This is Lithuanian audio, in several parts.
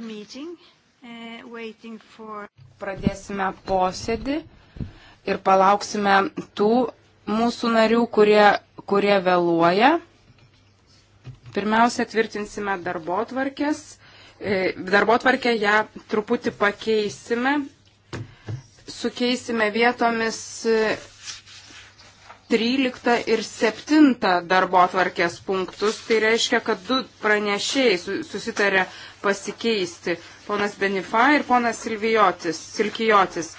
Meeting, uh, for... Pradėsime posėdį ir palauksime tų mūsų narių, kurie, kurie vėluoja. Pirmiausia, tvirtinsime darbo tvarkės. E, darbo tvarkę ją truputį pakeisime, sukeisime vietomis 13 ir 7 darbo atvarkės punktus. Tai reiškia, kad du pranešėjai susitarė pasikeisti. Ponas Benifa ir ponas Silvijotis, Silkijotis.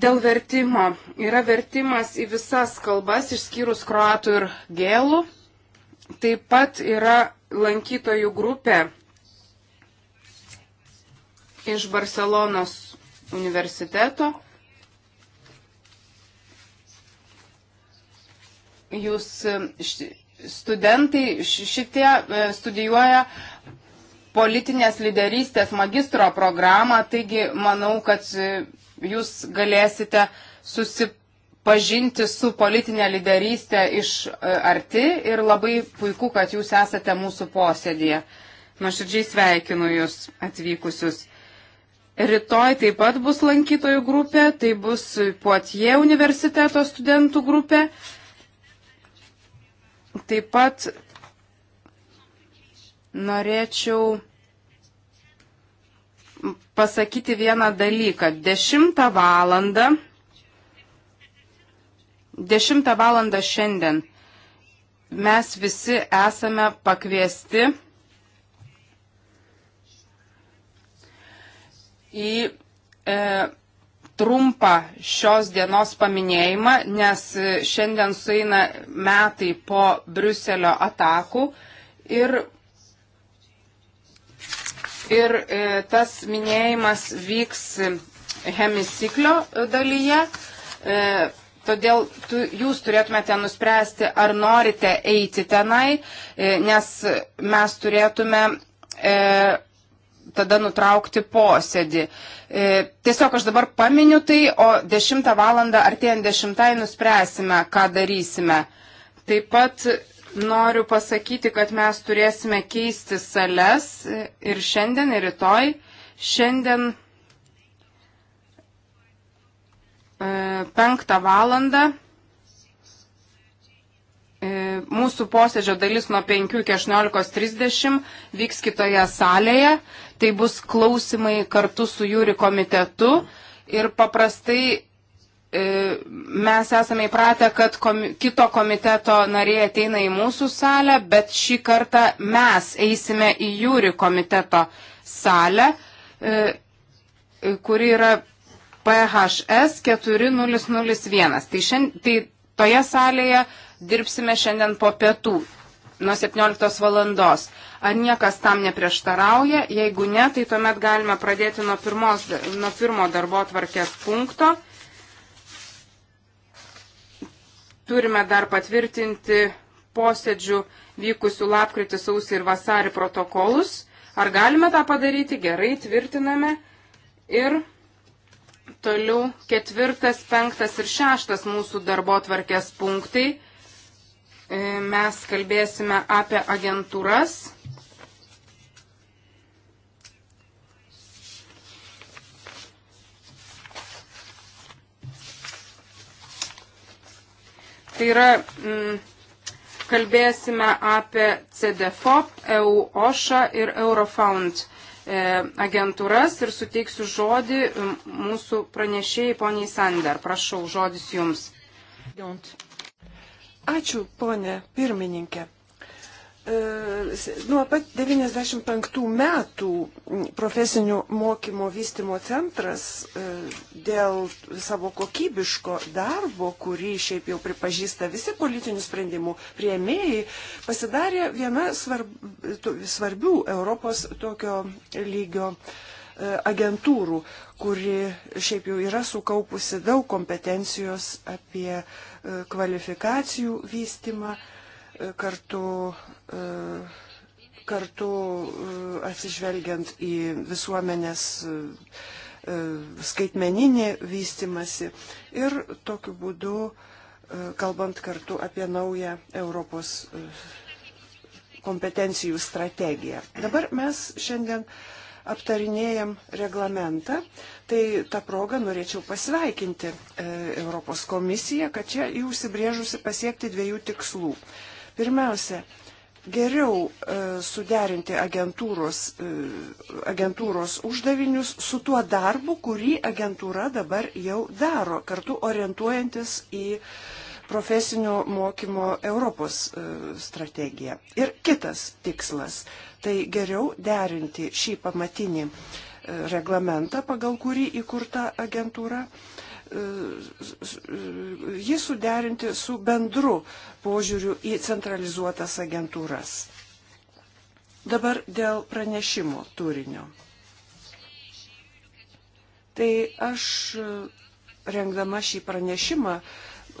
Dėl vertimo. Yra vertimas į visas kalbas, išskyrus kroatų ir gėlų. Taip pat yra lankytojų grupė iš Barcelonos universiteto jūs e, studentai šitie e, studijuoja politinės lyderystės magistro programą, taigi manau, kad e, jūs galėsite susipažinti su politinė lyderystė iš arti ir labai puiku, kad jūs esate mūsų posėdėje. Nuoširdžiai sveikinu jūs atvykusius. Rytoj taip pat bus lankytojų grupė, tai bus Puotie universiteto studentų grupė. Taip pat norėčiau pasakyti vieną dalyką. 10 valandą, 10 valandą šiandien mes visi esame pakviesti į e, trumpą šios dienos paminėjimą, nes šiandien sueina metai po Briuselio atakų ir, ir e, tas minėjimas vyks hemisiklio dalyje. E, todėl tu, jūs turėtumėte nuspręsti, ar norite eiti tenai, e, nes mes turėtume tada nutraukti posėdį. E, tiesiog aš dabar paminiu tai, o 10 val. artėjant 10 nuspręsime, ką darysime. Taip pat noriu pasakyti, kad mes turėsime keisti sales ir šiandien, ir rytoj. Šiandien e, penktą valandą. E, mūsų posėdžio dalis nuo 5 iki 18.30 vyks kitoje salėje tai bus klausimai kartu su jūri komitetu ir paprastai e, mes esame įpratę, kad komi kito komiteto nariai ateina į mūsų salę, bet šį kartą mes eisime į jūri komiteto salę, e, kuri yra PHS 4001. Tai, šiand, tai toje salėje dirbsime šiandien po pietų nuo 17 valandos. Ar niekas tam neprieštarauja? Jeigu ne, tai tuomet galime pradėti nuo, pirmos, nuo pirmo darbo tvarkės punkto. Turime dar patvirtinti posėdžių vykusių lapkritį, sausį ir vasarį protokolus. Ar galime tą padaryti? Gerai, tvirtiname. Ir toliau ketvirtas, penktas ir šeštas mūsų darbo tvarkės punktai E, mes kalbėsime apie agentūras. Tai yra, m, mm, kalbėsime apie CDFOP, EUOŠA ir Eurofound e, agentūras ir suteiksiu žodį mūsų pranešėjai poniai Sander. Prašau, žodis jums. Don't. Ačiū, ponė pirmininkė. E, nuo pat 95 metų profesinio mokymo vystimo centras e, dėl savo kokybiško darbo, kurį šiaip jau pripažįsta visi politinių sprendimų prieimėjai, pasidarė viena svarb, svarbių Europos tokio lygio e, agentūrų, kuri šiaip jau yra sukaupusi daug kompetencijos apie kvalifikacijų vystimą, e, kartu, e, kartu e, atsižvelgiant į visuomenės skaitmeninį vystimasi ir tokiu būdu kalbant kartu apie naują Europos kompetencijų strategiją. Dabar mes šiandien uh, aptarinėjam reglamentą, tai tą progą norėčiau pasveikinti e, Europos komisiją, kad čia jį užsibrėžusi pasiekti dviejų tikslų. Pirmiausia, geriau e, suderinti agentūros, e, agentūros uždavinius su tuo darbu, kurį agentūra dabar jau daro, kartu orientuojantis į uh, profesinio mokymo Europos e, strategija. Ir kitas tikslas - tai geriau derinti šį pamatinį e, reglamentą, pagal kurį įkurta agentūra e, jį suderinti su bendru požiūriu į centralizuotas agentūras. Dabar dėl pranešimo turinio. Tai aš rengdama šį pranešimą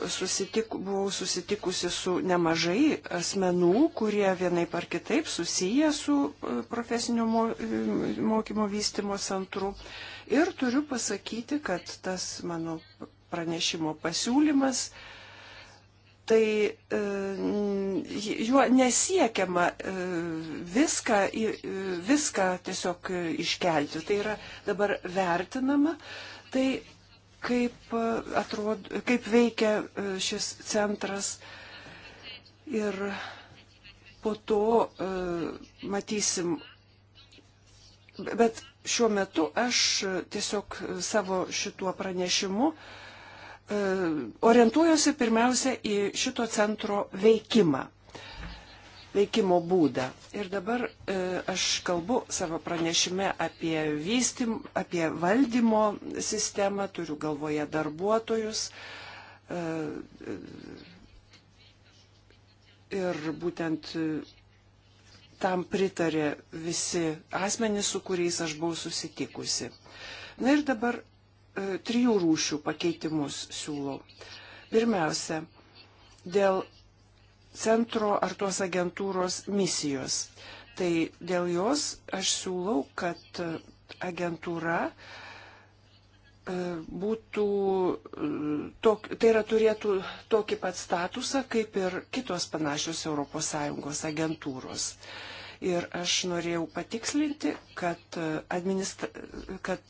susitik, buvau susitikusi su nemažai asmenų, kurie vienaip ar kitaip susiję su e, profesinio e, mokymo vystimo centru. Ir turiu pasakyti, kad tas mano pranešimo pasiūlymas, tai e, juo nesiekiama viską, viską tiesiog iškelti. Tai yra dabar vertinama. Tai kaip, e, atrodo, kaip veikia e, šis centras ir po to e, matysim. Bet šiuo metu aš tiesiog savo šituo pranešimu orientuojuosi pirmiausia į šito centro veikimą veikimo būdą. Ir dabar e, aš kalbu savo pranešime apie, vystym, apie valdymo sistemą, turiu galvoje darbuotojus. E, e ir būtent e, tam pritarė visi asmenys, su kuriais aš buvau susitikusi. Na ir dabar e, trijų rūšių pakeitimus siūlau. Pirmiausia, dėl centro ar tos agentūros misijos. Tai dėl jos aš siūlau, kad e, agentūra e, būtų, e, tok, tai yra turėtų tokį pat statusą kaip ir kitos panašios ES agentūros. Ir aš norėjau patikslinti, kad, administra... kad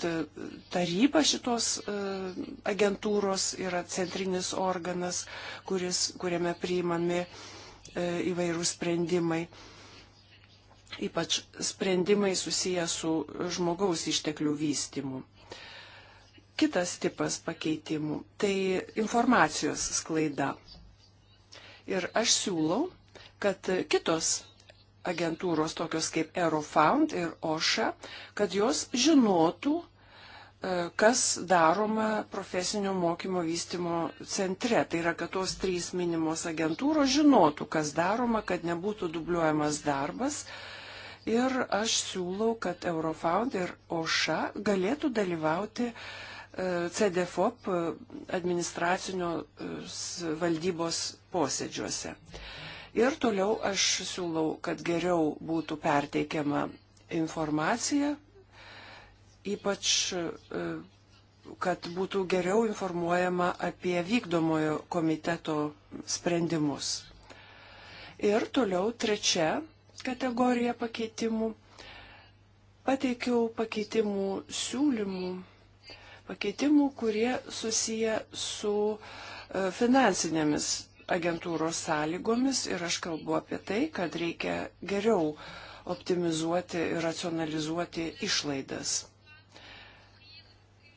taryba šitos agentūros yra centrinis organas, kuris, kuriame priimami uh, E, įvairūs sprendimai, ypač sprendimai susiję su žmogaus išteklių vystimu. Kitas tipas pakeitimų - tai informacijos sklaida. Ir aš siūlau, kad kitos agentūros, tokios kaip Aerofound ir OSHA, kad jos žinotų, E, kas daroma profesinio mokymo vystimo centre. Tai yra, kad tos trys minimos agentūros žinotų, kas daroma, kad nebūtų dubliuojamas darbas. Ir aš siūlau, kad Eurofound ir OŠA galėtų dalyvauti e, CDFOP administracinio e, valdybos posėdžiuose. Ir toliau aš siūlau, kad geriau būtų perteikiama informacija ypač, e, kad būtų geriau informuojama apie vykdomojo komiteto sprendimus. Ir toliau trečia kategorija pakeitimų. Pateikiau pakeitimų siūlymų, pakeitimų, kurie susiję su e, finansinėmis agentūros sąlygomis ir aš kalbu apie tai, kad reikia geriau optimizuoti ir racionalizuoti išlaidas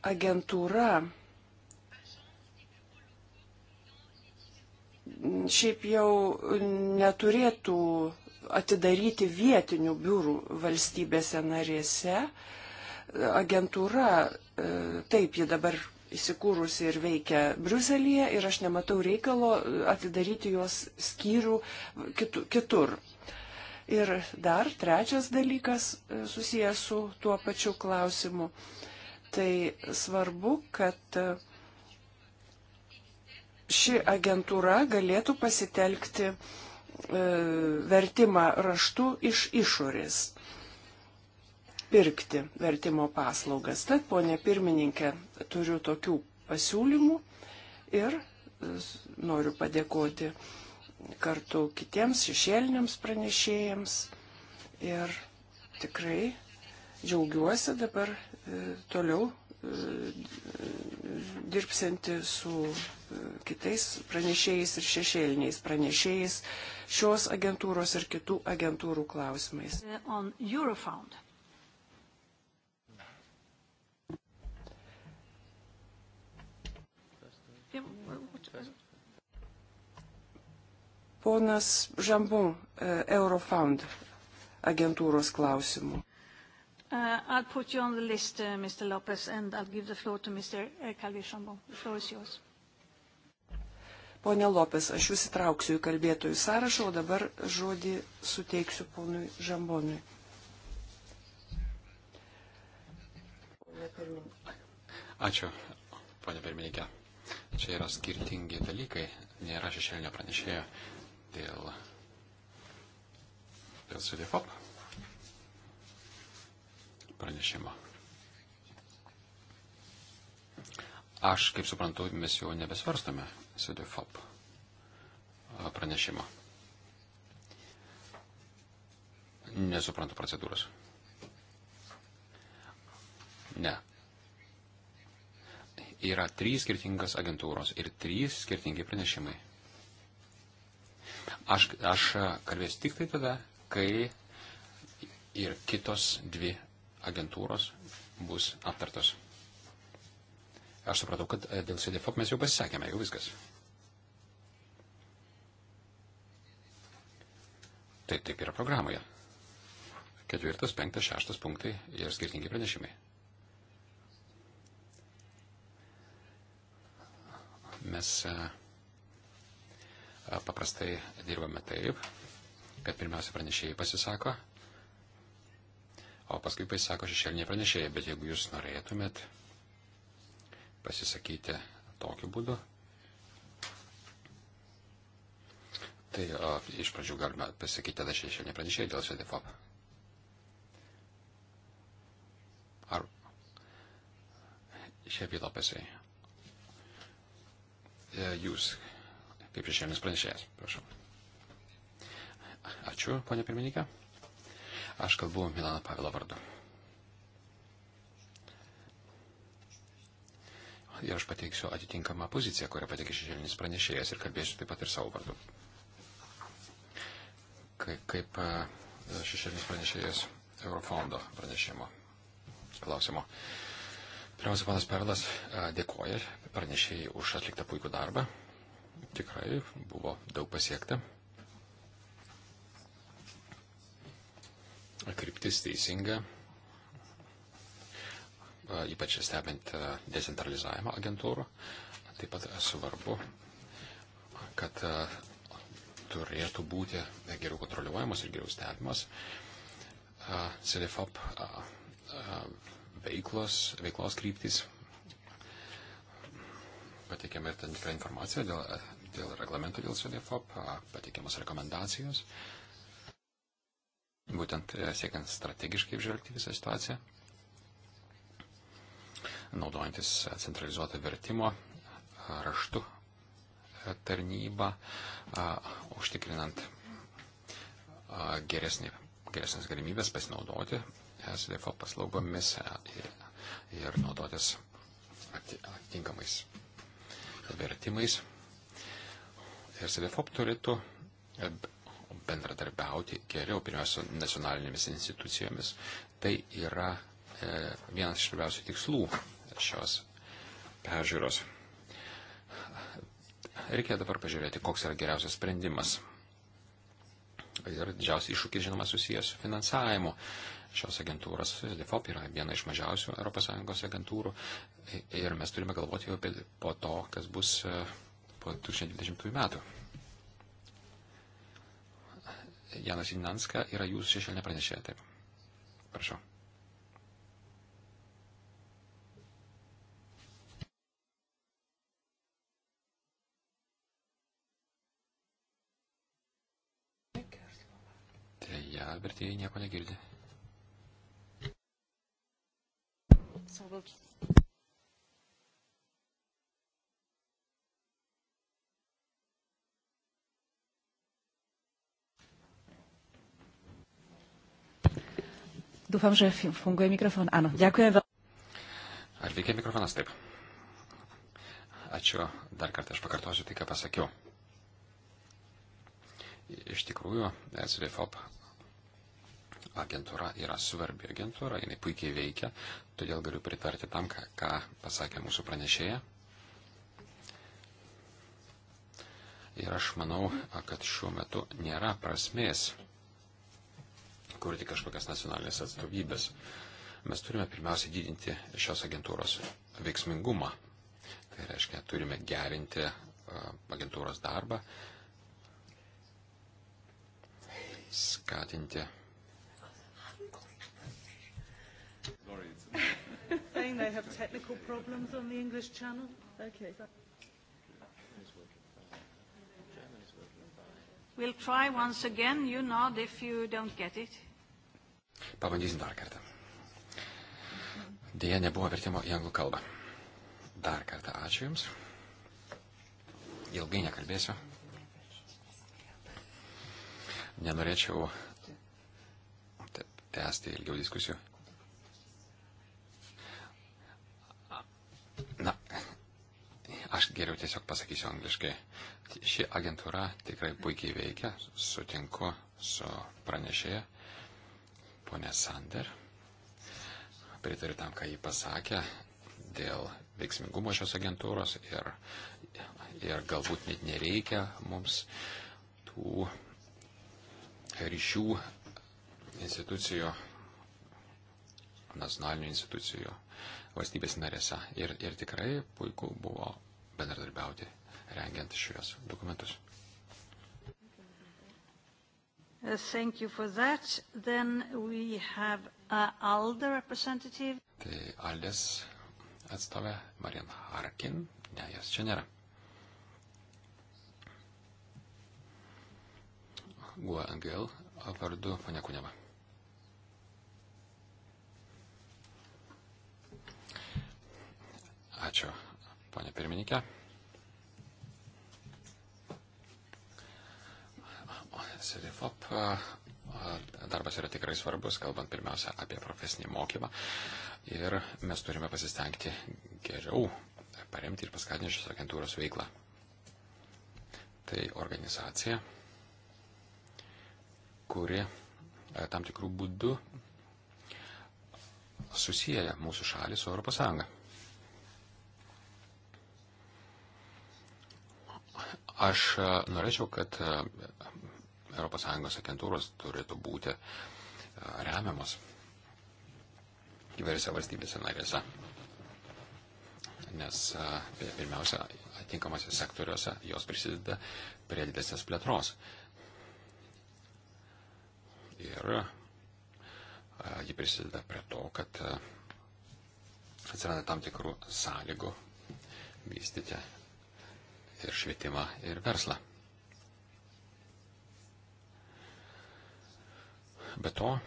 agentūra šiaip jau neturėtų atidaryti vietinių biurų valstybėse narėse. Agentūra, e, taip, ji dabar įsikūrusi ir veikia Bruselėje ir aš nematau reikalo atidaryti jos skyrių kitur. Ir dar trečias dalykas e, susijęs su tuo pačiu klausimu. Uh, tai svarbu, kad ši agentūra galėtų pasitelkti e, vertimą raštu iš išorės, pirkti vertimo paslaugas. Tad, ponė pirmininkė, turiu tokių pasiūlymų ir e, noriu padėkoti kartu kitiems šešėliniams pranešėjams ir tikrai džiaugiuosi dabar e, toliau e, dirbsinti su e, kitais pranešėjais ir šešėliniais pranešėjais šios agentūros ir kitų agentūrų klausimais. Uh, Ponas Žambu, Eurofound agentūros klausimų. Uh, I'll put you on the list, uh, Mr. Lopez, and I'll give the floor to Mr. Uh, Calvi-Chambon. The floor is yours. Pone Lopes, aš jūs įtrauksiu į kalbėtojų sąrašą, o dabar žodį suteiksiu ponui Žambonui. Ačiū, ponė pirmininkė. Čia yra skirtingi dalykai. Nėra šešėlinio pranešėjo dėl, dėl Sudefop pranešimo. Aš, kaip suprantu, mes jau nebesvarstome SEDIFOP pranešimo. Nesuprantu procedūros. Ne. Yra trys skirtingas agentūros ir trys skirtingi pranešimai. Aš, aš kalbėsiu tik tai tada, kai ir kitos dvi agentūros bus aptartos. Aš supratau, kad e, dėl CDFOP mes jau pasisakėme, jau viskas. Taip, taip yra programoje. Ketvirtas, penktas, šeštas punktai ir skirtingi pranešimai. Mes e, e, paprastai dirbame taip, kad pirmiausia pranešėjai pasisako, o paskui pasisako šešėliniai pranešėjai. Bet jeigu jūs norėtumėt pasisakyti tokiu būdu, tai o, iš pradžių galima pasisakyti tada šešėliniai pranešėjai dėl SVDFOP. Ar šiaip įlopėsiai? E, jūs, kaip šešėlinis pranešėjas, prašau. Ačiū, ponė pirmininkė. Aš kalbu Milano Pavilo vardu. Ir aš pateiksiu atitinkamą poziciją, kurią pateikė šešėlinis pranešėjas ir kalbėsiu taip pat ir savo vardu. Kaip e, šešėlinis pranešėjas Eurofondo pranešimo klausimo. Pirmiausia, panas Perlas e, dėkoja pranešėjai už atliktą puikų darbą. Tikrai buvo daug pasiekta. kryptis teisinga, ypač stebint decentralizavimą agentūrų. Taip pat svarbu, kad turėtų būti geriau kontroliuojamas ir geriau stebimas CDFOP veiklos, veiklos kryptis. Pateikiame ir tam tikrą informaciją dėl, dėl reglamento dėl CDFOP, pateikiamas rekomendacijos. Uh, būtent e, siekiant strategiškai apžvelgti visą situaciją, naudojantis e, centralizuotą vertimo e, raštų tarnybą, užtikrinant geresnį, geresnės galimybės pasinaudoti SDF paslaugomis ir naudotis atitinkamais vertimais. SDF turėtų bendradarbiauti geriau, pirmiausia, nacionalinėmis institucijomis. Tai yra e, vienas iš svarbiausių tikslų šios peržiūros. Reikia dabar pažiūrėti, koks yra geriausias sprendimas. Ir didžiausias iššūkis, žinoma, susijęs su finansavimu. Šios agentūros, DFOP yra viena iš mažiausių ES agentūrų e, ir mes turime galvoti jau apie po to, kas bus e, po 2020 metų. Janas Ignanska yra jūsų šešėlinė pranešėja. Taip. Prašau. Ja, vertėjai nieko negirdi. So we'll Dúfam, že funguje mikrofón. Áno, ďakujem veľmi. Ar veikia mikrofonas? Taip. Ačiū. Dar kartą aš pakartosiu tai, ką pasakiau. Iš tikrųjų, SVFOP agentūra yra svarbi agentūra, jinai puikiai veikia, todėl galiu pritarti tam, ką, ką pasakė mūsų pranešėja. Ir aš manau, kad šiuo metu nėra prasmės kurti kažkokias nacionalinės atstovybės. Mes turime pirmiausia didinti šios agentūros veiksmingumą. Tai reiškia, turime gerinti agentūros darbą, skatinti. Saying they have technical problems on the English channel? Okay. We'll try once again, you nod if you don't get it. Pabandysim dar kartą. Deja, nebuvo vertimo į anglų kalbą. Dar kartą ačiū Jums. Ilgai nekalbėsiu. Nenorėčiau tęsti ilgiau diskusijų. Na, aš geriau tiesiog pasakysiu angliškai. Ši agentūra tikrai puikiai veikia, sutinku su pranešėja. Pone Sander, pritariu tam, ką jį pasakė dėl veiksmingumo šios agentūros ir, ir galbūt net nereikia mums tų ryšių institucijų, nacionalinių institucijų valstybės narėse. Ir, ir tikrai puiku buvo bendradarbiauti rengiant šios dokumentus. Uh, thank you for that. Then we have uh, ALDE representative. Tai ALDES atstovė Marian Harkin. Ne, jos čia nėra. Guo Angel vardu ponia Kuneva. Ačiū, ponia pirmininkė. SEDIFOP darbas yra tikrai svarbus, kalbant pirmiausia apie profesinį mokymą. Ir mes turime pasistengti geriau paremti ir paskatinti šios agentūros veiklą. Tai organizacija, kuri e, tam tikrų būdų susiję mūsų šalį su Europos Sąjunga. Aš e, norėčiau, kad e, ES agentūros turėtų būti remiamos įvairiose valstybėse narėse. Nes pirmiausia, atinkamose sektoriuose jos prisideda prie didesnės plėtros. Ir ji prisideda prie to, kad atsiranda tam tikrų sąlygų vystyti ir švietimą, ir verslą. Be to,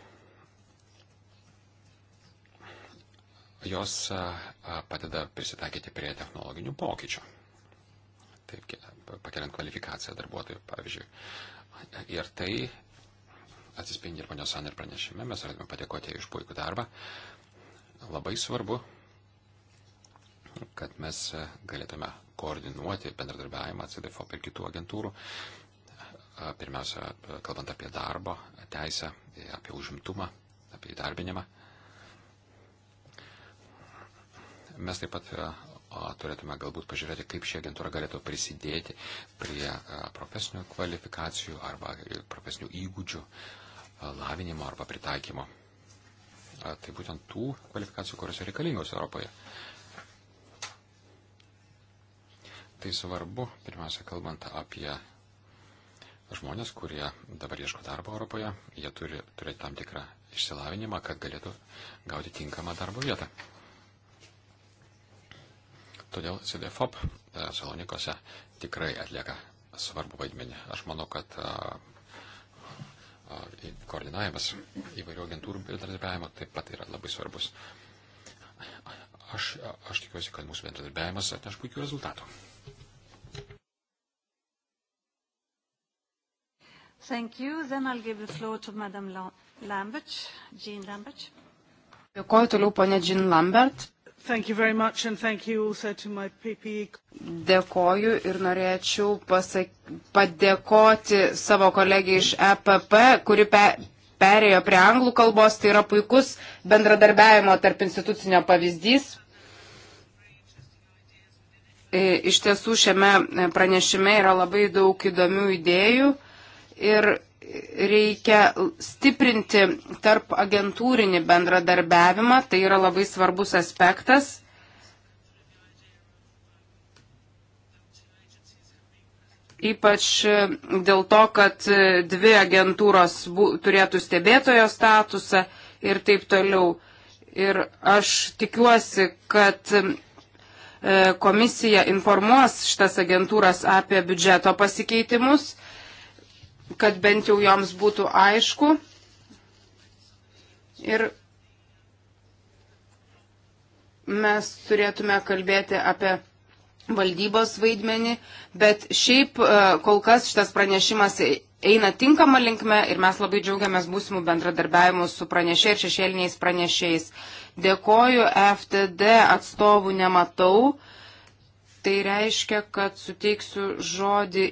jos padeda prisitaikyti prie technologinių pokyčių. Taip, pakeliant kvalifikaciją darbuotojų, pavyzdžiui. Ir tai atsispindi ir ponios Saner pranešime. Mes norėtume padėkoti iš puikų darbą. Labai svarbu, kad mes galėtume koordinuoti bendradarbiavimą CDFO ir kitų agentūrų pirmiausia, kalbant apie darbo teisę, apie užimtumą, apie įdarbinimą. Mes taip pat turėtume galbūt pažiūrėti, kaip ši agentūra galėtų prisidėti prie profesinių kvalifikacijų arba profesinių įgūdžių lavinimo arba pritaikymo. Tai būtent tų kvalifikacijų, kurios reikalingos Europoje. Tai svarbu, pirmiausia, kalbant apie žmonės, kurie dabar ieško darbo Europoje, jie turi turėti tam tikrą išsilavinimą, kad galėtų gauti tinkamą darbo vietą. Todėl CDFOP e, Salonikose tikrai atlieka svarbu vaidmenį. Aš manau, kad e, e, koordinavimas įvairių agentūrų bendradarbiavimo taip pat yra labai svarbus. Aš, aš tikiuosi, kad mūsų bendradarbiavimas atneš puikių rezultatų. Thank you. Then I'll give the floor to Madam Lambert, Jean Lambert. Dėkoju toliau ponė Jean Lambert. Thank you very much and thank you also to my PPE. Dėkoju ir norėčiau pasak... padėkoti savo kolegiai iš EPP, kuri pe... perėjo prie anglų kalbos. Tai yra puikus bendradarbiavimo tarp institucinio pavyzdys. E, iš tiesų šiame pranešime yra labai daug įdomių idėjų ir reikia stiprinti tarp agentūrinį bendradarbiavimą, tai yra labai svarbus aspektas. Ypač dėl to, kad dvi agentūros turėtų stebėtojo statusą ir taip toliau. Ir aš tikiuosi, kad e, komisija informuos šitas agentūras apie biudžeto pasikeitimus kad bent jau joms būtų aišku. Ir mes turėtume kalbėti apie valdybos vaidmenį, bet šiaip e, kol kas šitas pranešimas eina tinkama linkme ir mes labai džiaugiamės būsimų bendradarbiavimų su pranešėjai ir šešėliniais pranešėjais. Dėkoju, FTD atstovų nematau. Tai reiškia, kad suteiksiu žodį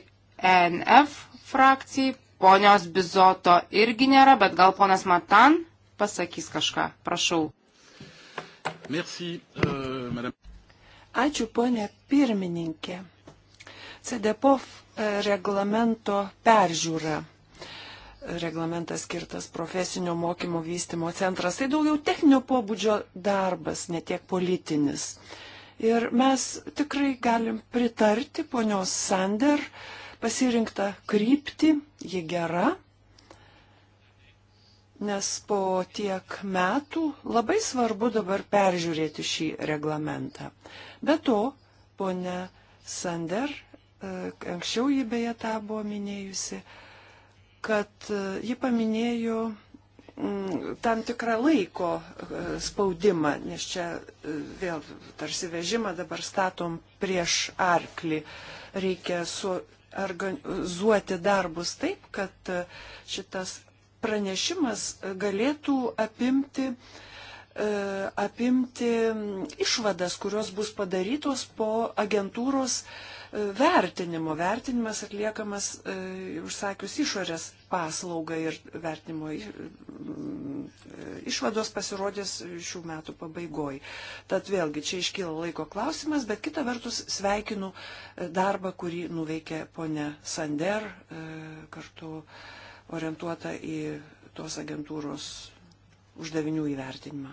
ENF frakcijai. Ponios Bizoto irgi nėra, bet gal ponas Matan pasakys kažką. Prašau. Merci, uh, madame. Ačiū, ponė pirmininkė. CDPOF e, reglamento peržiūra reglamentas skirtas profesinio mokymo vystimo centras. Tai daugiau techninio pobūdžio darbas, ne tiek politinis. Ir mes tikrai galim pritarti ponios Sander pasirinktą kryptį, ji gera, nes po tiek metų labai svarbu dabar peržiūrėti šį reglamentą. Be to, ponia Sander, e, anksčiau jį beje tą buvo minėjusi, kad e, ji paminėjo mm, tam tikrą laiko e, spaudimą, nes čia vėl tarsi vežimą dabar statom prieš arklį. Reikia su, organizuoti darbus taip, kad šitas pranešimas galėtų apimti e, apimti išvadas, kurios bus padarytos po agentūros uh, vertinimo. Vertinimas atliekamas e, užsakius išorės paslaugą ir vertinimo išvados pasirodės šių metų pabaigoj. Tad vėlgi čia iškyla laiko klausimas, bet kita vertus sveikinu e, darbą, kurį nuveikė ponė Sander e, kartu orientuota į tos agentūros uždavinių įvertinimą.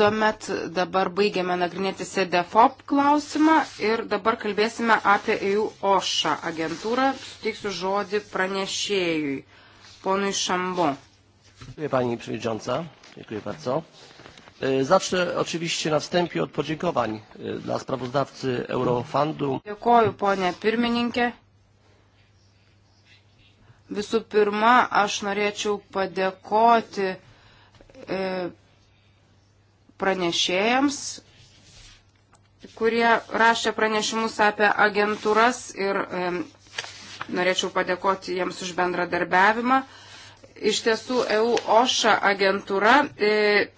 Tuomet dabar baigiame nagrinėti SEDEFOP klausimą ir dabar kalbėsime apie EU OŠA agentūrą. Suteiksiu žodį pranešėjui, ponui Šambo. Dziękuję Pani Przewodnicząca. Dziękuję bardzo. E, zacznę oczywiście na wstępie od podziękowań e, dla sprawozdawcy Eurofundu. Dziękuję Panie Pirmininkie. Visų pirma, aš norėčiau padėkoti e, pranešėjams, kurie rašė pranešimus apie agentūras ir e, norėčiau padėkoti jiems už bendradarbiavimą. Iš tiesų, EU OŠA agentūra e,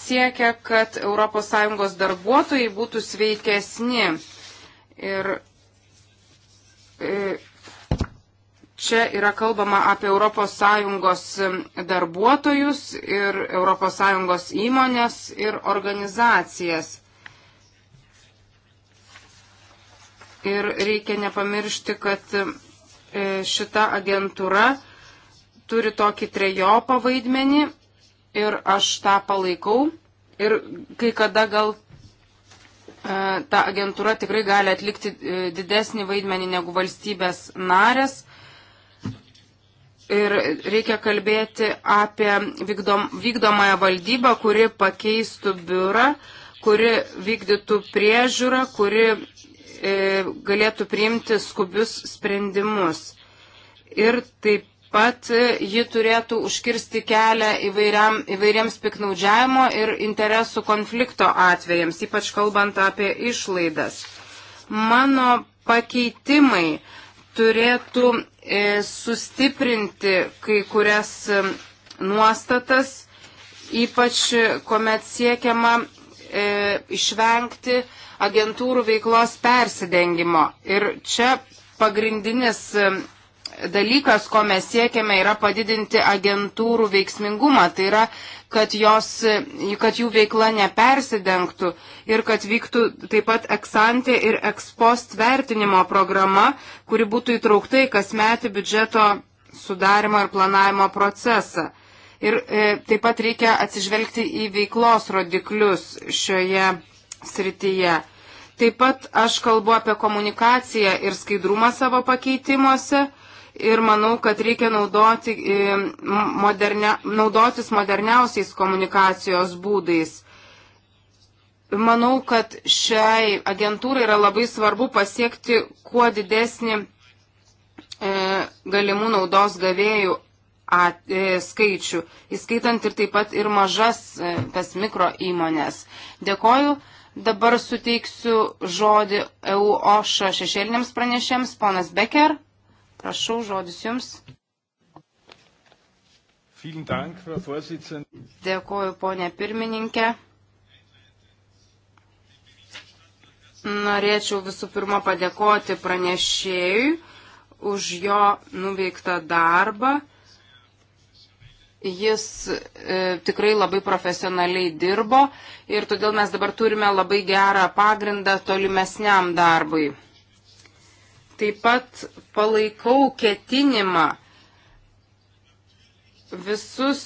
siekia, kad ES darbuotojai būtų sveikesni. Ir Čia yra kalbama apie ES darbuotojus ir ES įmonės ir organizacijas. Ir reikia nepamiršti, kad e, šita agentūra turi tokį trejopą vaidmenį ir aš tą palaikau. Ir kai kada gal e, ta agentūra tikrai gali atlikti e, didesnį vaidmenį negu valstybės narės ir reikia kalbėti apie vykdom, vykdomąją valdybą, kuri pakeistų biurą, kuri vykdytų priežiūrą, kuri e, galėtų priimti skubius sprendimus. Ir taip pat e, ji turėtų užkirsti kelią įvairiam, įvairiems piknaudžiavimo ir interesų konflikto atvejams, ypač kalbant apie išlaidas. Mano pakeitimai turėtų e, sustiprinti kai kurias e, nuostatas, ypač kuomet siekiama e, išvengti agentūrų veiklos persidengimo. Ir čia pagrindinis dalykas, ko mes siekiame, yra padidinti agentūrų veiksmingumą. Tai yra, kad, jos, kad jų veikla nepersidengtų ir kad vyktų taip pat eksantė ir ekspost vertinimo programa, kuri būtų įtraukta į kasmetį biudžeto sudarimo ir planavimo procesą. Ir e, taip pat reikia atsižvelgti į veiklos rodiklius šioje srityje. Taip pat aš kalbu apie komunikaciją ir skaidrumą savo pakeitimuose ir manau, kad reikia naudoti, e, moderne, naudotis moderniausiais komunikacijos būdais. Manau, kad šiai agentūrai yra labai svarbu pasiekti kuo didesnį e, galimų naudos gavėjų at, e, skaičių, įskaitant ir taip pat ir mažas e, tas mikro įmonės. Dėkoju. Dabar suteiksiu žodį EUOŠ šešėliniams pranešėms, ponas Becker. Prašau, žodis jums. Dėkuoju, ponė pirmininkė. Norėčiau visų pirma padėkoti pranešėjui už jo nuveiktą darbą. Jis e, tikrai labai profesionaliai dirbo ir todėl mes dabar turime labai gerą pagrindą tolimesniam darbui. Taip pat palaikau ketinimą visus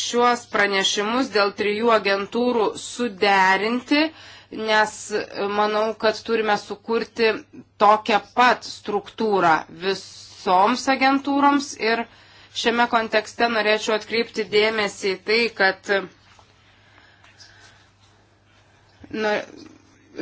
šiuos pranešimus dėl trijų agentūrų suderinti, nes manau, kad turime sukurti tokią pat struktūrą visoms agentūroms ir šiame kontekste norėčiau atkreipti dėmesį į tai, kad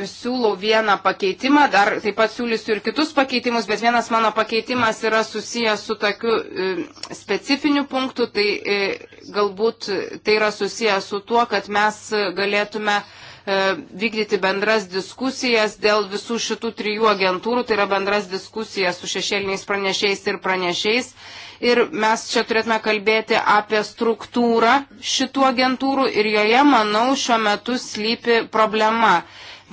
siūlau vieną pakeitimą, dar taip pat siūlysiu ir kitus pakeitimus, bet vienas mano pakeitimas yra susijęs su tokiu e, specifiniu punktu, tai e, galbūt tai yra susijęs su tuo, kad mes galėtume e, vykdyti bendras diskusijas dėl visų šitų trijų agentūrų, tai yra bendras diskusijas su šešėliniais pranešiais ir pranešiais. Ir mes čia turėtume kalbėti apie struktūrą šitų agentūrų ir joje, manau, šiuo metu slypi problema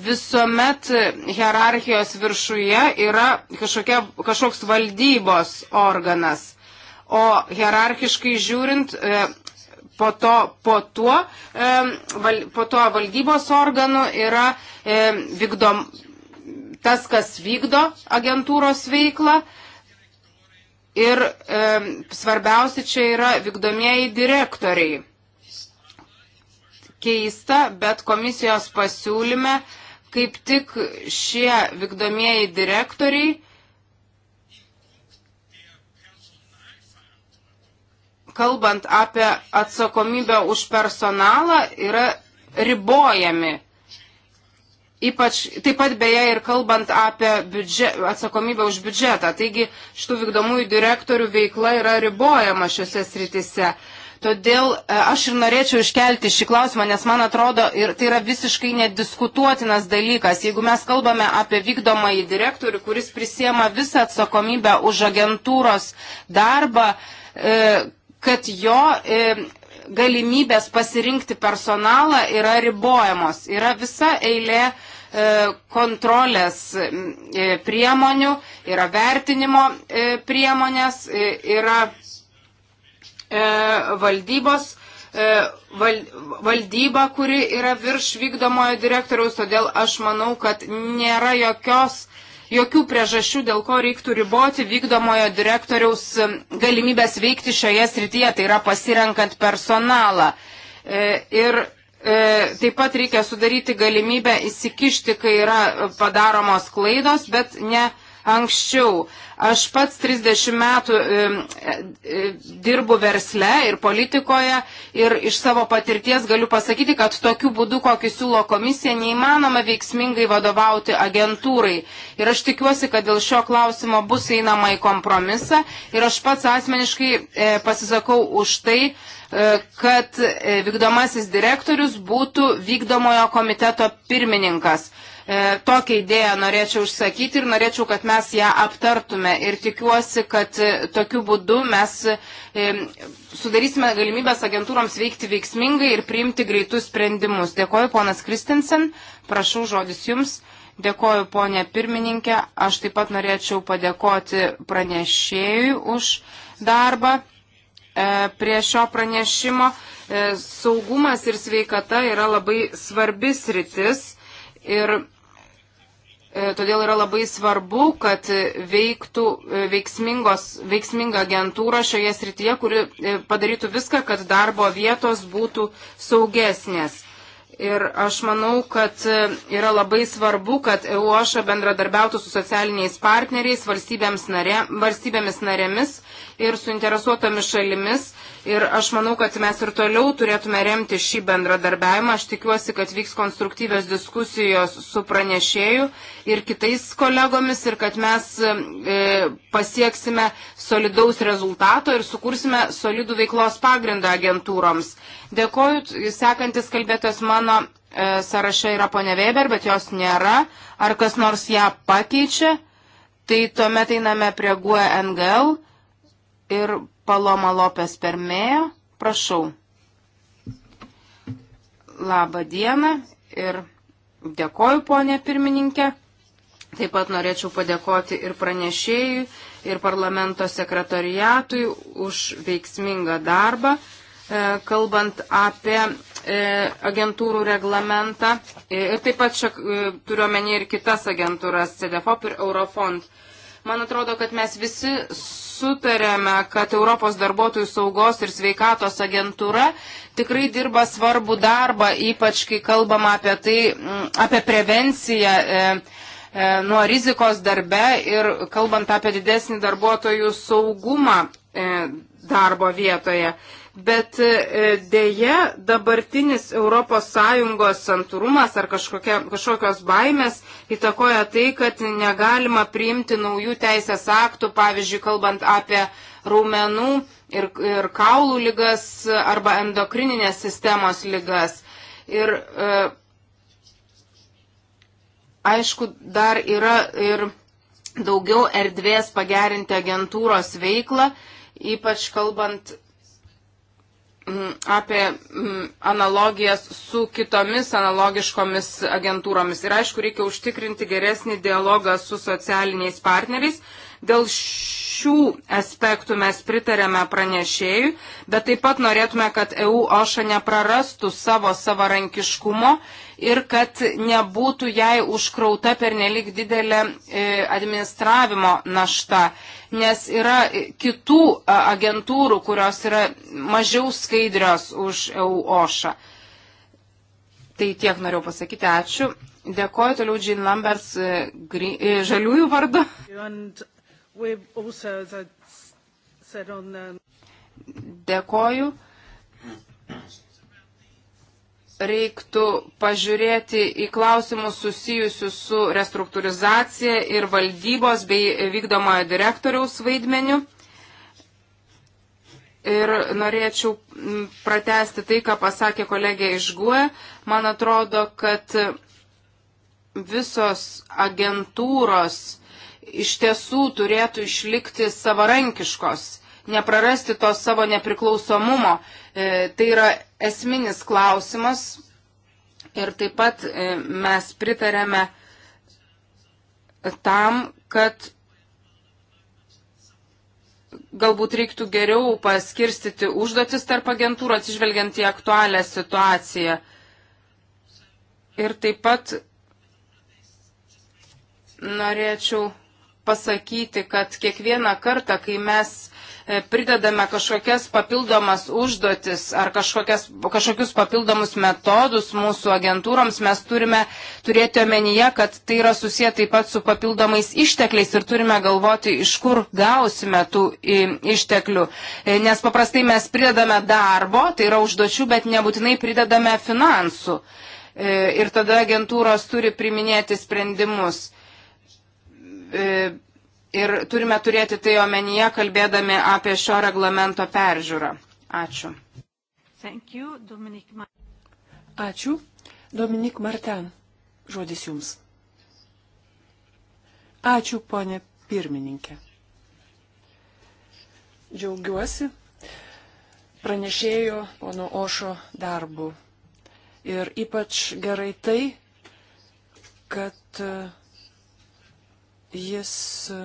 visuomet hierarchijos viršuje yra kažkokia, kažkoks valdybos organas. O hierarchiškai žiūrint, e, po to, po tuo, e, po to valdybos organų yra e, vykdom, tas, kas vykdo agentūros veiklą. Ir e, svarbiausia čia yra vykdomieji direktoriai. Keista, bet komisijos pasiūlyme e, kaip tik šie vykdomieji direktoriai kalbant apie atsakomybę už personalą, yra ribojami. Ypač taip pat beje ir kalbant apie biudžet, atsakomybę už biudžetą. Taigi šitų vykdomųjų direktorių veikla yra ribojama šiuose sritise. Todėl e, aš ir norėčiau iškelti šį klausimą, nes man atrodo, ir tai yra visiškai nediskutuotinas dalykas. Jeigu mes kalbame apie vykdomąjį direktorių, kuris prisiema visą atsakomybę už agentūros darbą, e, kad jo e, galimybės pasirinkti personalą yra ribojamos. Yra visa eilė kontrolės priemonių, yra vertinimo priemonės, yra E, valdybos e, valdyba, kuri yra virš vykdomojo direktoriaus, todėl aš manau, kad nėra jokios, jokių priežasčių, dėl ko reiktų riboti vykdomojo direktoriaus e, galimybės veikti šioje srityje, tai yra pasirenkant personalą. Ir taip pat reikia sudaryti galimybę įsikišti, kai yra padaromos klaidos, bet ne anksčiau. Aš pats 30 metų e, e, dirbu versle ir politikoje ir iš savo patirties galiu pasakyti, kad tokiu būdu, kokį siūlo komisija, neįmanoma veiksmingai vadovauti agentūrai. Ir aš tikiuosi, kad dėl šio klausimo bus einama į kompromisą ir aš pats asmeniškai e, pasisakau už tai, e, kad e, vykdomasis direktorius būtų vykdomojo komiteto pirmininkas. E, tokią idėją norėčiau užsakyti ir norėčiau, kad mes ją aptartume. Ir tikiuosi, kad e, tokiu būdu mes e, sudarysime galimybės agentūroms veikti veiksmingai ir priimti greitus sprendimus. Dėkoju, ponas Kristinsen. Prašau, žodis jums. Dėkoju, ponė pirmininkė. Aš taip pat norėčiau padėkoti pranešėjui už darbą prie šio pranešimo. Saugumas ir sveikata yra labai svarbis rytis ir E, todėl yra labai svarbu, kad veiktų e, veiksminga agentūra šioje srityje, kuri e, padarytų viską, kad darbo vietos būtų saugesnės. Ir aš manau, kad yra labai svarbu, kad EUOŠA bendradarbiautų su socialiniais partneriais, valstybėmis, narė, valstybėmis narėmis ir suinteresuotomis šalimis Ir aš manau, kad mes ir toliau turėtume remti šį bendradarbiavimą. Aš tikiuosi, kad vyks konstruktyvios diskusijos su pranešėju ir kitais kolegomis ir kad mes e, pasieksime solidaus rezultato ir sukursime solidų veiklos pagrindą agentūroms. Dėkoju, sekantis kalbėtas mano e, sąraše yra ponia Weber, bet jos nėra. Ar kas nors ją pakeičia? Tai tuomet einame prie GUE NGL ir Paloma Lopes Permėjo, prašau. Labą dieną ir dėkoju, ponė pirmininkė. Taip pat norėčiau padėkoti ir pranešėjui, ir parlamento sekretariatui už veiksmingą darbą, e, kalbant apie e, agentūrų reglamentą. E, ir taip pat čia turiuomenį ir kitas agentūras, CDFOP ir Eurofond. Man atrodo, kad mes visi sutarėme, kad Europos darbuotojų saugos ir sveikatos agentūra tikrai dirba svarbų darbą, ypač kai kalbama apie, tai, apie prevenciją. E, e, nuo rizikos darbe ir kalbant apie didesnį darbuotojų saugumą e, darbo vietoje bet dėje dabartinis ES santūrumas ar kažkokia, kažkokios baimės įtakoja tai, kad negalima priimti naujų teisės aktų, pavyzdžiui, kalbant apie raumenų ir, ir kaulų lygas arba endokrininės sistemos lygas. Ir e, aišku, dar yra ir daugiau erdvės pagerinti agentūros veiklą, ypač kalbant apie analogijas su kitomis analogiškomis agentūromis. Ir aišku, reikia užtikrinti geresnį dialogą su socialiniais partneriais, Dėl šių aspektų mes pritarėme pranešėjui, bet taip pat norėtume, kad EU OŠA neprarastų savo savarankiškumo ir kad nebūtų jai užkrauta per nelik didelė e, administravimo našta, nes yra e, kitų e, agentūrų, kurios yra mažiau skaidrios už EU OŠA. Tai tiek noriu pasakyti, ačiū. Dėkoju toliau Jean Lambers žaliųjų vardu. And, also, said, on, um... Dėkoju. Reiktų pažiūrėti į klausimus susijusius su restruktūrizacija ir valdybos bei vykdomojo direktoriaus vaidmeniu. Ir norėčiau pratesti tai, ką pasakė kolegė iš GUE. Man atrodo, kad visos agentūros iš tiesų turėtų išlikti savarankiškos, neprarasti to savo nepriklausomumo. E, tai yra esminis klausimas ir taip pat e, mes pritarėme tam, kad galbūt reiktų geriau paskirstyti užduotis tarp agentūrų atsižvelgiant į aktualią situaciją. Ir taip pat norėčiau pasakyti, kad kiekvieną kartą, kai mes e, pridedame kažkokias papildomas užduotis ar kažkokias, kažkokius papildomus metodus mūsų agentūroms, mes turime turėti omenyje, kad tai yra susiję taip pat su papildomais ištekliais ir turime galvoti, iš kur gausime tų išteklių. E, nes paprastai mes pridedame darbo, tai yra užduočių, bet nebūtinai pridedame finansų. E, ir tada agentūros turi priminėti sprendimus. E, ir turime turėti tai omenyje, kalbėdami apie šio reglamento peržiūrą. Ačiū. You, Dominik Ačiū. Dominik Marten, žodis jums. Ačiū, ponė pirmininkė. Džiaugiuosi pranešėjo pono Ošo darbu. Ir ypač gerai tai, kad uh, Jis e,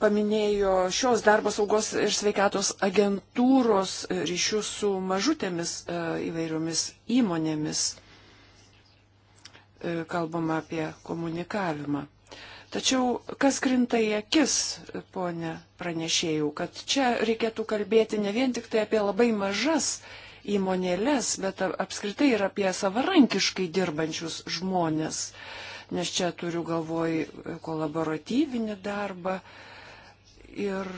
paminėjo šios darbo saugos ir sveikatos agentūros e, ryšius su mažutėmis e, įvairiomis įmonėmis. Kalbama apie komunikavimą. Tačiau kas krinta į akis, ponė pranešėjų, kad čia reikėtų kalbėti ne vien tik tai apie labai mažas įmonėlės, bet apskritai ir apie savarankiškai dirbančius žmonės. Uh, nes čia turiu galvoj kolaboratyvinį darbą. Ir,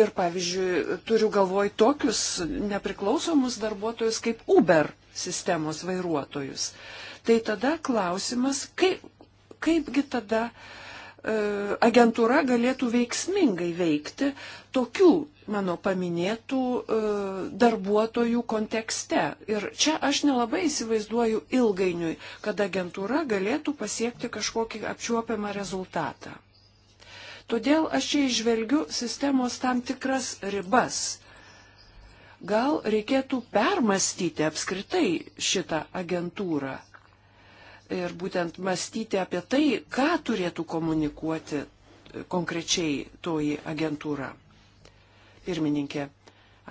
ir pavyzdžiui, turiu galvoj tokius nepriklausomus darbuotojus kaip Uber sistemos vairuotojus. Tai tada klausimas, kaip, kaipgi tada uh, E, agentūra galėtų veiksmingai veikti tokių mano paminėtų e, darbuotojų kontekste. Ir čia aš nelabai įsivaizduoju ilgainiui, kad agentūra galėtų pasiekti kažkokį apčiuopiamą rezultatą. Todėl aš čia išvelgiu sistemos tam tikras ribas. Gal reikėtų permastyti apskritai šitą agentūrą, ir būtent mąstyti apie tai, ką turėtų komunikuoti e, konkrečiai toji agentūra. Pirmininkė,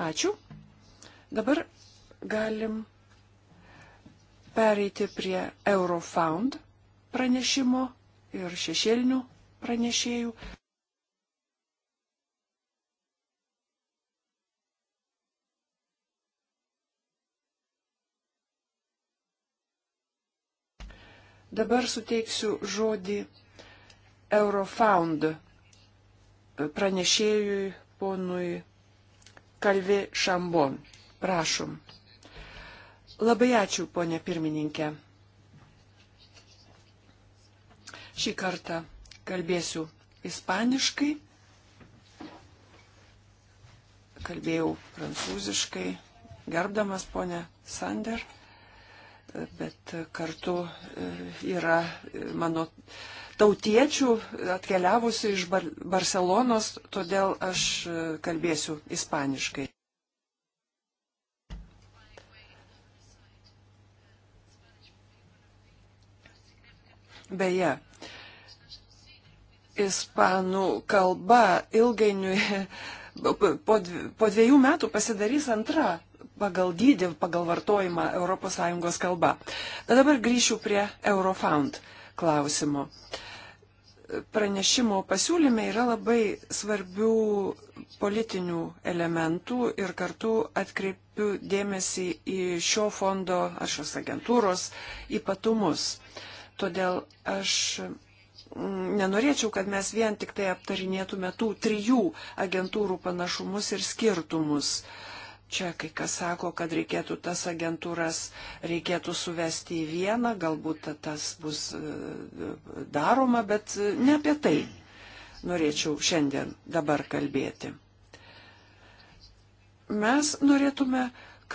ačiū. Dabar galim pereiti prie Eurofound pranešimo ir šešėlinių pranešėjų. Dabar suteiksiu žodį Eurofound pranešėjui ponui Kalvi Šambon. Prašom. Labai ačiū, ponė pirmininkė. Šį kartą kalbėsiu ispaniškai, kalbėjau prancūziškai, gerbdamas ponę Sander bet kartu e, yra e, mano tautiečių atkeliavusių iš Bar Barcelonos, todėl aš e, kalbėsiu ispaniškai. Beje, ispanų kalba ilgainiui po dviejų metų pasidarys antra pagal dydį, pagal vartojimą ES kalba. Bet dabar grįšiu prie Eurofound klausimo. Pranešimo pasiūlyme yra labai svarbių politinių elementų ir kartu atkreipiu dėmesį į šio fondo ar šios agentūros ypatumus. Todėl aš mm, nenorėčiau, kad mes vien tik tai aptarinėtume tų trijų agentūrų panašumus ir skirtumus. Uh, Čia kai kas sako, kad reikėtų tas agentūras reikėtų suvesti į vieną, galbūt tas bus e, daroma, bet e, ne apie tai norėčiau šiandien dabar kalbėti. Mes norėtume,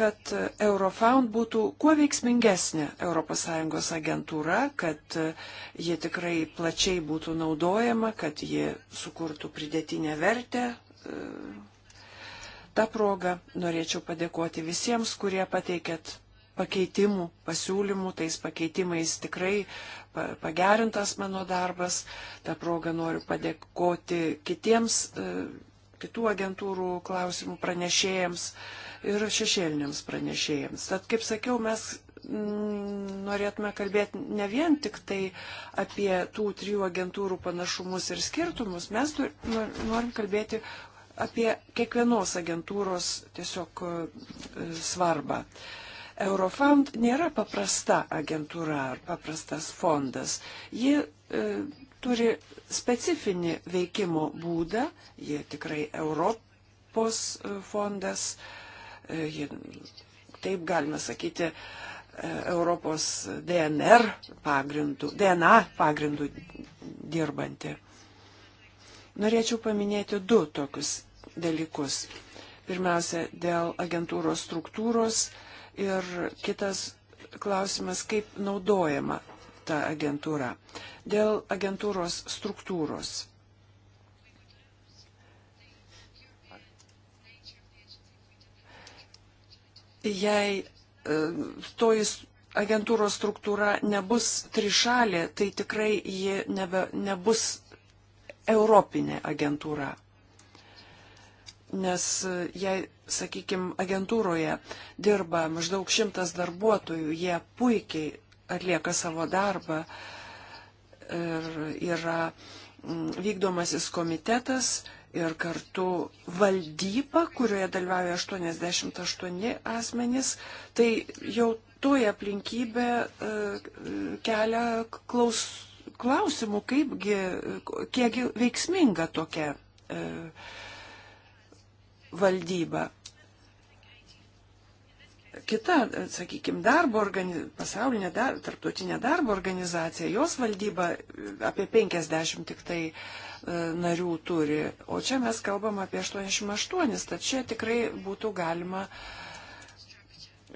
kad e, Eurofound būtų kuo veiksmingesnė ES agentūra, kad ji tikrai plačiai būtų naudojama, kad ji sukurtų pridėtinę vertę tą progą norėčiau padėkoti visiems, kurie pateikėt pakeitimų, pasiūlymų, tais pakeitimais tikrai pagerintas mano darbas. Ta proga noriu padėkoti kitiems, e, kitų agentūrų klausimų pranešėjams ir šešėliniams pranešėjams. Tad, kaip sakiau, mes mm, norėtume kalbėti ne vien tik tai apie tų trijų agentūrų panašumus ir skirtumus, mes norim kalbėti apie kiekvienos agentūros tiesiog e, svarbą. Eurofund nėra paprasta agentūra ar paprastas fondas. Ji e, turi specifinį veikimo būdą, ji tikrai Europos e, fondas, e, ji, taip galime sakyti, e, Europos DNR pagrindų, DNA pagrindų dirbanti. Norėčiau paminėti du tokius dalykus. Pirmiausia, dėl agentūros struktūros ir kitas klausimas, kaip naudojama ta agentūra. Dėl agentūros struktūros. Jei e, toji agentūros struktūra nebus trišalė, tai tikrai ji nebe, nebus europinė agentūra nes e, jei, sakykime, agentūroje dirba maždaug šimtas darbuotojų, jie puikiai atlieka savo darbą ir yra vykdomasis komitetas ir kartu valdyba, kurioje dalyvauja 88 asmenys, tai jau toje aplinkybė e, kelia klaus, klausimų, kaipgi, kiekgi veiksminga tokia e, valdyba. Kita, sakykime, darbo organi pasaulinė dar tarptautinė darbo organizacija, jos valdyba apie 50 tik tai e, narių turi, o čia mes kalbam apie 88, tad čia tikrai būtų galima,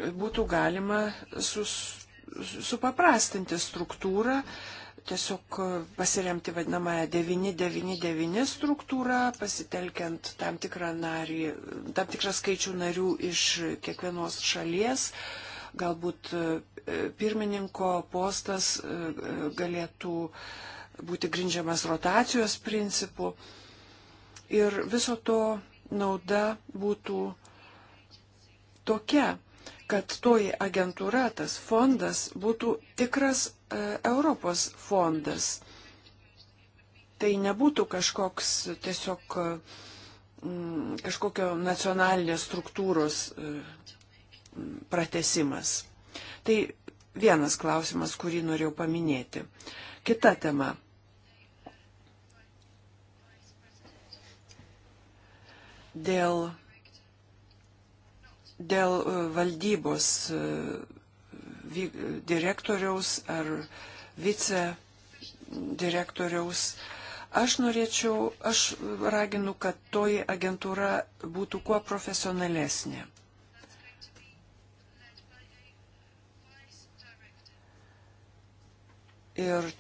būtų galima sus, supaprastinti struktūrą, uh, tiesiog pasiremti vadinamąją 999 struktūrą, pasitelkiant tam tikrą, narį, tam tikrą skaičių narių iš kiekvienos šalies. Galbūt e, pirmininko postas e, galėtų būti grindžiamas rotacijos principu. Ir viso to nauda būtų tokia, kad toji agentūra, tas fondas būtų tikras E, Europos fondas. Tai nebūtų kažkoks tiesiog e, kažkokio nacionalinės struktūros e, pratesimas. Tai vienas klausimas, kurį norėjau paminėti. Kita tema. Dėl, dėl valdybos direktoriaus ar vice direktoriaus. Aš norėčiau, aš raginu, kad toji agentūra būtų kuo profesionalesnė. Ir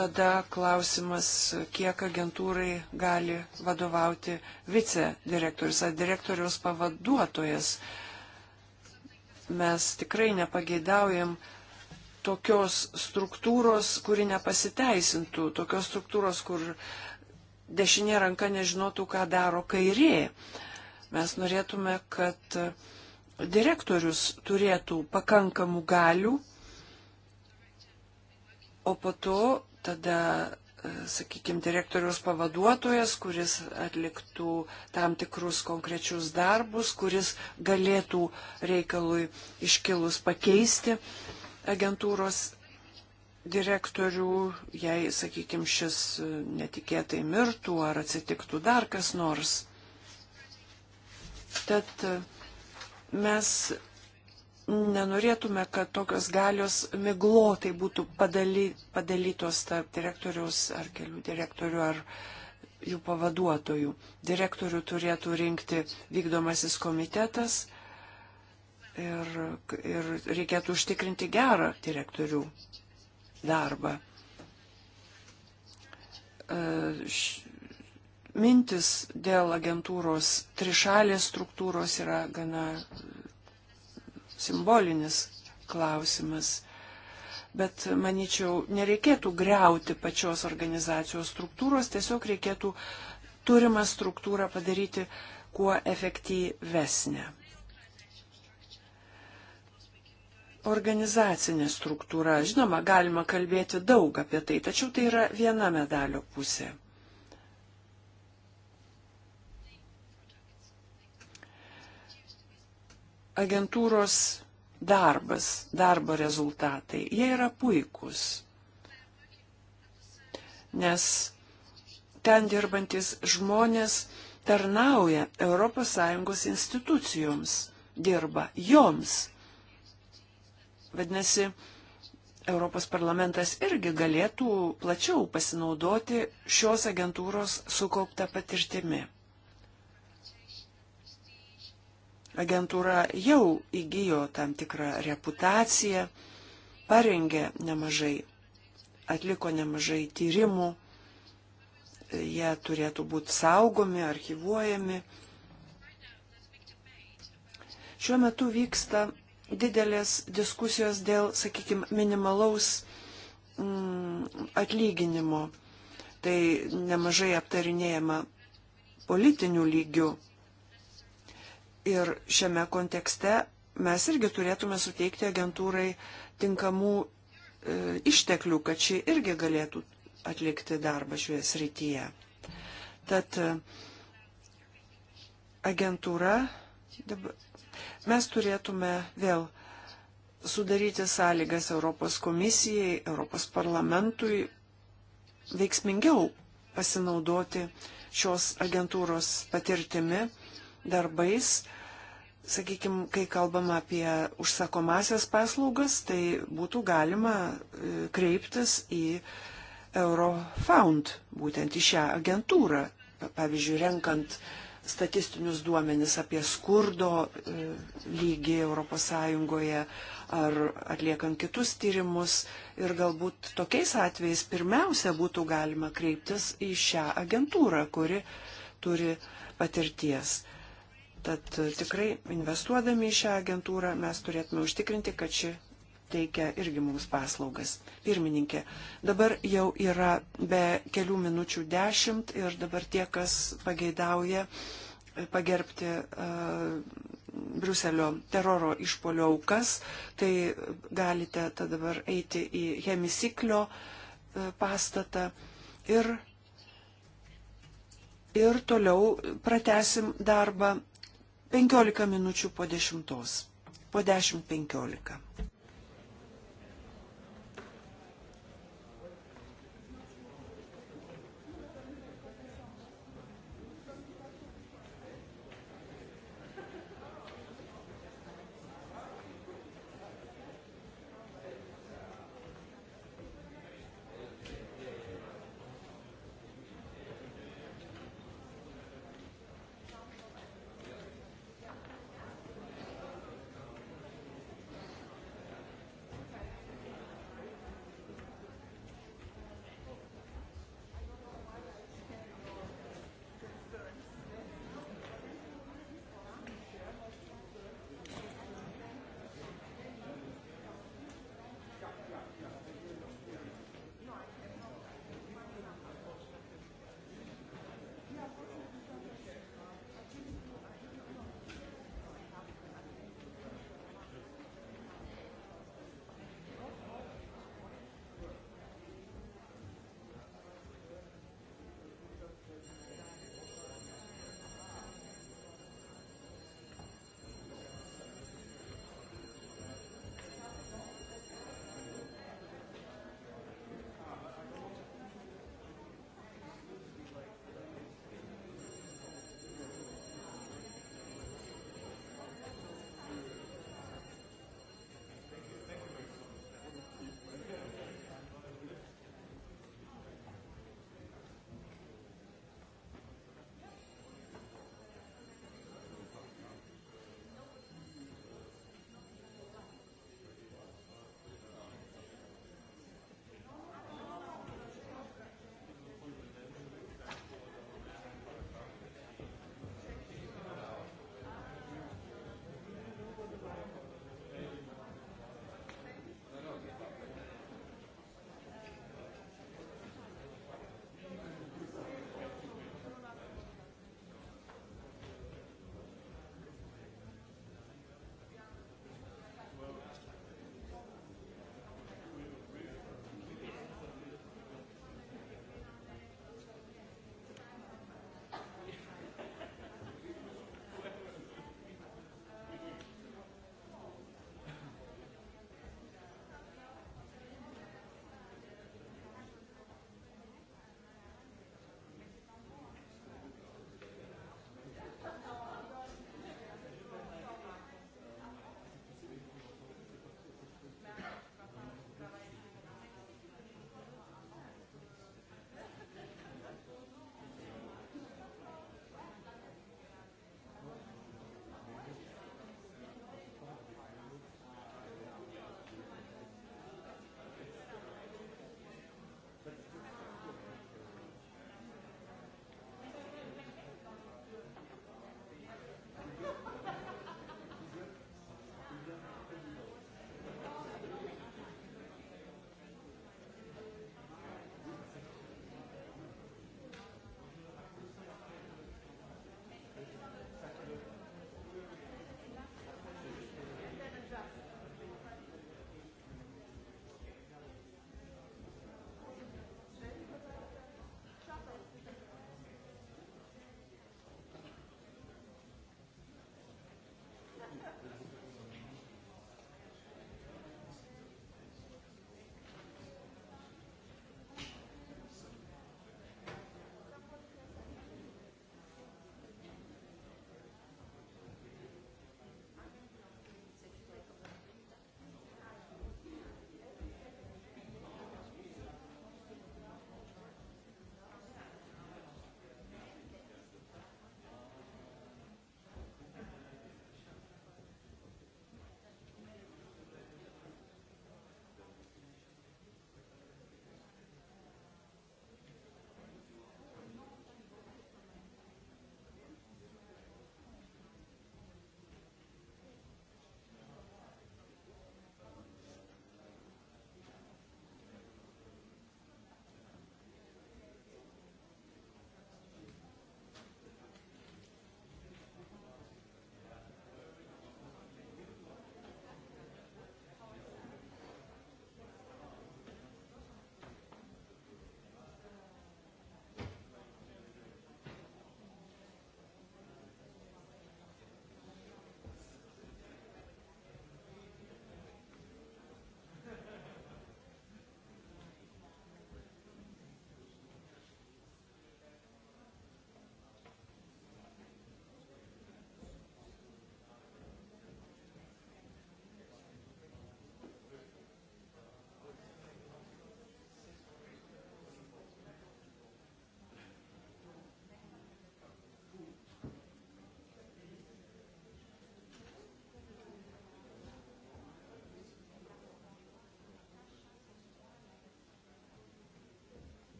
tada klausimas, kiek agentūrai gali vadovauti vicedirektorius ar direktoriaus pavaduotojas. Uh, Mes tikrai nepageidaujam tokios struktūros, kuri nepasiteisintų, tokios struktūros, kur dešinė ranka nežinotų, ką daro kairė. Mes norėtume, kad direktorius turėtų pakankamų galių, o po to tada sakykime, direktorius pavaduotojas, kuris atliktų tam tikrus konkrečius darbus, kuris galėtų reikalui iškilus pakeisti agentūros direktorių, jei, sakykime, šis netikėtai mirtų ar atsitiktų dar kas nors. Tad mes nenorėtume, kad tokios galios miglotai būtų padaly, padalytos tarp direktoriaus ar kelių direktorių ar jų pavaduotojų. Direktorių turėtų rinkti vykdomasis komitetas ir, ir reikėtų užtikrinti gerą direktorių darbą. E, mintis dėl agentūros trišalės struktūros yra gana simbolinis klausimas. Bet, manyčiau, nereikėtų greuti pačios organizacijos struktūros, tiesiog reikėtų turimą struktūrą padaryti kuo efektyvesnę. Organizacinė struktūra, žinoma, galima kalbėti daug apie tai, tačiau tai yra viena medalio pusė. agentūros darbas, darbo rezultatai, jie yra puikus. Nes ten dirbantis žmonės tarnauja ES institucijoms, dirba joms. Vadinasi, Europos parlamentas irgi galėtų plačiau pasinaudoti šios agentūros sukauptą patirtimi. agentūra jau įgyjo tam tikrą reputaciją, parengė nemažai, atliko nemažai tyrimų, jie turėtų būti saugomi, archivuojami. Šiuo metu vyksta didelės diskusijos dėl, sakykime, minimalaus mm, atlyginimo. Tai nemažai aptarinėjama politinių lygių Ir šiame kontekste mes irgi turėtume suteikti agentūrai tinkamų e, išteklių, kad ši irgi galėtų atlikti darbą šioje srityje. Tad e, agentūra, mes turėtume vėl sudaryti sąlygas Europos komisijai, Europos parlamentui veiksmingiau pasinaudoti šios agentūros patirtimi, darbais, sakykime, kai kalbam apie užsakomasias paslaugas, tai būtų galima e, kreiptis į Eurofound, būtent į šią agentūrą, pavyzdžiui, renkant statistinius duomenis apie skurdo e, lygį ES ar atliekant kitus tyrimus ir galbūt tokiais atvejais pirmiausia būtų galima kreiptis į šią agentūrą, kuri turi patirties. Tad e, tikrai investuodami į šią agentūrą mes turėtume užtikrinti, kad ši teikia irgi mums paslaugas. Pirmininkė, dabar jau yra be kelių minučių dešimt ir dabar tie, kas pageidauja e, pagerbti uh, e, Bruselio teroro išpolio aukas, tai galite tada dabar eiti į chemisiklio uh, pastatą ir, ir toliau pratesim darbą 15 minučių po 10. Po 10.15.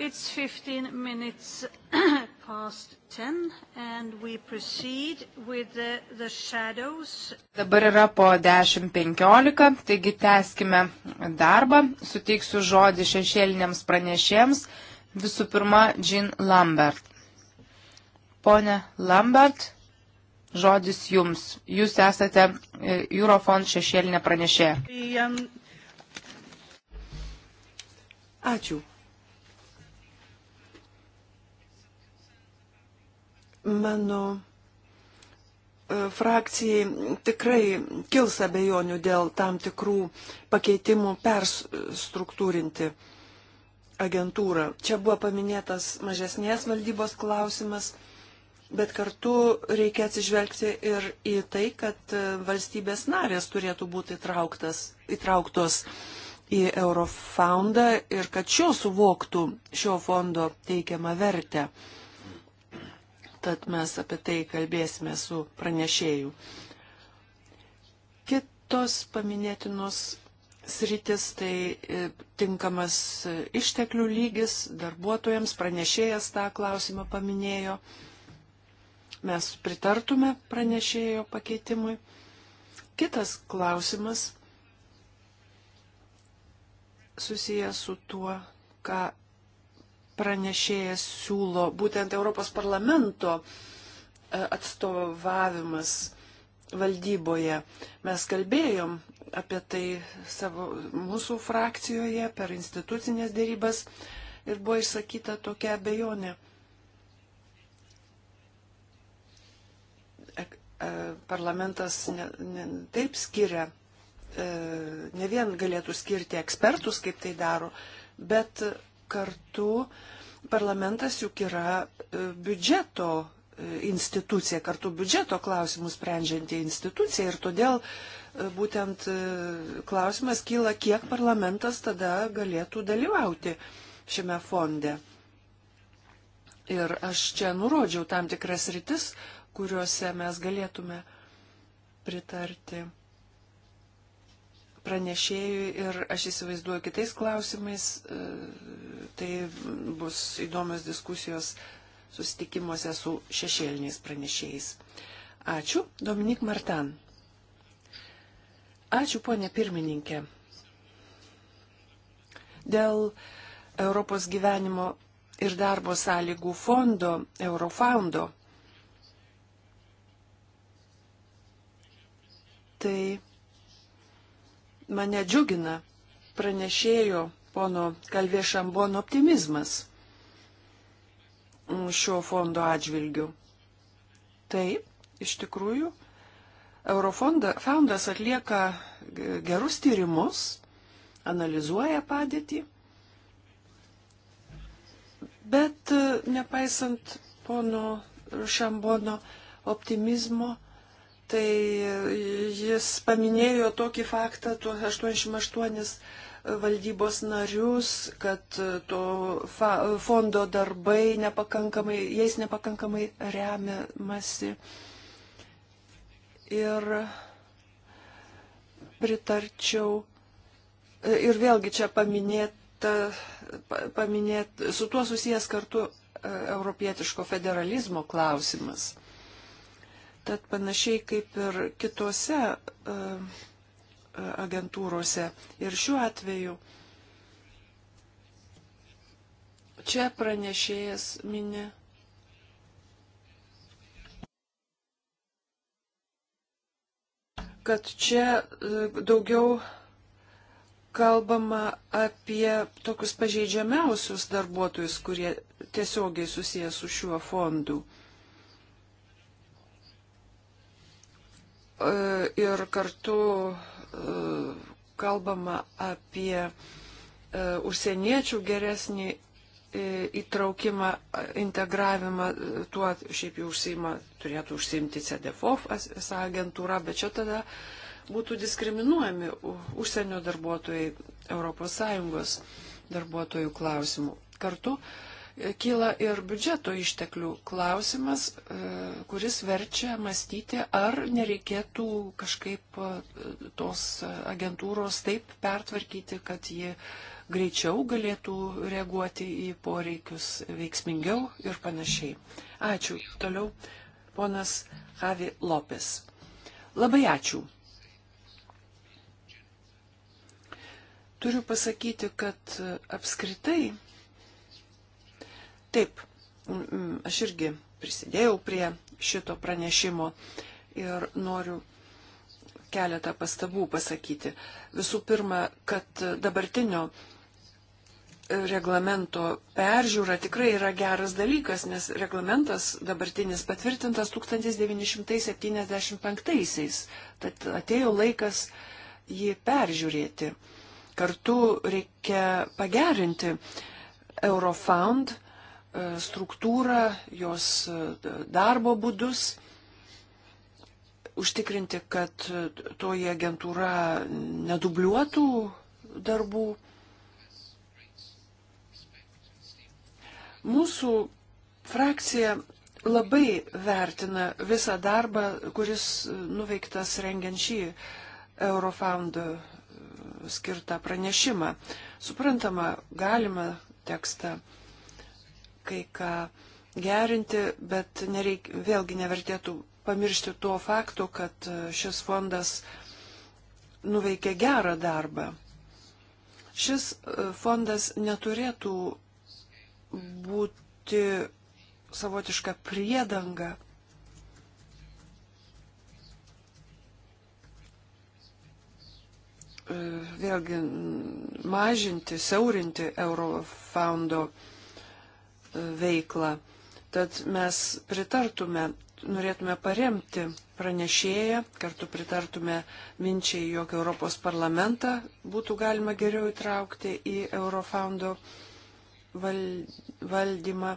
It's 15 minutes past 10, and we proceed with the, the shadows. Dabar yra po 10.15, taigi tęskime darbą. Suteiksiu žodį šešėliniams pranešėjams. Visų pirma, Jean Lambert. Pone Lambert, žodis jums. Jūs esate e, Eurofond šešėlinė pranešėja. Ačiū. mano e, frakcijai tikrai kils abejonių dėl tam tikrų pakeitimų perstruktūrinti agentūrą. Čia buvo paminėtas mažesnės valdybos klausimas, bet kartu reikia atsižvelgti ir į tai, kad e, valstybės narės turėtų būti įtrauktos į Eurofoundą ir kad šio suvoktų šio fondo teikiamą vertę tad mes apie tai kalbėsime su pranešėju. Kitos paminėtinos sritis tai e, tinkamas e, išteklių lygis darbuotojams, pranešėjas tą klausimą paminėjo. Mes pritartume pranešėjo pakeitimui. Kitas klausimas susijęs su tuo, ką pranešėjas siūlo būtent Europos parlamento e, atstovavimas valdyboje. Mes kalbėjom apie tai savo, mūsų frakcijoje per institucinės dėrybas ir buvo išsakyta tokia abejonė. E, e, parlamentas ne, ne, taip skiria, ne vien galėtų skirti ekspertus, kaip tai daro, bet kartu parlamentas juk yra e, biudžeto e, institucija, kartu biudžeto klausimus sprendžianti institucija ir todėl e, būtent klausimas kyla, kiek parlamentas tada galėtų dalyvauti šiame fonde. Ir aš čia nurodžiau tam tikras rytis, kuriuose mes galėtume pritarti pranešėjui ir aš įsivaizduoju kitais klausimais, e, tai bus įdomios diskusijos susitikimuose su šešėliniais pranešėjais. Ačiū, Dominik Martan. Ačiū, ponė pirmininkė. Dėl Europos gyvenimo ir darbo sąlygų fondo, Eurofoundo, tai mane džiugina pranešėjo pono Kalvė Šambon optimizmas mm, šio fondo atžvilgiu. Taip, iš tikrųjų, Eurofondas atlieka gerus tyrimus, analizuoja padėtį, bet nepaisant pono Šambono optimizmo, Tai jis paminėjo tokį faktą, tuo 88 valdybos narius, kad e, to fa, fondo darbai nepakankamai, jais nepakankamai remiamasi. Ir pritarčiau. E, ir vėlgi čia paminėta, paminėta su tuo susijęs kartu e, europietiško federalizmo klausimas Tad panašiai kaip ir kitose e, e, agentūrose. Ir šiuo atveju čia pranešėjas mini. kad čia e, daugiau kalbama apie tokius pažeidžiamiausius darbuotojus, kurie tiesiogiai susijęs su šiuo fondu. E, ir kartu e, kalbama apie e, užsieniečių geresnį įtraukimą, integravimą, tuo šiaip jau užsima, turėtų užsimti CDFOF esą agentūra, bet čia tada būtų diskriminuojami užsienio darbuotojai ES darbuotojų klausimų. Kartu uh, kyla ir biudžeto išteklių klausimas, e, kuris verčia mąstyti, ar nereikėtų kažkaip e, tos agentūros taip pertvarkyti, kad ji greičiau galėtų reaguoti į poreikius veiksmingiau ir panašiai. Ačiū. Toliau ponas Javi Lopes. Labai ačiū. Turiu pasakyti, kad apskritai Taip, aš irgi prisidėjau prie šito pranešimo ir noriu keletą pastabų pasakyti. Visų pirma, kad dabartinio reglamento peržiūra tikrai yra geras dalykas, nes reglamentas dabartinis patvirtintas 1975-aisiais. Tad atėjo laikas jį peržiūrėti. Kartu reikia pagerinti Eurofound E, struktūrą, jos e, darbo būdus, užtikrinti, kad toji agentūra nedubliuotų darbų. Mūsų frakcija labai vertina visą darbą, kuris nuveiktas rengiant šį Eurofound skirtą pranešimą. Suprantama, galima tekstą kai ką gerinti, bet nereik, vėlgi nevertėtų pamiršti tuo faktu, kad e, šis fondas nuveikė gerą darbą. Šis e, fondas neturėtų būti savotiška priedanga e, vėlgi mažinti, siaurinti Eurofoundo veiklą. Tad mes pritartume, norėtume paremti pranešėją, kartu pritartume minčiai, jog Europos parlamentą būtų galima geriau įtraukti į Eurofoundo valdymą.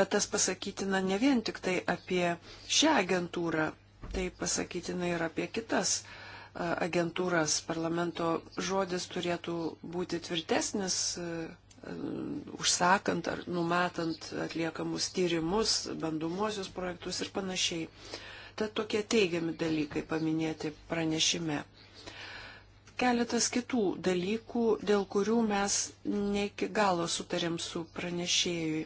Bet tas pasakytina ne vien tik tai apie šią agentūrą, tai pasakytina ir apie kitas agentūras. Parlamento žodis turėtų būti tvirtesnis Um, užsakant ar numatant atliekamus tyrimus, bandomuosius projektus ir panašiai. Tad tokie teigiami dalykai paminėti pranešime. Keletas kitų dalykų, dėl kurių mes ne iki galo sutarėm su pranešėjui.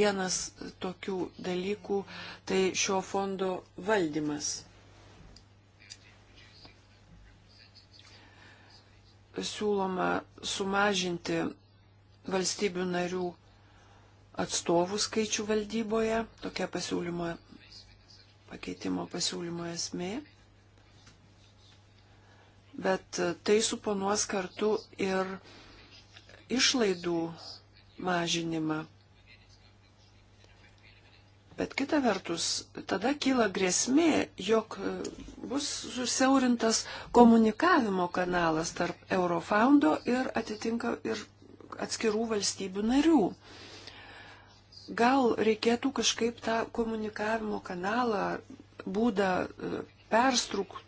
Vienas tokių dalykų tai šio fondo valdymas siūloma sumažinti valstybių narių atstovų skaičių valdyboje, tokia pasiūlymo, pakeitimo pasiūlymo esmė. Bet tai suponuos kartu ir išlaidų mažinimą Bet kita vertus, tada kyla grėsmė, jog e, bus susiaurintas komunikavimo kanalas tarp Eurofoundo ir atitinka ir atskirų valstybių narių. Gal reikėtų kažkaip tą komunikavimo kanalą, būdą e, perstruk,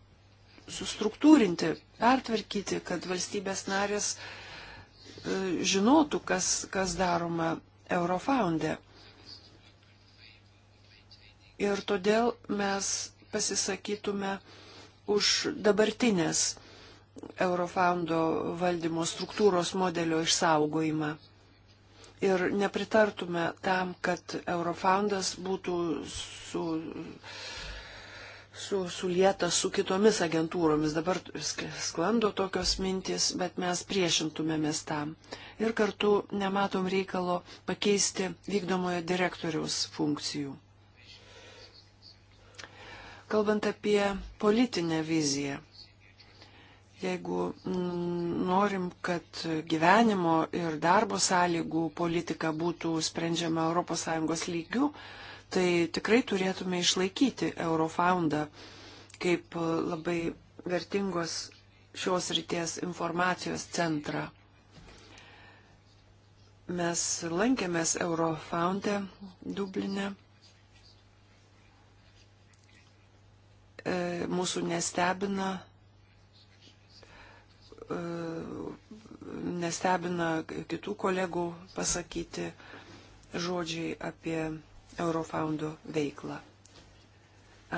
sustruktūrinti, pertvarkyti, kad valstybės narės e, žinotų, kas, kas daroma Eurofoundė. E Ir todėl mes pasisakytume už dabartinės Eurofoundo valdymo struktūros modelio išsaugojimą. Ir nepritartume tam, kad Eurofoundas būtų su, su, sulietas su kitomis agentūromis. Dabar sklando tokios mintis, bet mes priešintumėmės tam. Ir kartu nematom reikalo pakeisti vykdomojo direktoriaus funkcijų. Kalbant apie politinę viziją, jeigu norim, kad gyvenimo ir darbo sąlygų politika būtų sprendžiama ES lygių, tai tikrai turėtume išlaikyti Eurofoundą kaip labai vertingos šios ryties informacijos centrą. Mes lankėmės Eurofoundė Dublinė E, mūsų nestebina, e, nestebina kitų kolegų pasakyti žodžiai apie Eurofoundo veiklą.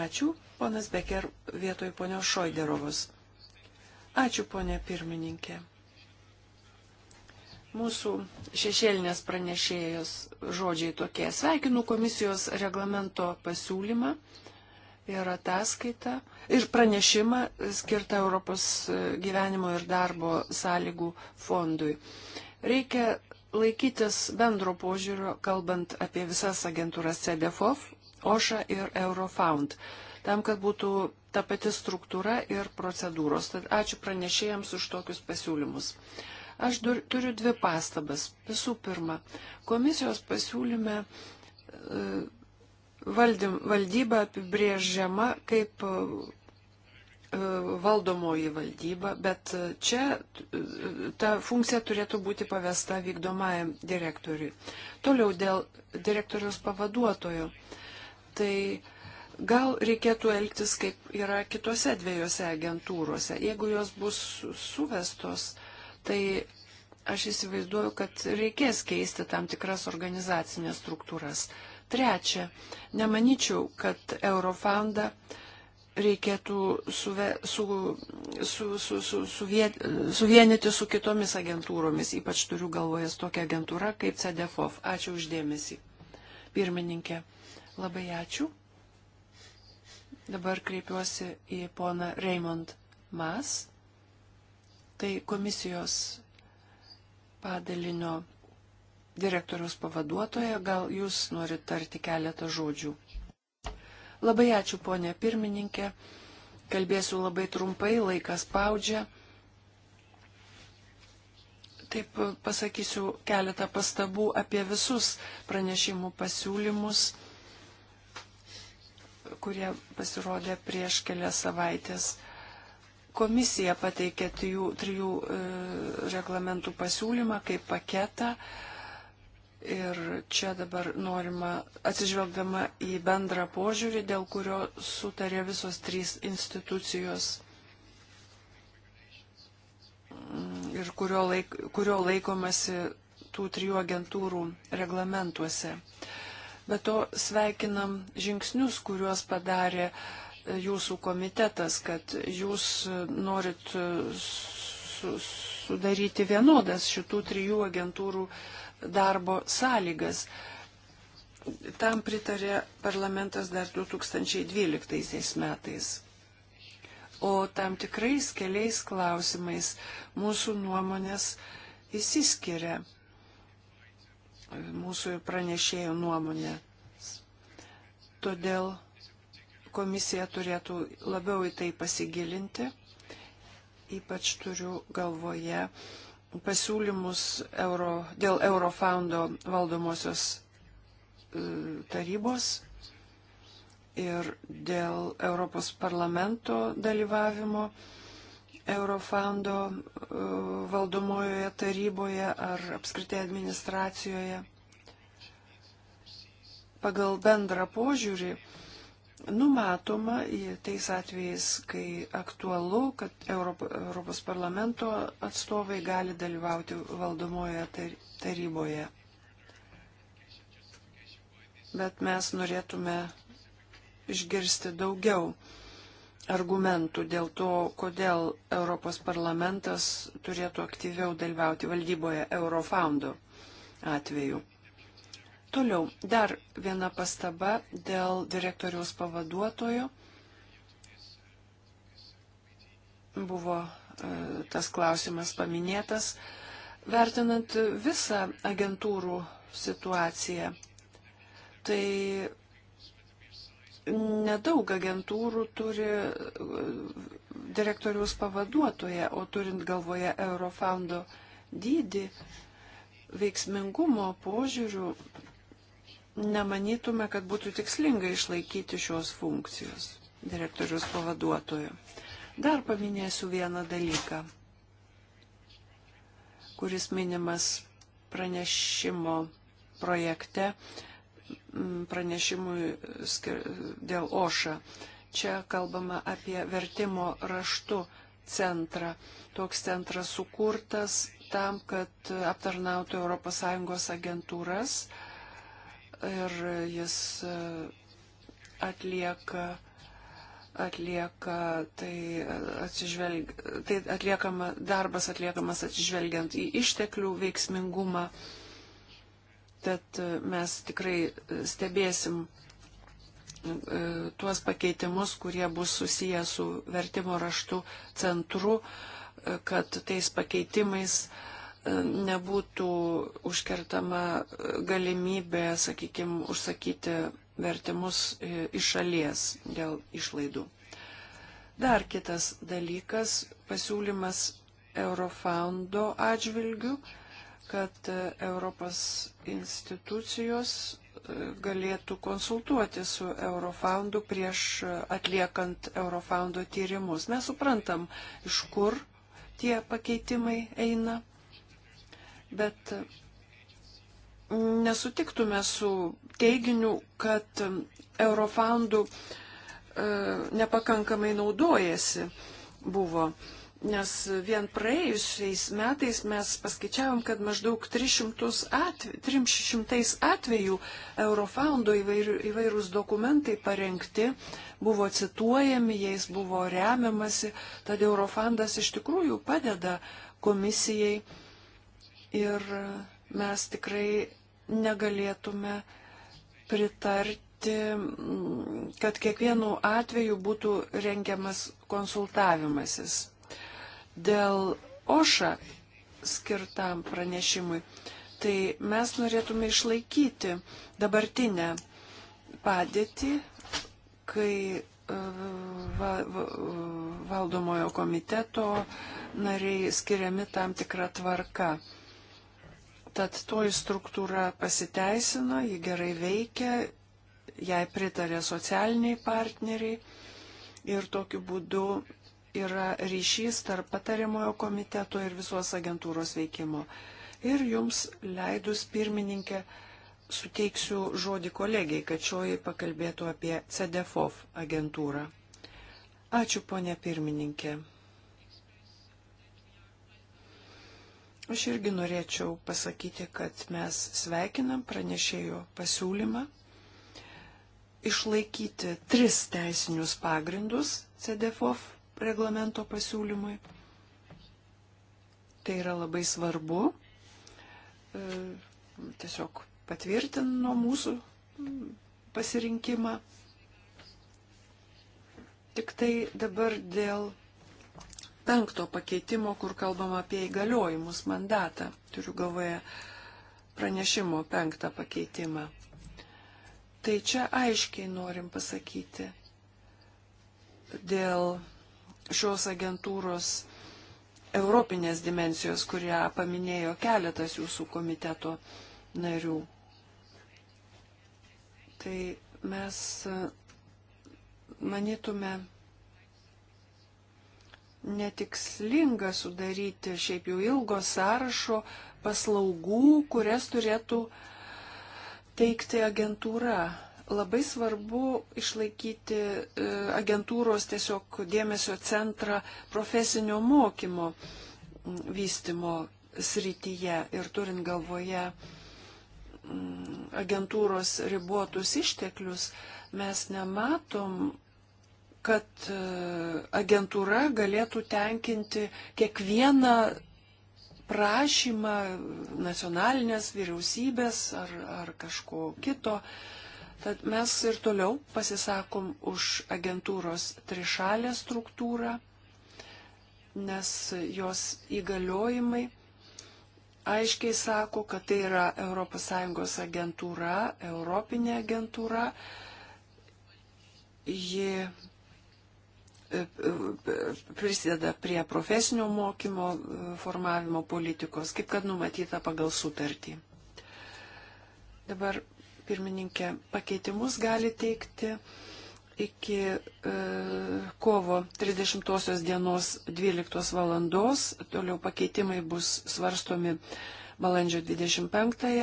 Ačiū, ponas Becker, vietoj ponios Šoiderovos. Ačiū, ponė pirmininkė. Mūsų šešėlinės pranešėjos žodžiai tokie. Sveikinu komisijos reglamento pasiūlymą ir ataskaitą, ir pranešimą skirtą Europos gyvenimo ir darbo sąlygų fondui. Reikia laikytis bendro požiūrio, kalbant apie visas agentūras CDFOF, OŠA ir Eurofound, tam, kad būtų ta pati struktūra ir procedūros. Tad ačiū pranešėjams už tokius pasiūlymus. Aš dur, turiu dvi pastabas. Visų pirma, komisijos pasiūlyme e, valdym, valdyba apibrėžiama kaip e, e, valdomoji valdyba, bet e, čia ta funkcija turėtų būti pavesta vykdomajam direktoriui. Toliau dėl direktoriaus pavaduotojo. Tai gal reikėtų elgtis kaip yra kitose dviejose agentūrose. Jeigu jos bus suvestos, tai aš įsivaizduoju, kad reikės keisti tam tikras organizacinės struktūras. Uh, Trečia, nemanyčiau, kad Eurofondą reikėtų suve, su, su, su, su, suvie, suvienyti su kitomis agentūromis, ypač turiu galvoje tokią agentūrą kaip CDFOF. Ačiū uždėmesį. Pirmininkė, labai ačiū. Dabar kreipiuosi į poną Raymond Mas, tai komisijos padalinio direktoriaus pavaduotoja, gal jūs norite tarti keletą žodžių. Labai ačiū, ponė pirmininkė. Kalbėsiu labai trumpai, laikas spaudžia. Taip pasakysiu keletą pastabų apie visus pranešimų pasiūlymus, kurie pasirodė prieš kelias savaitės komisija pateikė trijų, trijų e, reglamentų pasiūlymą kaip paketą. E, Ir čia dabar norima, atsižvelgdama į bendrą požiūrį, dėl kurio sutarė visos trys institucijos ir kurio, laik, kurio laikomasi tų trijų agentūrų reglamentuose. Bet to sveikinam žingsnius, kuriuos padarė jūsų komitetas, kad jūs norit su, sudaryti vienodas šitų trijų agentūrų reglamentuose darbo sąlygas. Tam pritarė parlamentas dar 2012 metais. O tam tikrais keliais klausimais mūsų nuomonės įsiskiria mūsų pranešėjo nuomonė. Todėl komisija turėtų labiau į tai pasigilinti, ypač turiu galvoje uh, pasiūlymus euro, dėl Eurofoundo valdomosios e, tarybos ir dėl Europos parlamento dalyvavimo Eurofoundo e, valdomojoje taryboje ar apskritai administracijoje. Pagal bendrą požiūrį, numatoma tais atvejais, kai aktualu, kad Europos parlamento atstovai gali dalyvauti valdomoje taryboje. Bet mes norėtume išgirsti daugiau argumentų dėl to, kodėl Europos parlamentas turėtų aktyviau dalyvauti valdyboje Eurofoundų atveju. Toliau dar viena pastaba dėl direktoriaus pavaduotojo. Buvo e, tas klausimas paminėtas. Vertinant visą agentūrų situaciją, tai nedaug agentūrų turi e, direktoriaus pavaduotoje, o turint galvoje Eurofoundo dydį, veiksmingumo požiūrių nemanytume, kad būtų tikslinga išlaikyti šios funkcijos direktorius pavaduotojų. Dar paminėsiu vieną dalyką, kuris minimas pranešimo projekte, pranešimui dėl OŠA. Čia kalbama apie vertimo raštų centrą. Toks centras sukurtas tam, kad aptarnautų ES agentūras, ir jis e, atlieka atlieka tai, e, atsižvelg, tai atliekama, darbas atliekamas atsižvelgiant į išteklių veiksmingumą. Tad e, mes tikrai stebėsim tuos pakeitimus, kurie bus susiję su vertimo raštu centru, kad tais pakeitimais uh, nebūtų užkertama galimybė, sakykime, užsakyti vertimus iš šalies dėl išlaidų. Dar kitas dalykas - pasiūlymas Eurofoundo atžvilgių, kad e, Europos institucijos e, galėtų konsultuoti su Eurofoundu prieš e, atliekant Eurofoundo tyrimus. Mes suprantam, iš kur tie pakeitimai eina bet mm, nesutiktume su teiginiu, kad mm, eurofondų e, nepakankamai naudojasi buvo. Nes vien praėjusiais metais mes paskaičiavom, kad maždaug 300, atve, 300 atvejų Eurofondo įvairių, įvairūs dokumentai parengti buvo cituojami, jais buvo remiamasi, tad Eurofondas iš tikrųjų padeda komisijai uh, ir mes tikrai negalėtume pritarti, kad kiekvienu atveju būtų rengiamas konsultavimasis. Dėl OŠA skirtam pranešimui, tai mes norėtume išlaikyti dabartinę padėtį, kai e, va, va, valdomojo komiteto nariai skiriami tam tikrą tvarką. Tad toji struktūra pasiteisino, ji gerai veikia, jai pritarė socialiniai partneriai ir tokiu būdu yra ryšys tarp patariamojo komiteto ir visos agentūros veikimo. Ir jums leidus pirmininkė suteiksiu žodį kolegiai, kad šioji pakalbėtų apie CDFOF agentūrą. Ačiū, ponė pirmininkė. Aš irgi norėčiau pasakyti, kad mes sveikinam pranešėjo pasiūlymą išlaikyti tris teisinius pagrindus CDFOF reglamento pasiūlymui. Tai yra labai svarbu. E, tiesiog patvirtino mūsų pasirinkimą. Tik tai dabar dėl penkto pakeitimo, kur kalbama apie įgaliojimus mandatą. Turiu galvoje pranešimo penktą pakeitimą. Tai čia aiškiai norim pasakyti dėl šios agentūros europinės dimensijos, kurią paminėjo keletas jūsų komiteto narių. Tai mes e, manytume, netikslinga sudaryti šiaip jau ilgo sąrašo paslaugų, kurias turėtų teikti agentūra. Labai svarbu išlaikyti e, agentūros tiesiog dėmesio centrą profesinio mokymo vystimo srityje ir turint galvoje agentūros ribotus išteklius, mes nematom kad e, agentūra galėtų tenkinti kiekvieną prašymą nacionalinės vyriausybės ar, ar kažko kito. Tad mes ir toliau pasisakom už agentūros trišalę struktūrą, nes jos įgaliojimai aiškiai sako, kad tai yra ES agentūra, Europinė agentūra. Ji prisideda prie profesinio mokymo formavimo politikos, kaip kad numatyta pagal sutartį. Dabar, pirmininkė, pakeitimus gali teikti iki e, kovo 30 dienos 12 valandos, toliau pakeitimai bus svarstomi balandžio 25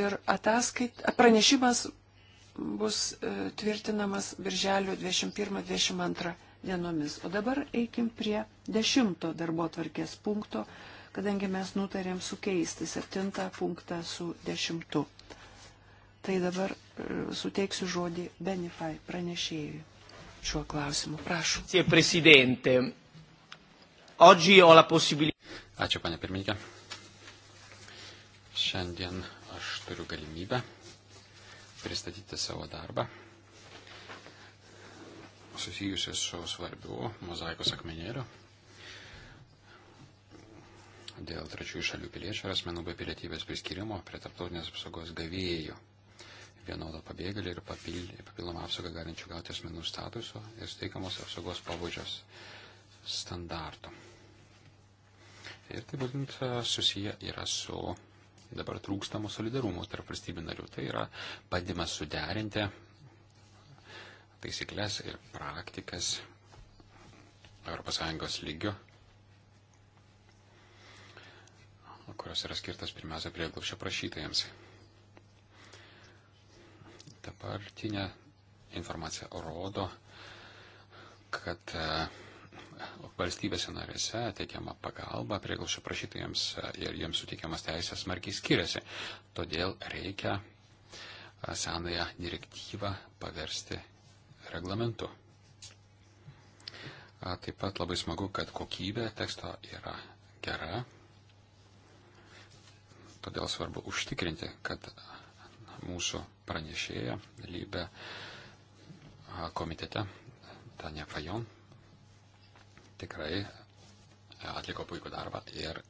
ir ataskait, pranešimas bus e, tvirtinamas birželio 21-22 dienomis. O dabar eikim prie dešimto darbo tvarkės punkto, kadangi mes nutarėm sukeisti septintą punktą su dešimtu. Tai dabar e, suteiksiu žodį Benifai pranešėjui šiuo klausimu. Prašom. Ačiū, panė pirmininkė. Šiandien aš turiu galimybę pristatyti savo darbą susijusi su svarbiu mozaikos akmenėliu dėl trečiųjų šalių piliečių ir asmenų be pilietybės priskirimo prie tarptautinės apsaugos gavėjų vienodo pabėgėlį ir papildomą apsaugą galinčių gauti asmenų statuso ir steikamos apsaugos pabudžios standartų. Ir tai būtent e, susiję yra su dabar trūkstamo solidarumo tarp valstybių narių. Tai yra bandymas suderinti taisyklės ir praktikas ES lygio, kurios yra skirtas pirmiausia prieglupščio prašytojams. Dabartinė informacija rodo, kad e, valstybėse narėse teikiama pagalba prieglupščio prašytojams e, ir jiems suteikiamas teisės smarkiai skiriasi. Todėl reikia e, senąją direktyvą paversti reglamentu. Taip pat labai smagu, kad kokybė teksto yra gera, todėl svarbu užtikrinti, kad mūsų pranešėja lybė komitete, Tanja Fajon, tikrai atliko puikų darbą ir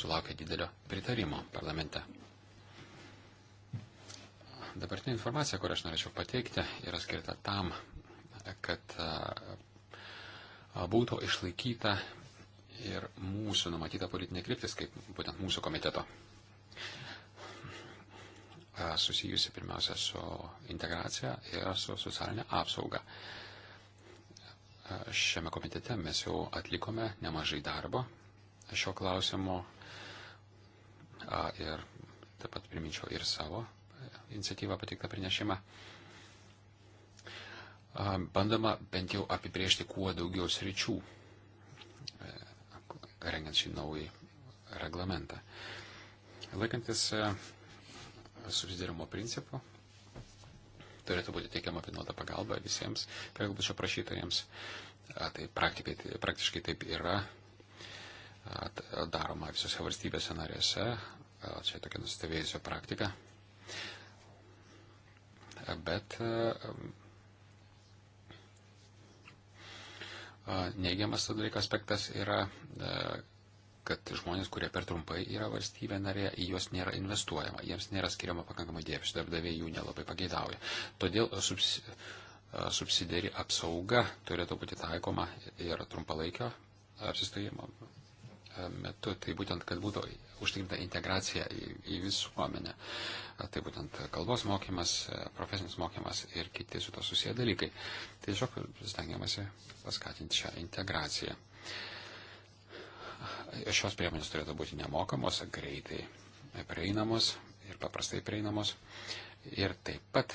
sulaukė didelio pritarimo parlamente dabartinė informacija, kurią aš norėčiau pateikti, yra skirta tam, kad būtų išlaikyta ir mūsų numatyta politinė kryptis, kaip būtent mūsų komiteto, susijusi pirmiausia su integracija ir su socialinė apsauga. Šiame komitete mes jau atlikome nemažai darbo šio klausimo ir taip pat priminčiau ir savo iniciatyvą patiktą pranešimą. Bandoma bent jau apibriežti kuo daugiau sričių, e, rengiant šį naują reglamentą. Laikantis e, susidarimo principų, turėtų būti teikiama vienoda pagalba visiems prieglobčio prašytojams. Tai, tai praktiškai taip yra daroma visose valstybėse narėse. Čia tokia nusistovėjusi praktika bet neigiamas to dalyko aspektas yra, kad žmonės, kurie per trumpai yra valstybė narė, į juos nėra investuojama, jiems nėra skiriama pakankamai dėmesio, darbdaviai jų nelabai pageidauja. Todėl subs, subsidiari apsauga turėtų būti taikoma ir trumpalaikio apsistojimo metu. Tai būtent, kad būtų užtikrinta integracija į, į visuomenę. Tai būtent kalbos mokymas, e, profesinis mokymas ir kiti su to susiję dalykai. Tai tiesiog stengiamasi paskatinti šią integraciją. Šios priemonės turėtų būti nemokamos, greitai prieinamos ir paprastai prieinamos. Ir taip pat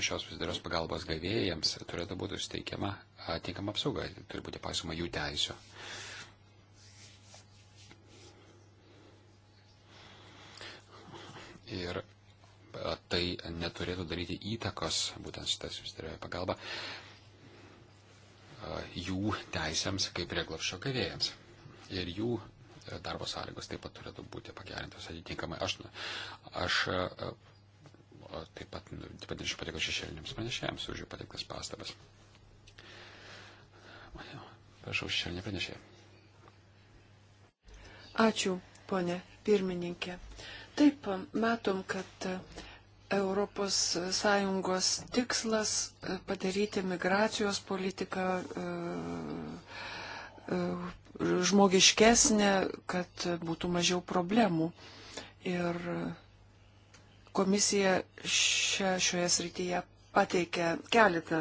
šios viduros pagalbos gavėjams turėtų būti suteikiama tinkama apsauga, turi būti paisoma jų teisų. ir tai neturėtų daryti įtakos, būtent šitą susitarėjo pagalba, jų teisėms kaip prieglapšio gavėjams. Ir jų e, darbo sąlygos taip pat turėtų būti pagerintos atitinkamai. Aš, aš taip pat, nu, taip pat norėčiau padėkoti šešėlinėms pranešėjams už jų pateiktas pastabas. Prašau, šešėlinė pranešėja. Ačiū, ponė pirmininkė. Uh, Taip, matom, kad ES tikslas e, padaryti migracijos politiką e, e, žmogiškesnė, kad būtų mažiau problemų. Ir komisija šia, šioje srityje pateikė keletą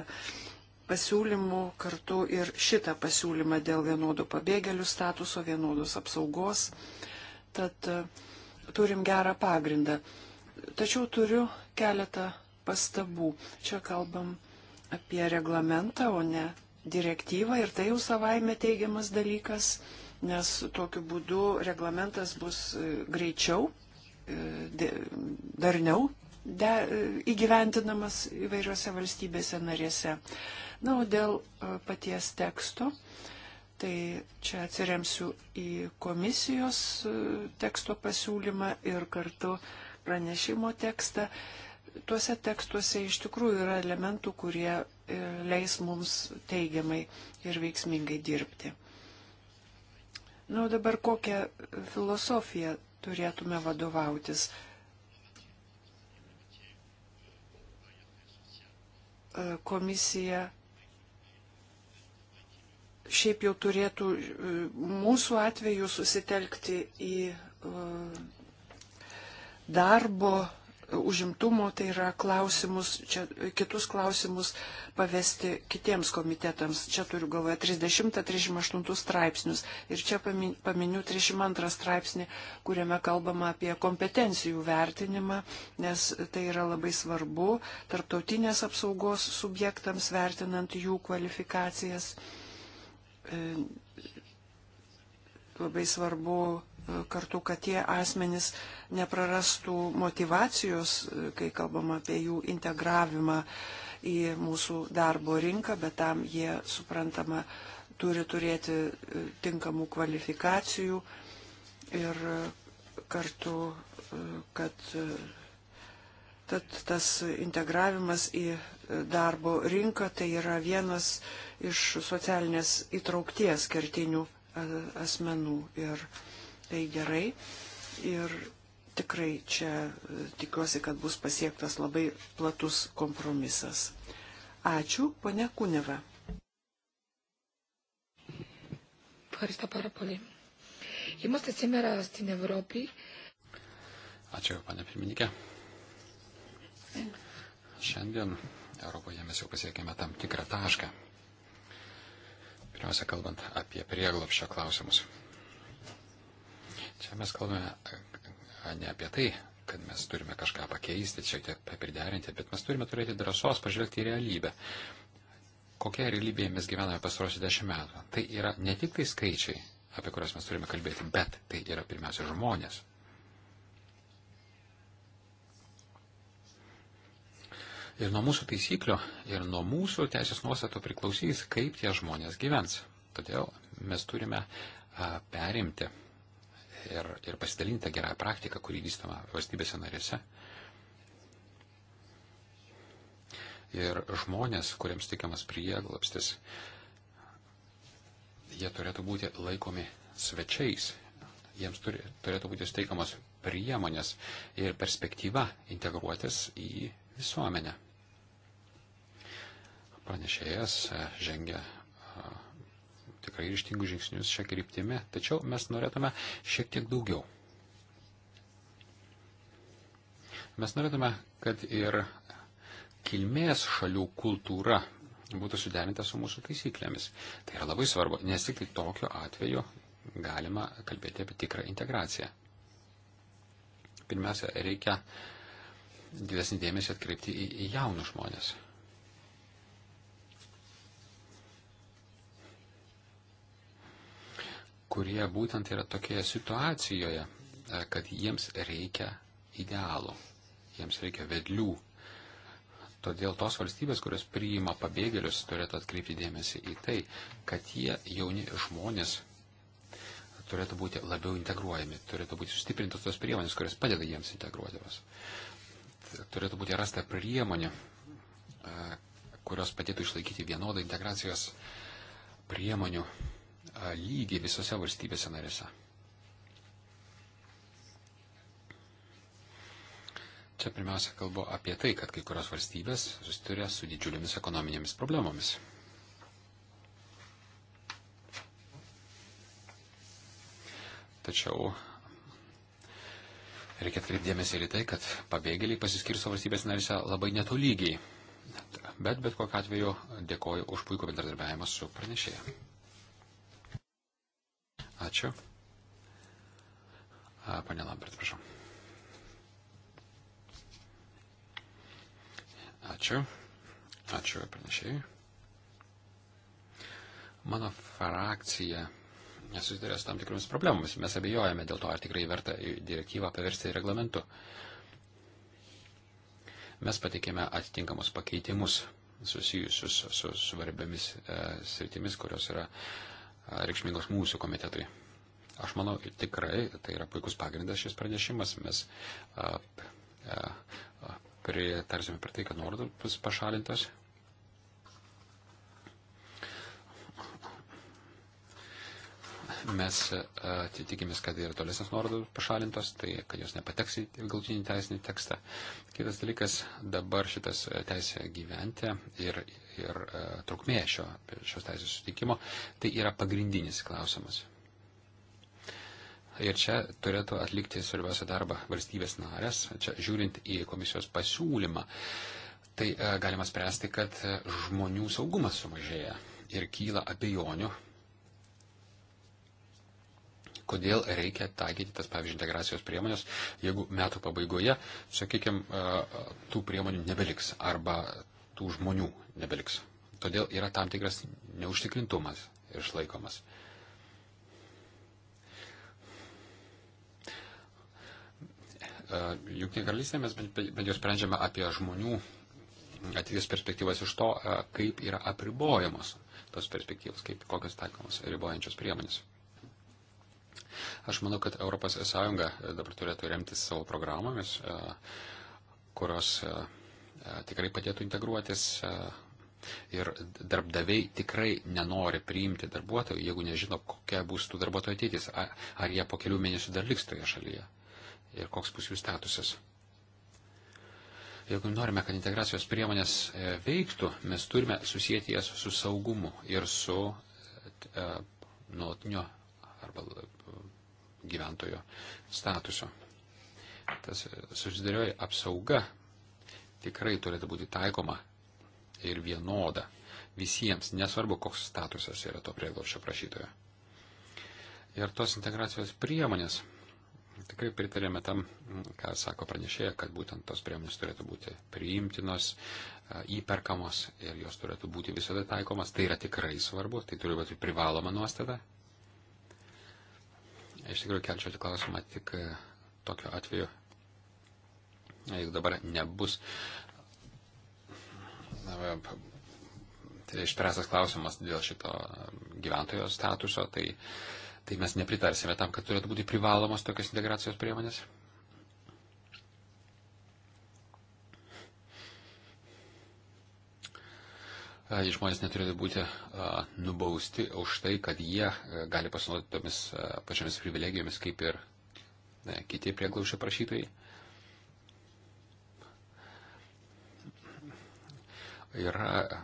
pasiūlymų, kartu ir šitą pasiūlymą dėl vienodų pabėgėlių statuso, vienodos apsaugos. Tad uh, turim gerą pagrindą. Tačiau turiu keletą pastabų. Čia kalbam apie reglamentą, o ne direktyvą ir tai jau savaime teigiamas dalykas, nes tokiu būdu reglamentas bus e, greičiau, e, darniau de, e, įgyventinamas įvairiose valstybėse narėse. Na, o dėl paties teksto, Tai čia atsiremsiu į komisijos e, teksto pasiūlymą ir kartu pranešimo tekstą. Tuose tekstuose iš tikrųjų yra elementų, kurie e, leis mums teigiamai ir veiksmingai dirbti. Na, nu, dabar kokią filosofiją turėtume vadovautis? E, komisija šiaip jau turėtų e, mūsų atveju susitelkti į e, darbo e, užimtumo, tai yra klausimus, čia kitus klausimus pavesti kitiems komitetams. Čia turiu galvoje 30-38 straipsnius. Ir čia paminiu 32 straipsnį, kuriame kalbama apie kompetencijų vertinimą, nes tai yra labai svarbu tarptautinės apsaugos subjektams vertinant jų kvalifikacijas. E, labai svarbu e, kartu, kad tie asmenys neprarastų motivacijos, e, kai kalbama apie jų integravimą į mūsų darbo rinką, bet tam jie, suprantama, turi turėti tinkamų kvalifikacijų ir kartu, kad Tad tas integravimas į darbo rinką tai yra vienas iš socialinės įtraukties kertinių e, asmenų. Ir tai gerai. Ir tikrai čia e, tikiuosi, kad bus pasiektas labai platus kompromisas. Ačiū, ponia Kuneva. Ευχαριστώ πάρα πολύ. Είμαστε σήμερα στην Ευρώπη. Ačiū, pane pirmininkė. Šiandien Europoje mes jau pasiekėme tam tikrą tašką. Pirmiausia, kalbant apie prieglopščio klausimus. Čia mes kalbame ne apie tai, kad mes turime kažką pakeisti, šiek tiek priderinti, bet mes turime turėti drąsos pažvelgti į realybę. Kokia realybėje mes gyvename pastarosius dešimt metų? Tai yra ne tik tai skaičiai, apie kuriuos mes turime kalbėti, bet tai yra pirmiausia žmonės, Ir nuo mūsų taisyklių, ir nuo mūsų teisės nuostato priklausys, kaip tie žmonės gyvens. Todėl mes turime perimti ir, ir pasidalinti tą gerąją praktiką, kurį vystama valstybėse narėse. Ir žmonės, kuriems tikiamas prieglapstis, jie turėtų būti laikomi svečiais, jiems turi, turėtų būti steikamos priemonės ir perspektyva integruotis į visuomenę pranešėjas e, žengia tikrai ryštingus žingsnius šią kryptimį, tačiau mes norėtume šiek tiek daugiau. Mes norėtume, kad ir kilmės šalių kultūra būtų suderinta su mūsų taisyklėmis. Tai yra labai svarbu, nes tik tai tokiu atveju galima kalbėti apie tikrą integraciją. Pirmiausia, reikia didesnį dėmesį atkreipti į, į jaunus žmonės. kurie būtent yra tokioje situacijoje, e, kad jiems reikia idealų, jiems reikia vedlių. Todėl tos valstybės, kurios priima pabėgėlius, turėtų atkreipti dėmesį į tai, kad jie jauni žmonės turėtų būti labiau integruojami, turėtų būti sustiprintos tos priemonės, kurios padeda jiems integruotis. Turėtų būti rasta priemonė, e, kurios padėtų išlaikyti vienodą integracijos priemonių lygį visose valstybėse narėse. Čia pirmiausia kalbu apie tai, kad kai kurios valstybės susituria su didžiulėmis ekonominėmis problemomis. Tačiau reikia atkreipdėmėsi ir į tai, kad pabėgėliai pasiskirsto valstybės narise labai netolygiai. Bet bet kokiu atveju dėkoju už puikų bendradarbiavimą su pranešėja. Ačiū. Pane Lambert, prašau. Ačiū. Ačiū pranešėjai. Mano frakcija nesusidarė su tam tikromis problemomis. Mes abejojame dėl to, ar tikrai verta direktyvą paversti reglamentu. Mes pateikėme atitinkamus pakeitimus susijusius su svarbiamis e, sritimis, kurios yra e, reikšmingos mūsų komitetui. Aš manau, tikrai tai yra puikus pagrindas šis pranešimas. Mes a, a, a, pritarsime prie tai, kad nuorodos bus pašalintos. Mes tikimės, kad ir tolesnės nuorodos pašalintos, tai kad jos nepateks į galutinį teisinį tekstą. Kitas dalykas, dabar šitas teisė gyventi ir ir e, trukmė šio, šios teisės sutikimo, tai yra pagrindinis klausimas. Ir čia turėtų atlikti svarbiausią darbą valstybės narės, čia žiūrint į komisijos pasiūlymą, tai e, galima spręsti, kad e, žmonių saugumas sumažėja ir kyla abejonių, kodėl reikia taikyti tas, pavyzdžiui, integracijos priemonės, jeigu metų pabaigoje, sakykime, tų priemonių nebeliks arba tų žmonių nebeliks. Todėl yra tam tikras neužtikrintumas išlaikomas. E, Junktinė karalystė mes bent jau sprendžiame apie žmonių ateities perspektyvas iš to, e, kaip yra apribojamos tos perspektyvos, kaip kokios taikomos ribojančios priemonės. Aš manau, kad ES e, dabar turėtų remtis savo programomis, kurios E, tikrai padėtų integruotis. E, ir darbdaviai tikrai nenori priimti darbuotojų, jeigu nežino, kokia bus tų darbuotojų ateitis, ar jie po kelių mėnesių dar liks toje šalyje ir koks bus jų statusas. Jeigu norime, kad integracijos priemonės e, veiktų, mes turime susijęti jas su saugumu ir su nuolatinio arba gyventojo statusu. Tas susidarioji apsauga tikrai turėtų būti taikoma ir vienoda visiems, nesvarbu, koks statusas yra to prieglaušio prašytojo. Ir tos integracijos priemonės, tikrai pritarėme tam, ką sako pranešėja, kad būtent tos priemonės turėtų būti priimtinos, įperkamos ir jos turėtų būti visada taikomas. Tai yra tikrai svarbu, tai turi būti privaloma nuostata. Iš tikrųjų, kelčiau tik klausimą tik tokiu atveju, jeigu dabar nebus tai išspręstas klausimas dėl šito gyventojo statuso, tai, tai mes nepritarsime tam, kad turėtų būti privalomos tokios integracijos priemonės. Žmonės neturėtų būti nubausti už tai, kad jie gali pasinaudoti tomis pačiamis privilegijomis kaip ir ne, kiti prieglaušio prašytojai. yra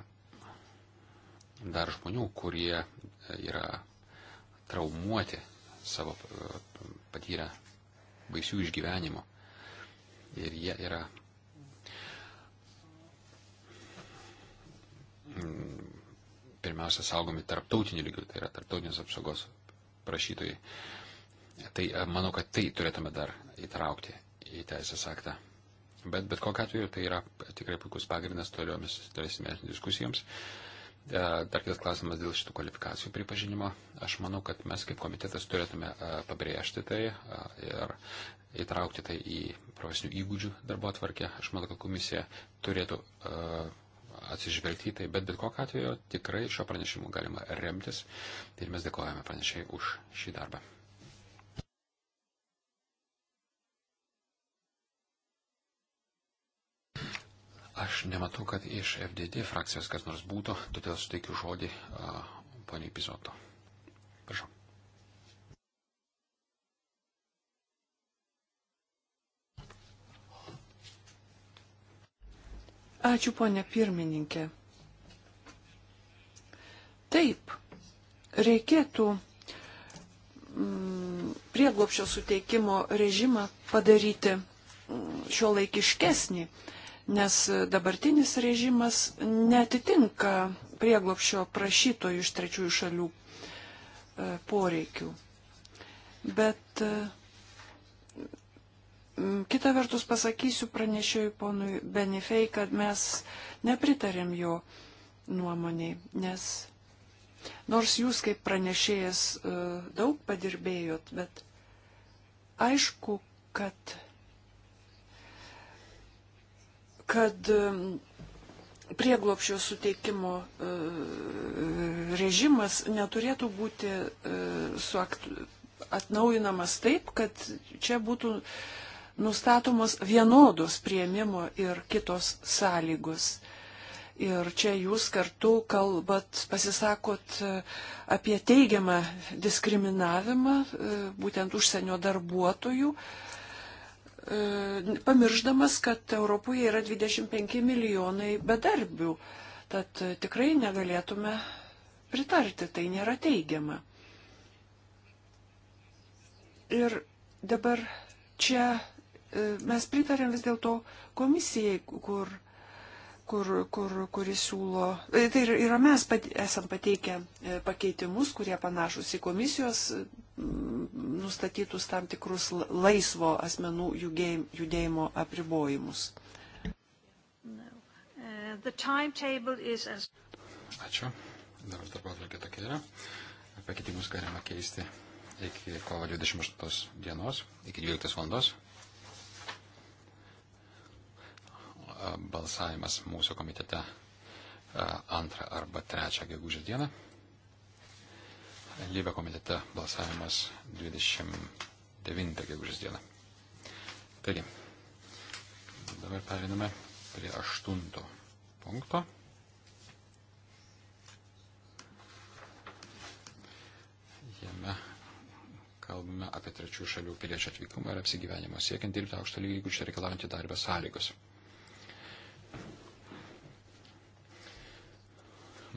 dar žmonių, kurie yra traumuoti savo patyrę baisių išgyvenimų. Ir jie yra mm, pirmiausia saugomi tarptautiniu lygiu, tai yra tarptautinės apsaugos prašytojai. Tai e, manau, kad tai turėtume dar įtraukti į teisės aktą. Bet bet kokiu atveju tai yra tikrai puikus pagrindas toliomis tolesnėms diskusijoms. E, dar kitas klausimas dėl šitų kvalifikacijų pripažinimo. Aš manau, kad mes kaip komitetas turėtume e, pabrėžti tai e, ir įtraukti tai į profesinių įgūdžių darbo atvarkę. Aš manau, kad komisija turėtų atsižvelgti į tai, bet bet kokiu atveju tikrai šio pranešimu galima remtis ir mes dėkojame pranešėjai už šį darbą. Aš nematau, kad iš FDD frakcijos kas nors būtų, todėl suteikiu žodį uh, poniai Pizoto. Prašau. Ačiū, ponė pirmininkė. Taip, reikėtų mm, prieglopščio suteikimo režimą padaryti mm, šio laikiškesnį. Mm, nes dabartinis režimas netitinka prieglopšio prašytojų iš trečiųjų šalių e, poreikių. Bet e, kita vertus pasakysiu pranešėjui ponui Benifei, kad mes nepritarėm jo nuomoniai, nes nors jūs kaip pranešėjas e, daug padirbėjot, bet aišku, kad kad um, prieglopšio suteikimo uh, režimas neturėtų būti uh, atnaujinamas taip, kad čia būtų nustatomos vienodos prieimimo ir kitos sąlygos. Ir čia jūs kartu kalbat, pasisakot uh, apie teigiamą diskriminavimą būtent užsienio darbuotojų, uh, E, pamiršdamas, kad Europoje yra 25 milijonai bedarbių. Tad e, tikrai negalėtume pritarti, tai nėra teigiama. Ir dabar čia e, mes pritarėm vis dėlto komisijai, kur, kur, kur, kuris siūlo, tai yra mes pat, esam pateikę pakeitimus, kurie panašus į komisijos nustatytus tam tikrus laisvo asmenų judėjimo apribojimus. Uh, Ačiū. Dabar darbo atvarkė tokia yra. Pakeitimus galima keisti iki kovo 28 dienos, iki 12 valandos. Balsavimas mūsų komitete uh, antrą arba trečią gegužės dieną. Lyve komitete balsavimas 29 gegužės dieną. Taigi, dabar periname prie aštunto punkto. Jame kalbame apie trečių šalių piliečių atvykimą ir apsigyvenimą, siekiant dirbti aukšto lygį, jeigu čia reikalaujantį darbę sąlygos.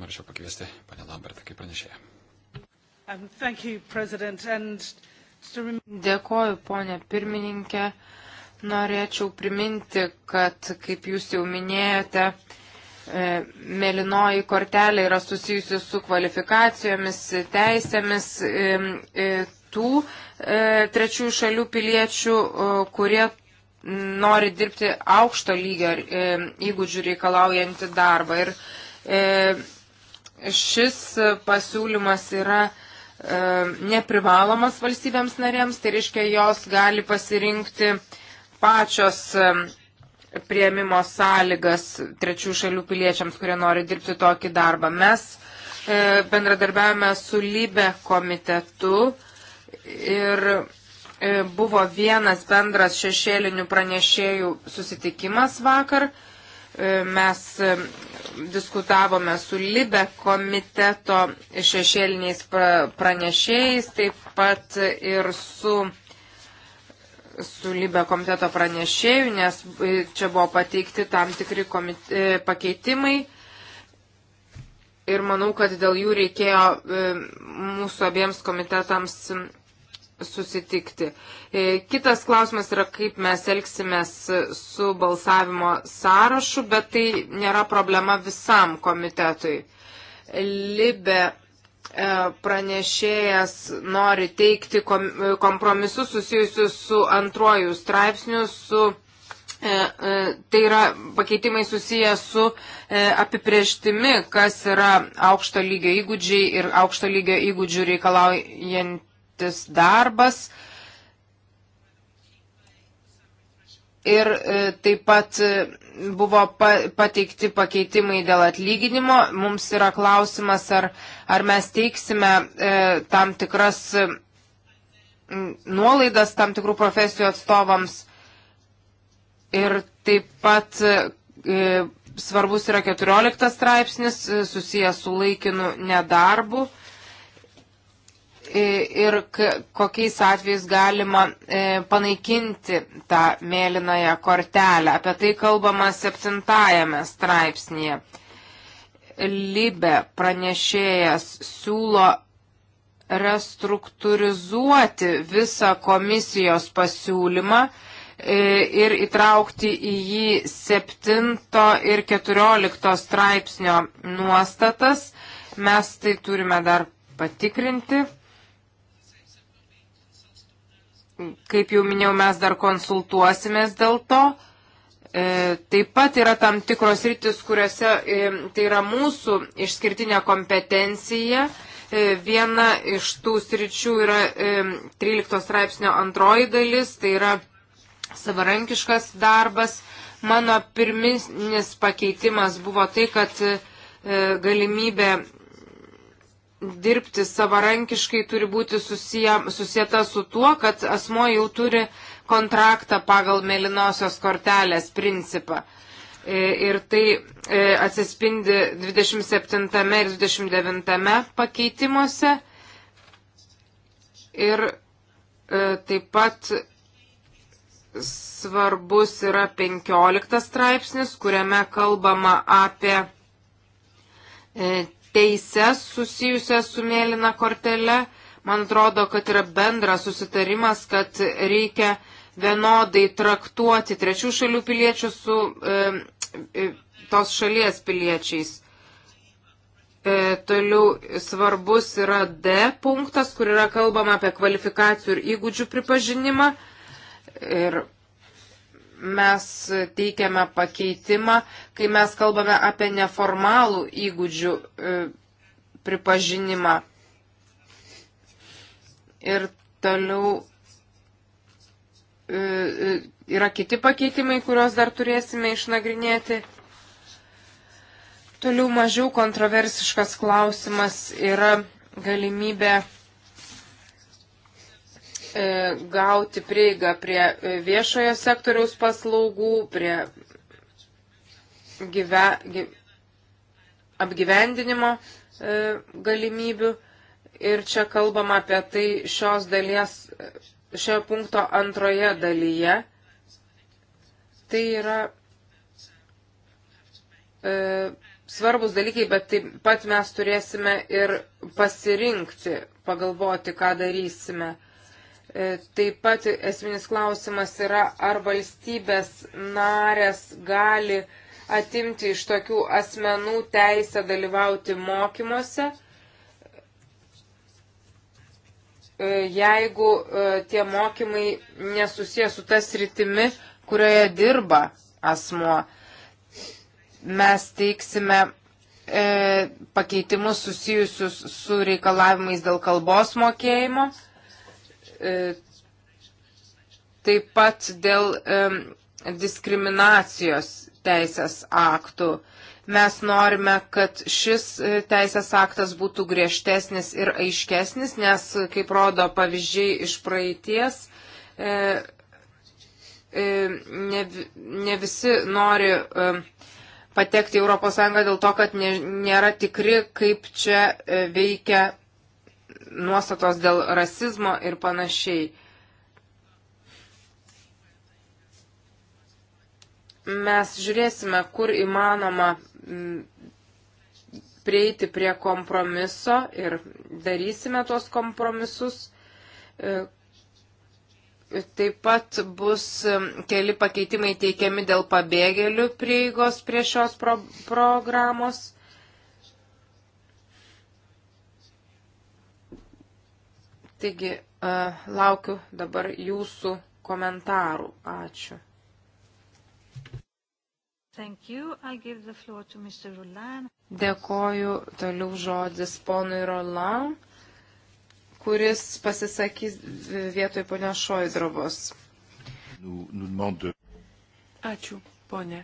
Norėčiau pakviesti panę Lambertą kaip pranešėją. Um, Dėkoju, ponė pirmininkė. Norėčiau priminti, kad, kaip jūs jau minėjote, e, mėlynoji kortelė yra susijusi su kvalifikacijomis, teisėmis e, e, tų trečiųjų šalių piliečių, kurie nori dirbti aukšto lygio įgūdžių reikalaujantį darbą. Ir šis pasiūlymas yra E, neprivalomas valstybėms narėms, tai reiškia, jos gali pasirinkti pačios e, prieimimo sąlygas trečių šalių piliečiams, kurie nori dirbti tokį darbą. Mes e, bendradarbiavome su Lybe komitetu ir buvo vienas bendras šešėlinių pranešėjų susitikimas vakar. Mes diskutavome su Libe komiteto šešėliniais pranešėjais, taip pat ir su su Libe komiteto pranešėjų, nes čia buvo pateikti tam tikri komite, e, pakeitimai. Ir manau, kad dėl jų reikėjo e, mūsų abiems komitetams susitikti. E, kitas klausimas yra, kaip mes elgsimės su balsavimo sąrašu, bet tai nėra problema visam komitetui. Libe e, pranešėjas nori teikti kompromisus susijusius su antrojų straipsniu, su e, tai yra pakeitimai susiję su apiprieštimi, kas yra aukšto lygio įgūdžiai ir aukšto lygio įgūdžių reikalaujant vykstantis darbas. Ir e, taip pat e, buvo pateikti pakeitimai dėl atlyginimo. Mums yra klausimas, ar, ar mes teiksime e, tam tikras nuolaidas tam tikrų profesijų atstovams. Ir taip pat e, svarbus yra 14 straipsnis e, susijęs su laikinu nedarbu. E, ir kokiais atvejais galima e, panaikinti tą mėlynąją kortelę. Apie tai kalbama septintajame straipsnėje. Libe pranešėjas siūlo restruktūrizuoti visą komisijos pasiūlymą e, ir įtraukti į jį 7 ir 14 straipsnio nuostatas. Mes tai turime dar patikrinti. Kaip jau minėjau, mes dar konsultuosimės dėl to. E, taip pat yra tam tikros rytis, kuriuose e, tai yra mūsų išskirtinė kompetencija. E, viena iš tų sričių yra 13 straipsnio antroji dalis, tai yra savarankiškas darbas. Mano pirminis pakeitimas buvo tai, kad galimybė dirbti savarankiškai turi būti susiję, susieta su tuo, kad asmo jau turi kontraktą pagal mėlynosios kortelės principą. E, ir tai e, atsispindi 27 ir 29 pakeitimuose. Ir e, taip pat svarbus yra 15 straipsnis, kuriame kalbama apie teises susijusias su mėlyna kortele. Man atrodo, kad yra bendras susitarimas, kad reikia vienodai traktuoti trečių šalių piliečių su e, e, tos šalies piliečiais. E, toliau svarbus yra D punktas, kur yra kalbama apie kvalifikacijų ir įgūdžių pripažinimą. Ir mes teikiame pakeitimą, kai mes kalbame apie neformalų įgūdžių e, pripažinimą. Ir toliau e, e, yra kiti pakeitimai, kuriuos dar turėsime išnagrinėti. Toliau mažiau kontroversiškas klausimas yra galimybė E, gauti prieigą prie e, viešojo sektoriaus paslaugų, prie gyve, gy, apgyvendinimo e, galimybių. Ir čia kalbama apie tai šios dalies, šio punkto antroje dalyje. Tai yra e, svarbus dalykai, bet taip pat mes turėsime ir pasirinkti, pagalvoti, ką darysime. E, E, taip pat esminis klausimas yra, ar valstybės narės gali atimti iš tokių asmenų teisę dalyvauti mokymuose, e, jeigu e, tie mokymai nesusijęs su tas rytimi, kurioje dirba asmuo. Mes teiksime e, pakeitimus susijusius su reikalavimais dėl kalbos mokėjimo E, taip pat dėl e, diskriminacijos teisės aktų. Mes norime, kad šis e, teisės aktas būtų griežtesnis ir aiškesnis, nes, kaip rodo pavyzdžiai iš praeities, ne, ne visi nori patekti į ES dėl to, kad nėra tikri, kaip čia veikia nuostatos dėl rasizmo ir panašiai. Mes žiūrėsime, kur įmanoma mm, prieiti prie kompromiso ir darysime tuos kompromisus. E, taip pat bus mm, keli pakeitimai teikiami dėl pabėgėlių prieigos prie šios pro programos. Taigi, laukiu dabar jūsų komentarų. Ačiū. Dėkoju toliau žodis ponui Roland, kuris pasisakys vietoj ponio Šoidrovos. Ačiū, ponė.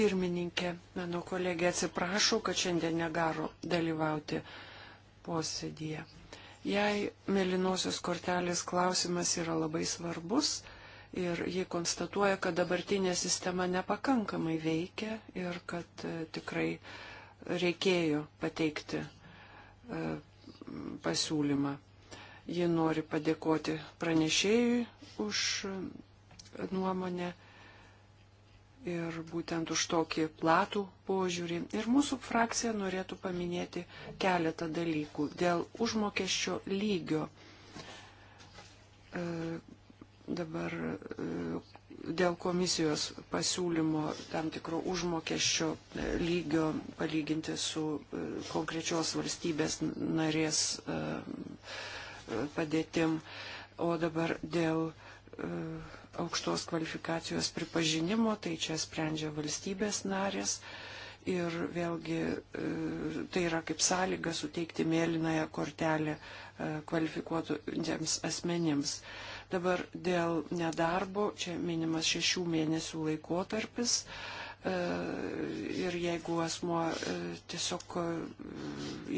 Pirmininkė, mano kolegė atsiprašau, kad šiandien negaro dalyvauti posėdėje. Jei mėlynosios kortelės klausimas yra labai svarbus ir ji konstatuoja, kad dabartinė sistema nepakankamai veikia ir kad e, tikrai reikėjo pateikti e, pasiūlymą. Ji nori padėkoti pranešėjui už nuomonę ir būtent už tokį platų požiūrį. Ir mūsų frakcija norėtų paminėti keletą dalykų dėl užmokesčio lygio. E, dabar e, dėl komisijos pasiūlymo tam tikro užmokesčio e, lygio palyginti su e, konkrečios valstybės narės e, e, padėtim. O dabar dėl uh, aukštos kvalifikacijos pripažinimo, tai čia sprendžia valstybės narės. Ir vėlgi e, tai yra kaip sąlyga suteikti mėlynąją kortelę e, kvalifikuotiems asmenims. Dabar dėl nedarbo, čia minimas šešių mėnesių laikotarpis. tarpis E, ir jeigu asmuo e, tiesiog e,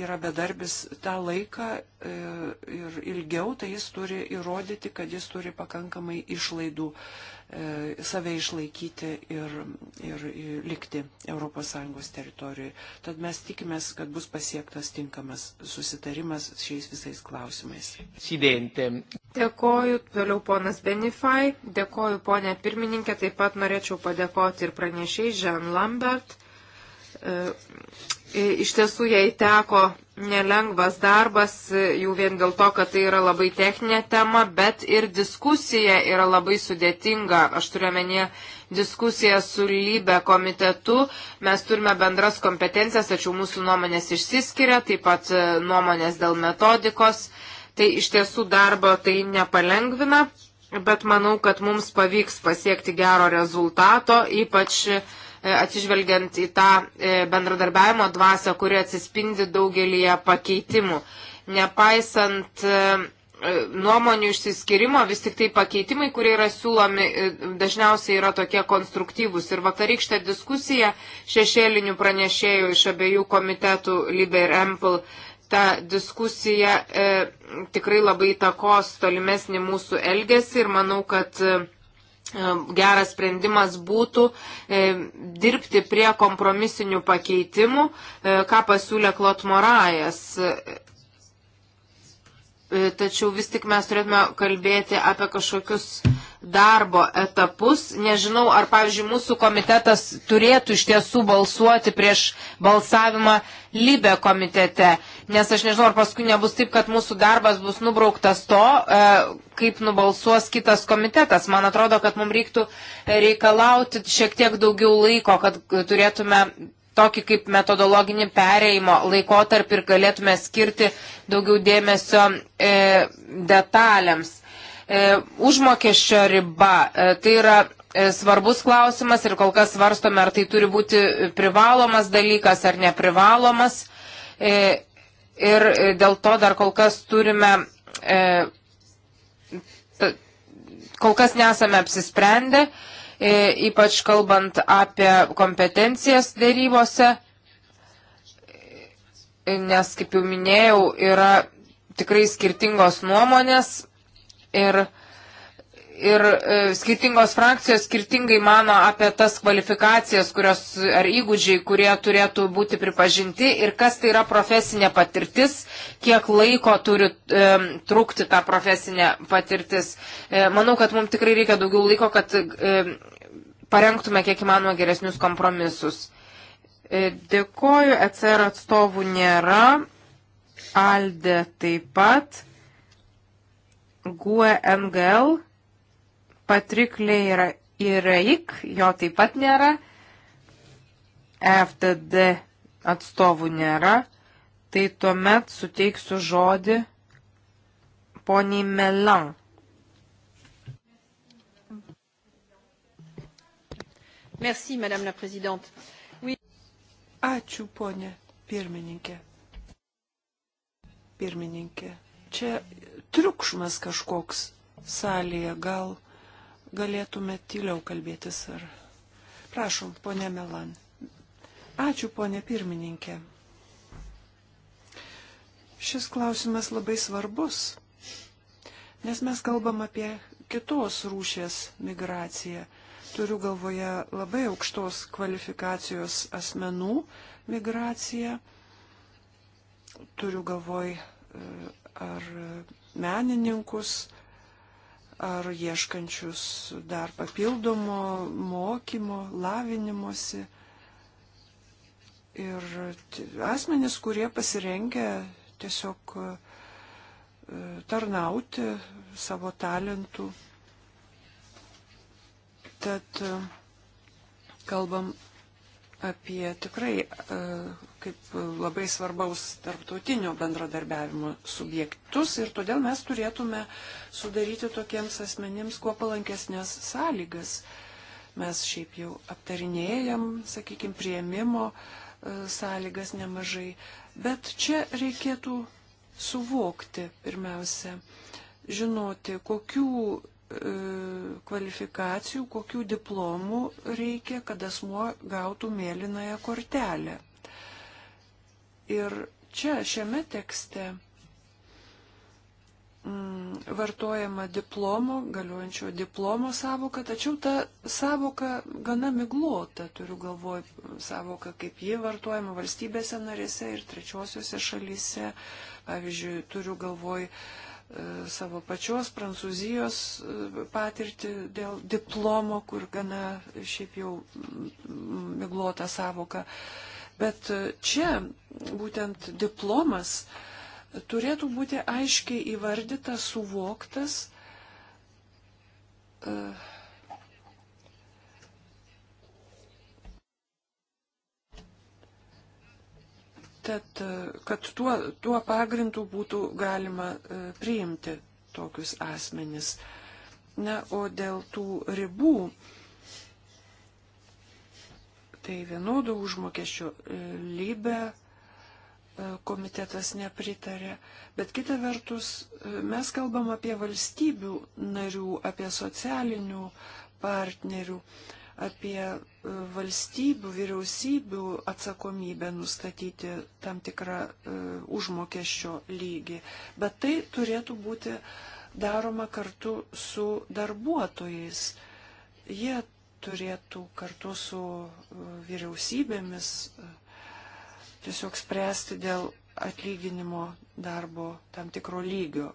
yra bedarbis tą laiką ir ilgiau, tai jis turi įrodyti, kad jis turi pakankamai išlaidų E, save išlaikyti ir, ir, ir likti ES teritorijoje. Tad mes tikimės, kad bus pasiektas tinkamas susitarimas šiais visais klausimais. Sidente. Dėkoju, toliau ponas Benifai, dėkoju ponė pirmininkė, taip pat norėčiau padėkoti ir pranešiai Žan Lambert e, E, iš tiesų jai teko nelengvas darbas, e, jau vien dėl to, kad tai yra labai techninė tema, bet ir diskusija yra labai sudėtinga. Aš turiu menį diskusiją su lybe komitetu. Mes turime bendras kompetencijas, tačiau mūsų nuomonės išsiskiria, taip pat e, nuomonės dėl metodikos. Tai iš tiesų darbo tai nepalengvina, bet manau, kad mums pavyks pasiekti gero rezultato, ypač E, atsižvelgiant į tą e, bendradarbiavimo dvasę, kuri atsispindi daugelį pakeitimų. Nepaisant e, nuomonių išsiskirimo, vis tik tai pakeitimai, kurie yra siūlomi, dažniausiai yra tokie konstruktyvūs. Ir vakarykštė diskusija šešėlinių pranešėjų iš abiejų komitetų Liber Ample ta diskusija e, tikrai labai takos tolimesnį mūsų elgesį ir manau, kad e, geras sprendimas būtų dirbti prie kompromisinių pakeitimų, e, ką pasiūlė Klot Morajas. E, tačiau vis tik mes turėtume kalbėti apie kažkokius darbo etapus. Nežinau, ar, pavyzdžiui, mūsų komitetas turėtų iš tiesų balsuoti prieš balsavimą Libe komitete nes aš nežinau, ar paskui nebus taip, kad mūsų darbas bus nubrauktas to, e, kaip nubalsuos kitas komitetas. Man atrodo, kad mums reiktų reikalauti šiek tiek daugiau laiko, kad turėtume tokį kaip metodologinį perėjimo laikotarpį ir galėtume skirti daugiau dėmesio e, detalėms. E, užmokesčio riba, e, tai yra e, svarbus klausimas ir kol kas svarstome, ar tai turi būti privalomas dalykas ar neprivalomas. E, ir e, dėl to dar kol kas turime, e, kol kas nesame apsisprendę, e, ypač kalbant apie kompetencijas dėrybose, nes, kaip jau minėjau, yra tikrai skirtingos nuomonės ir ir e, skirtingos frakcijos skirtingai mano apie tas kvalifikacijas kurios, ar įgūdžiai, kurie turėtų būti pripažinti ir kas tai yra profesinė patirtis, kiek laiko turi e, trūkti tą profesinė patirtis. E, manau, kad mums tikrai reikia daugiau laiko, kad e, parengtume kiek įmanoma geresnius kompromisus. E, dėkoju, ECR atstovų nėra, ALDE taip pat. GUE NGL patrikliai yra ir EIK, jo taip pat nėra, FTD atstovų nėra, tai tuomet suteiksiu žodį poniai Melan. Merci, Madame la Présidente. Oui. Ačiū, ponė pirmininkė. Pirmininkė. Čia triukšmas kažkoks salėje, gal galėtume tyliau kalbėtis. Ar... Prašom, ponė Melan. Ačiū, ponė pirmininkė. Šis klausimas labai svarbus, nes mes kalbam apie kitos rūšės migraciją. Turiu galvoje labai aukštos kvalifikacijos asmenų migraciją. Turiu galvoj e, ar menininkus, ar ieškančius dar papildomo mokymo, lavinimosi. Ir asmenys, kurie pasirengia tiesiog e, tarnauti savo talentų. Tad e, kalbam apie tikrai e, kaip labai svarbaus tarptautinio bendradarbiavimo subjektus ir todėl mes turėtume sudaryti tokiems asmenims kuo palankesnės sąlygas. Mes šiaip jau aptarinėjom, sakykime, prieimimo e, sąlygas nemažai, bet čia reikėtų suvokti pirmiausia, žinoti, kokių E, kvalifikacijų, kokių diplomų reikia, kad asmuo gautų mėlynąją kortelę. Ir čia šiame tekste mm, vartojama diplomo, galiojančio diplomo savoka, tačiau ta savoka gana miglota, turiu galvoj savoka, kaip ji vartojama valstybėse narėse ir trečiosiuose šalyse. Pavyzdžiui, turiu galvoj uh, E, savo pačios Prancūzijos e, patirtį dėl diplomo, kur gana šiaip jau miglota savoka. Bet čia būtent diplomas turėtų būti aiškiai įvardytas, suvoktas. Uh, Tad, kad tuo, tuo pagrindu būtų galima e, priimti tokius asmenis. Na, o dėl tų ribų, tai vienodo užmokesčio e, lybė e, komitetas nepritarė. Bet kita vertus, mes kalbam apie valstybių narių, apie socialinių partnerių, apie valstybių, vyriausybių atsakomybė nustatyti tam tikrą e, užmokesčio lygį. Bet tai turėtų būti daroma kartu su darbuotojais. Jie turėtų kartu su e, vyriausybėmis e, tiesiog spręsti dėl atlyginimo darbo tam tikro lygio,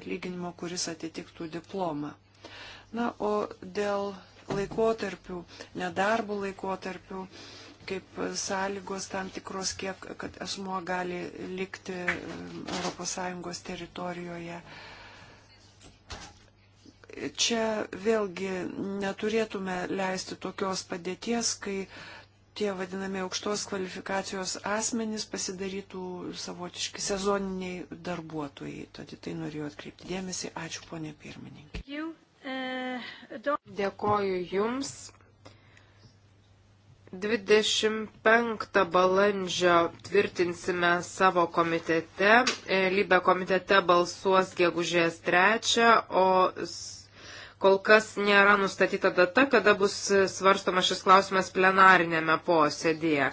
atlyginimo, kuris atitiktų diplomą. Na, o dėl laikotarpių, nedarbo laikotarpių, kaip sąlygos tam tikros, kiek, kad asmuo gali likti ES teritorijoje. Čia vėlgi neturėtume leisti tokios padėties, kai tie vadinami aukštos kvalifikacijos asmenys pasidarytų savotiški sezoniniai darbuotojai. Tad į tai norėjau atkreipti dėmesį. Ačiū, ponė pirmininkė. Dėkoju Jums. 25 balandžio tvirtinsime savo komitete. E, Lybe komitete balsuos gegužės 3, o kol kas nėra nustatyta data, kada bus svarstoma šis klausimas plenarinėme posėdėje.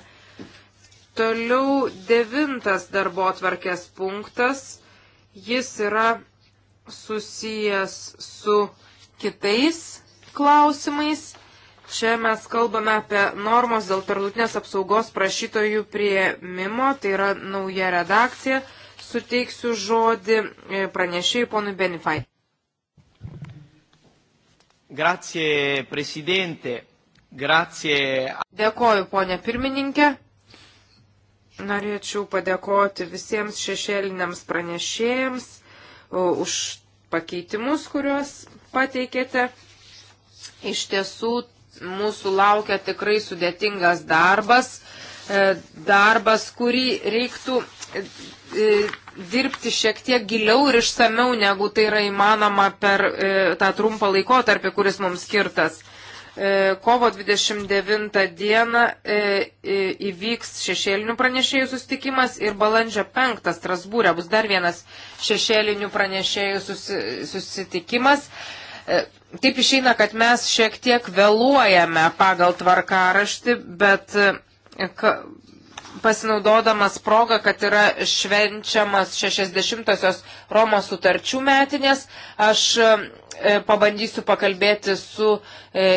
Toliau devintas darbo atvarkės punktas. Jis yra susijęs su kitais klausimais. Čia mes kalbame apie normos dėl tarptautinės apsaugos prašytojų prieimimo, tai yra nauja redakcija. Suteiksiu žodį e, pranešėjai ponui Benifai. Grazie, prezidente. Grazie. Dėkoju, ponė pirmininkė. Norėčiau padėkoti visiems šešėliniams pranešėjams e, už pakeitimus, kuriuos pateikėte. Iš tiesų mūsų laukia tikrai sudėtingas darbas, e, darbas, kurį reiktų e, dirbti šiek tiek giliau ir išsameu, negu tai yra įmanoma per e, tą trumpą laikotarpį, kuris mums skirtas. Kovo 29 dieną įvyks šešėlinių pranešėjų sustikimas ir balandžio 5 Strasbūrė bus dar vienas šešėlinių pranešėjų susitikimas. E, taip išeina, kad mes šiek tiek vėluojame pagal tvarkaraštį, bet e, pasinaudodamas progą, kad yra švenčiamas 60-osios Romos sutarčių metinės, aš e, pabandysiu pakalbėti su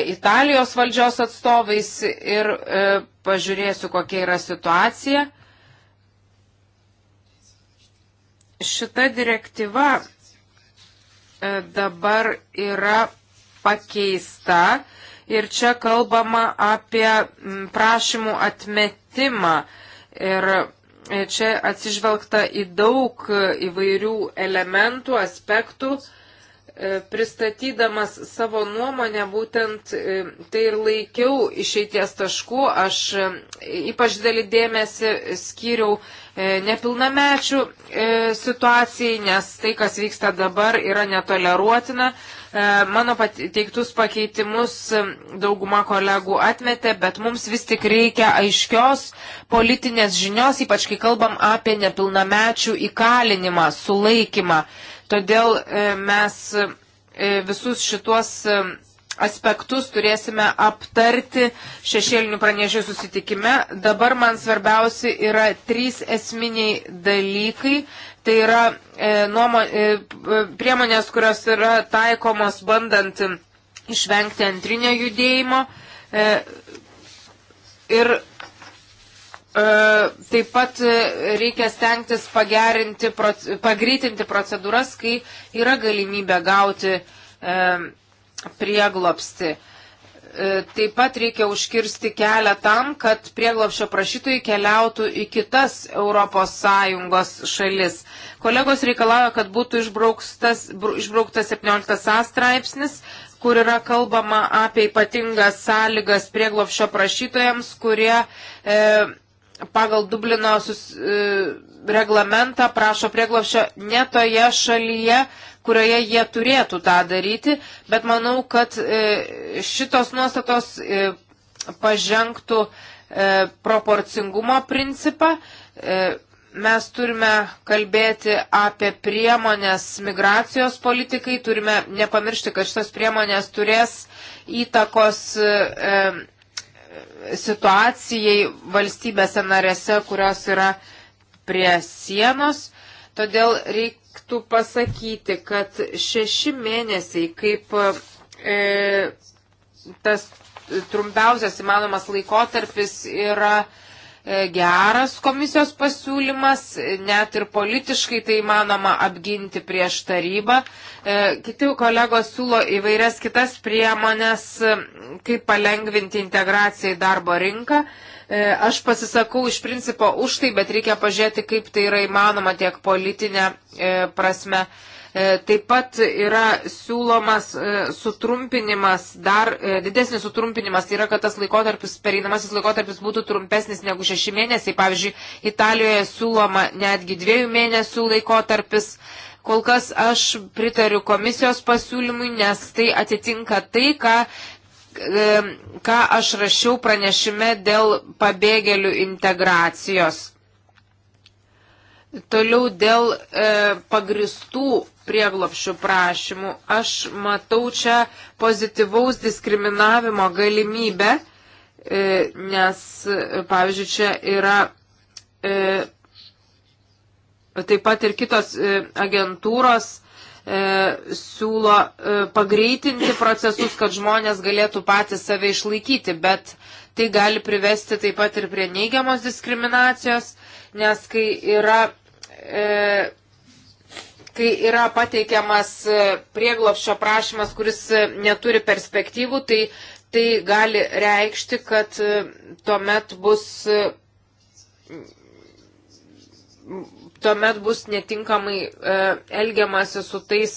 Italijos valdžios atstovais ir pažiūrėsiu, kokia yra situacija. Šita direktyva E, dabar yra pakeista ir čia kalbama apie prašymų atmetimą. Ir e, čia atsižvelgta į daug įvairių elementų, aspektų. E, pristatydamas savo nuomonę būtent e, tai ir laikiau išeities taškų. Aš e, ypač didelį dėmesį skyriau nepilnamečių situacijai, nes tai, kas vyksta dabar, yra netoleruotina. Mano pateiktus pakeitimus dauguma kolegų atmetė, bet mums vis tik reikia aiškios politinės žinios, ypač kai kalbam apie nepilnamečių įkalinimą, sulaikymą. Todėl e, mes e, visus šitos e, aspektus turėsime aptarti šešėlinių pranešėjų susitikime. Dabar man svarbiausi yra trys esminiai dalykai. Tai yra e, nuomo, e, priemonės, kurios yra taikomos bandant išvengti antrinio judėjimo. E, ir E, taip pat e, reikia stengtis pagerinti, pagreitinti procedūras, kai yra galimybė gauti e, prieglopsti. Taip pat reikia užkirsti kelią tam, kad prieglopšio prašytojai keliautų į kitas ES šalis. Kolegos reikalauja, kad būtų išbrauktas, išbrauktas 17 A straipsnis, kur yra kalbama apie ypatingas sąlygas prieglopšio prašytojams, kurie e, pagal Dublino sus, e, reglamentą prašo prieglopščio ne toje šalyje, kurioje jie turėtų tą daryti, bet manau, kad e, šitos nuostatos e, pažengtų e, proporcingumo principą. E, mes turime kalbėti apie priemonės migracijos politikai, turime nepamiršti, kad šitos priemonės turės įtakos. E, situacijai valstybėse narėse, kurios yra prie sienos. Todėl reiktų pasakyti, kad šeši mėnesiai kaip e, tas trumpiausias įmanomas laikotarpis yra e, E, geras komisijos pasiūlymas, net ir politiškai tai manoma apginti prieš tarybą. E, kiti kolegos siūlo įvairias kitas priemonės, e, kaip palengvinti integraciją į darbo rinką. Aš pasisakau iš principo už tai, bet reikia pažiūrėti, kaip tai yra įmanoma tiek politinė prasme. E, E, taip pat yra siūlomas e, sutrumpinimas, dar e, didesnis sutrumpinimas, tai yra, kad tas laikotarpis, pereinamasis laikotarpis būtų trumpesnis negu šeši mėnesiai. Pavyzdžiui, Italijoje siūloma netgi dviejų mėnesių laikotarpis. Kol kas aš pritariu komisijos pasiūlymui, nes tai atitinka tai, ką ką aš rašiau pranešime dėl pabėgėlių integracijos. Toliau dėl e, pagristų prieglopščių prašymų aš matau čia pozityvaus diskriminavimo galimybę, e, nes, pavyzdžiui, čia yra e, taip pat ir kitos e, agentūros e, siūlo e, pagreitinti procesus, kad žmonės galėtų patys save išlaikyti, bet tai gali privesti taip pat ir prie neigiamos diskriminacijos, nes kai yra E, kai yra pateikiamas e, prieglopščio prašymas, kuris e, neturi perspektyvų, tai, tai gali reikšti, kad tuomet bus, tuomet bus netinkamai elgiamasi su tais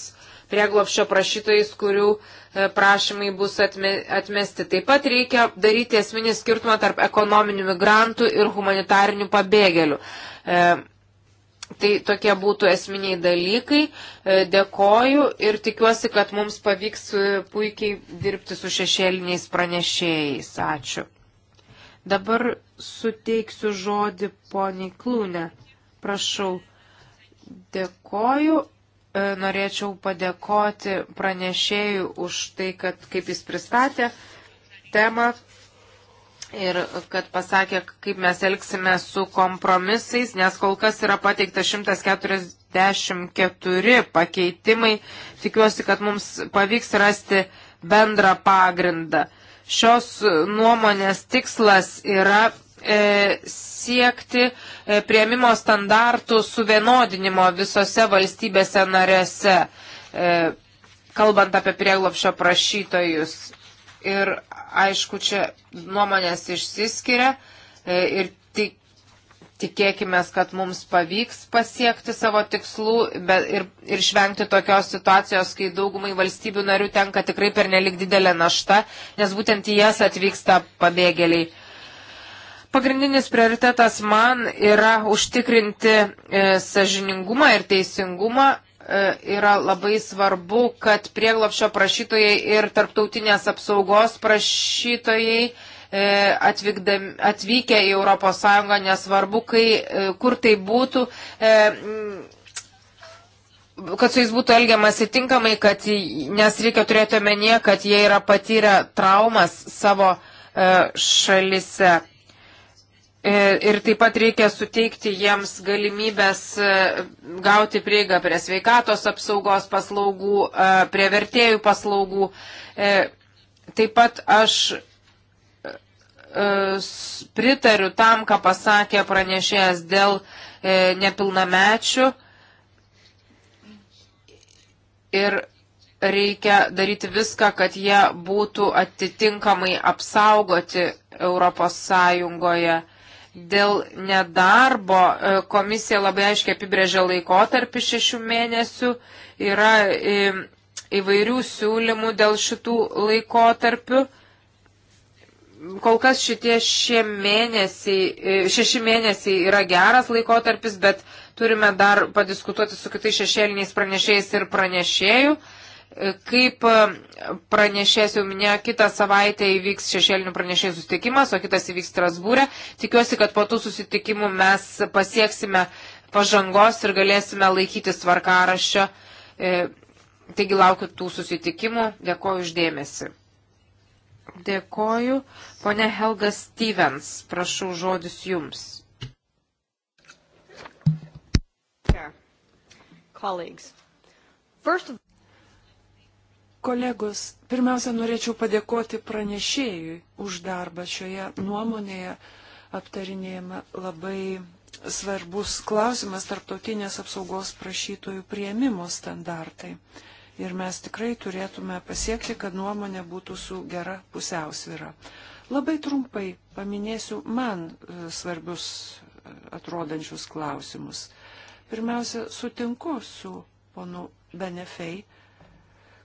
prieglopščio prašytojais, kurių prašymai bus atme, atmesti. Taip pat reikia daryti esminį skirtumą tarp ekonominių migrantų ir humanitarinių pabėgėlių. E, Tai tokie būtų esminiai dalykai. E, dėkoju ir tikiuosi, kad mums pavyks e, puikiai dirbti su šešėliniais pranešėjais. Ačiū. Dabar suteiksiu žodį poniai Klūne. Prašau. Dėkoju. E, norėčiau padėkoti pranešėjų už tai, kad kaip jis pristatė temą ir kad pasakė, kaip mes elgsime su kompromisais, nes kol kas yra pateikta 144 pakeitimai. Tikiuosi, kad mums pavyks rasti bendrą pagrindą. Šios nuomonės tikslas yra e, siekti e, prieimimo standartų suvienodinimo visose valstybėse narėse, e, kalbant apie prieglopšio prašytojus. Ir Aišku, čia nuomonės išsiskiria e, ir tik, tikėkime, kad mums pavyks pasiekti savo tikslų bet, ir, ir išvengti tokios situacijos, kai daugumai valstybių narių tenka tikrai per nelik didelė našta, nes būtent į jas atvyksta pabėgėliai. Pagrindinis prioritetas man yra užtikrinti e, sažiningumą ir teisingumą E, yra labai svarbu, kad prieglopšio prašytojai ir tarptautinės apsaugos prašytojai e, atvykę į ES, nesvarbu, kai, e, kur tai būtų, kad su jais būtų elgiamasi tinkamai, kad, nes reikia turėti omenyje, kad jie yra patyrę traumas savo šalise. E, ir taip pat reikia suteikti jiems galimybės e, gauti prieigą prie sveikatos apsaugos paslaugų, e, prie vertėjų paslaugų. Taip pat aš pritariu tam, ką pasakė pranešėjas dėl nepilnamečių. Ir reikia daryti viską, kad jie būtų atitinkamai apsaugoti Europos Sąjungoje. Dėl nedarbo e, komisija labai aiškiai apibrėžia laikotarpį šešių mėnesių. Yra e, įvairių siūlymų dėl šitų laikotarpių. Kol kas šitie šie mėnesiai, e, šeši mėnesiai yra geras laikotarpis, bet turime dar padiskutuoti su kitais šešėliniais pranešėjais ir pranešėjų. Kaip e, pranešės jau minėjo, kitą savaitę įvyks šešėlinių pranešėjų susitikimas, o kitas įvyks Strasbūrė. Tikiuosi, kad po tų susitikimų mes pasieksime pažangos ir galėsime laikytis tvarkaraščio. E, taigi laukiu tų susitikimų. Dėkoju uždėmesi. Dėkoju. Pone Helga Stevens, prašau žodis jums. Colleagues. First of Kolegos, pirmiausia, norėčiau padėkoti pranešėjui už darbą šioje nuomonėje aptarinėjama labai svarbus klausimas tarptautinės apsaugos prašytojų prieimimo standartai. Ir mes tikrai turėtume pasiekti, kad nuomonė būtų su gera pusiausvyra. Labai trumpai paminėsiu man e, svarbius e, atrodančius klausimus. Pirmiausia, sutinku su ponu Benefei,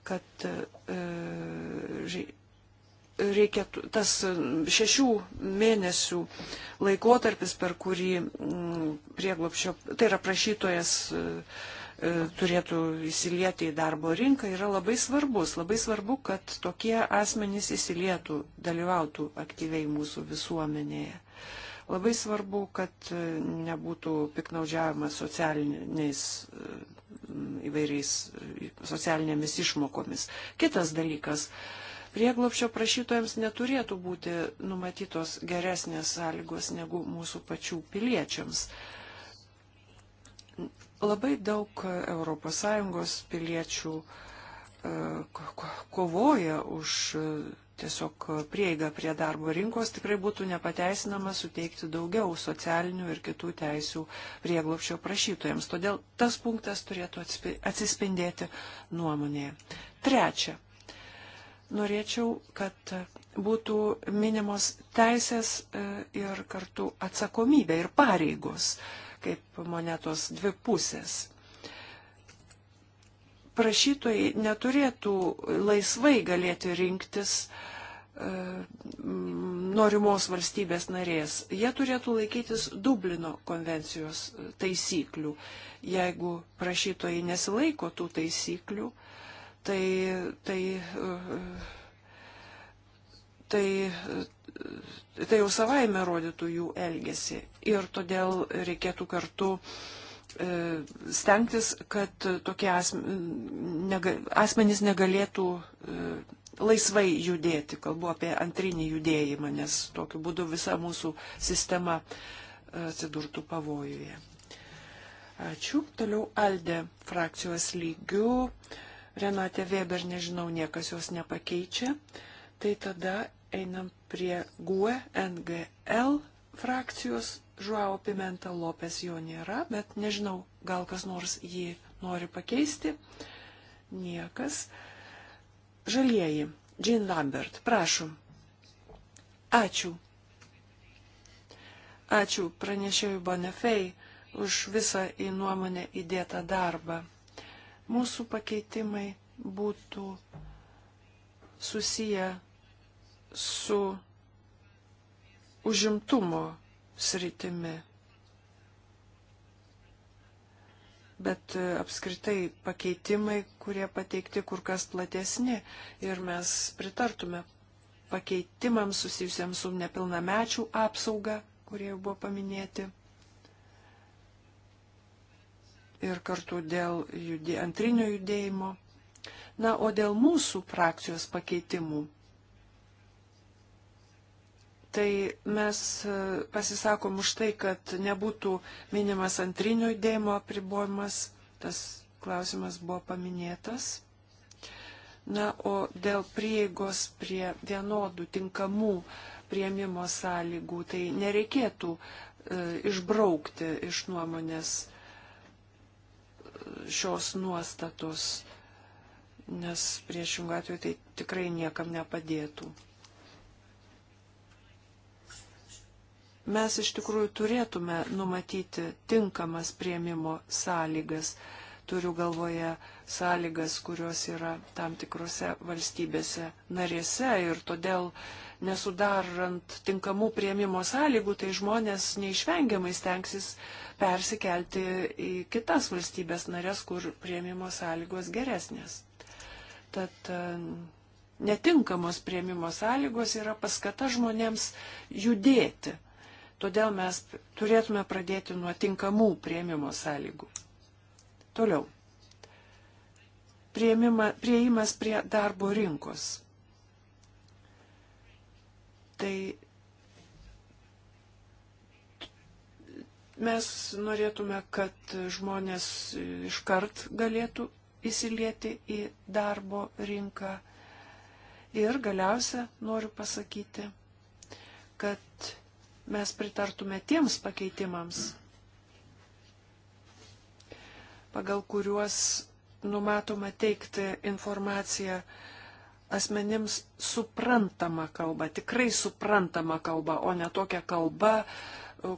kad e, reikia tas šešių mėnesių laikotarpis, per kurį mm, prieglopščio, tai yra prašytojas e, e, turėtų įsilieti į darbo rinką, yra labai svarbus. Labai svarbu, kad tokie asmenys įsilietų, dalyvautų aktyviai mūsų visuomenėje. Labai svarbu, kad nebūtų piknaudžiavimas socialiniais įvairiais e, socialinėmis išmokomis. Kitas dalykas prieglopščio prašytojams neturėtų būti numatytos geresnės sąlygos negu mūsų pačių piliečiams. Labai daug ES piliečių e, kovoja už e, tiesiog prieiga prie darbo rinkos, tikrai būtų nepateisinama suteikti daugiau socialinių ir kitų teisių prieglopščio prašytojams. Todėl tas punktas turėtų atsispindėti nuomonėje. Trečia. Norėčiau, kad būtų minimos teisės e, ir kartu atsakomybė ir pareigos, kaip monetos dvi pusės prašytojai neturėtų laisvai galėti rinktis E, norimos valstybės narės. Jie turėtų laikytis Dublino konvencijos e, taisyklių. Jeigu prašytojai nesilaiko tų taisyklių, tai, tai, e, tai, tai jau savaime rodytų jų elgesį. Ir todėl reikėtų kartu stengtis, kad tokie asmenys negalėtų laisvai judėti, kalbu apie antrinį judėjimą, nes tokiu būdu visa mūsų sistema e, atsidurtų pavojuje. Ačiū. Toliau Aldė frakcijos lygių. Renate Weber, nežinau, niekas jos nepakeičia. Tai tada einam prie GUE NGL frakcijos. Žuavo Pimenta Lopes jo nėra, bet nežinau, gal kas nors jį nori pakeisti. Niekas. Uh, Žalieji. Jean Lambert, prašom. Ačiū. Ačiū pranešėjui Bonefei už visą į nuomonę įdėtą darbą. Mūsų pakeitimai būtų susiję su užimtumo sritimi. bet e, apskritai pakeitimai, kurie pateikti kur kas platesni ir mes pritartume pakeitimams susijusiems su nepilnamečių apsauga, kurie jau buvo paminėti. Ir kartu dėl judė, antrinio judėjimo. Na, o dėl mūsų frakcijos pakeitimų Tai mes e, pasisakom už tai, kad nebūtų minimas antrinio judėjimo apribojimas, tas klausimas buvo paminėtas. Na, o dėl prieigos prie vienodų tinkamų prieimimo sąlygų, tai nereikėtų e, išbraukti iš nuomonės e, šios nuostatos, nes priešingų atveju tai tikrai niekam nepadėtų. mes iš tikrųjų turėtume numatyti tinkamas prieimimo sąlygas. Turiu galvoje sąlygas, kurios yra tam tikrose valstybėse narėse ir todėl nesudarant tinkamų prieimimo sąlygų, tai žmonės neišvengiamai stengsis persikelti į kitas valstybės narės, kur prieimimo sąlygos geresnės. Tad e, netinkamos prieimimo sąlygos yra paskata žmonėms judėti Todėl mes turėtume pradėti nuo tinkamų prieimimo sąlygų. Toliau. Prieimima, prieimas prie darbo rinkos. Tai mes norėtume, kad žmonės iškart galėtų įsilieti į darbo rinką. Ir galiausia noriu pasakyti, kad mes pritartume tiems pakeitimams, pagal kuriuos numatoma teikti informaciją asmenims suprantama kalba, tikrai suprantama kalba, o ne tokia kalba,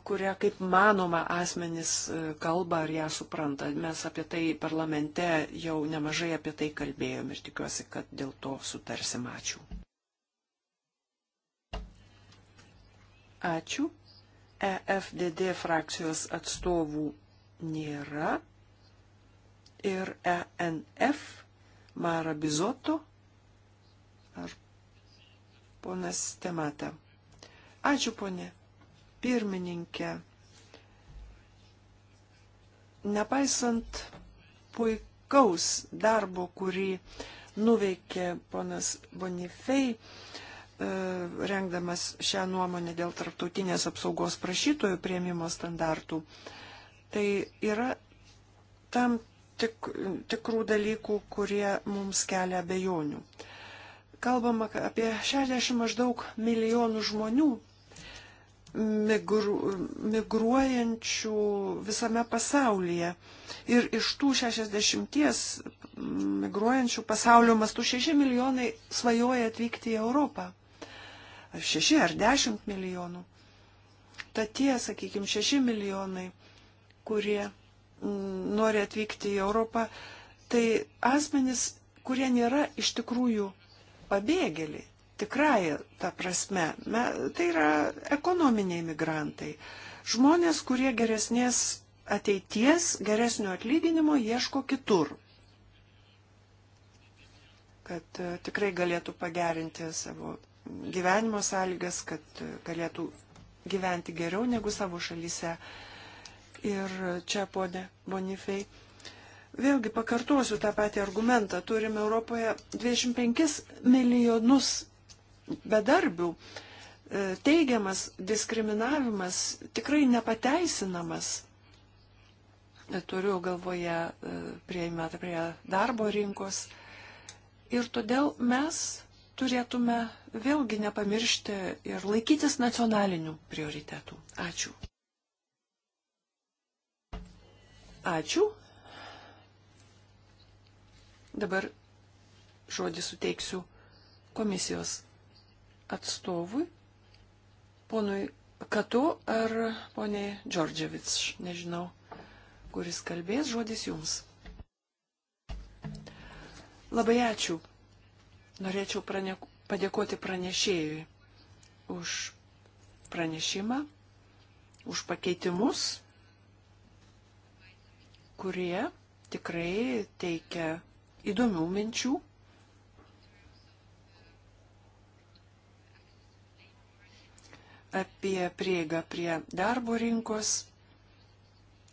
kurią, kaip manoma, asmenys e, kalba ar ją supranta. Mes apie tai parlamente jau nemažai apie tai kalbėjom ir tikiuosi, kad dėl to sutarsim. Ačiū. Ačiū. EFDD frakcijos atstovų nėra. Ir ENF Mara Bizoto ar ponas Temata. Ačiū, ponė. Pirmininkė. Nepaisant puikaus darbo, kurį nuveikė ponas Bonifei, uh, E, rengdamas šią nuomonę dėl tarptautinės apsaugos prašytojų prieimimo standartų, tai yra tam tik, tikrų dalykų, kurie mums kelia abejonių. Kalbama apie 60 maždaug milijonų žmonių migru, migruojančių visame pasaulyje. Ir iš tų 60 migruojančių pasaulio mastų 6 milijonai svajoja atvykti į Europą. 6 ar 10 milijonų. Tad tie, sakykime, 6 milijonai, kurie nori atvykti į Europą, tai asmenys, kurie nėra iš tikrųjų pabėgėliai, tikrąją tą prasme, me, tai yra ekonominiai migrantai. Žmonės, kurie geresnės ateities, geresnio atlyginimo ieško kitur kad e, tikrai galėtų pagerinti savo gyvenimo sąlygas, kad galėtų gyventi geriau negu savo šalyse. Ir čia, ponė Bonifei, vėlgi pakartosiu tą patį argumentą. Turime Europoje 25 milijonus bedarbių. E, teigiamas diskriminavimas tikrai nepateisinamas. E, turiu galvoje e, prieimą prie darbo rinkos. Ir todėl mes turėtume vėlgi nepamiršti ir laikytis nacionalinių prioritetų. Ačiū. Ačiū. Dabar žodį suteiksiu komisijos atstovui, ponui Katu ar poniai Džordževic, nežinau, kuris kalbės, žodis jums. Labai ačiū. Norėčiau praneku, padėkoti pranešėjui už pranešimą, už pakeitimus, kurie tikrai teikia įdomių minčių. apie prieigą prie darbo rinkos,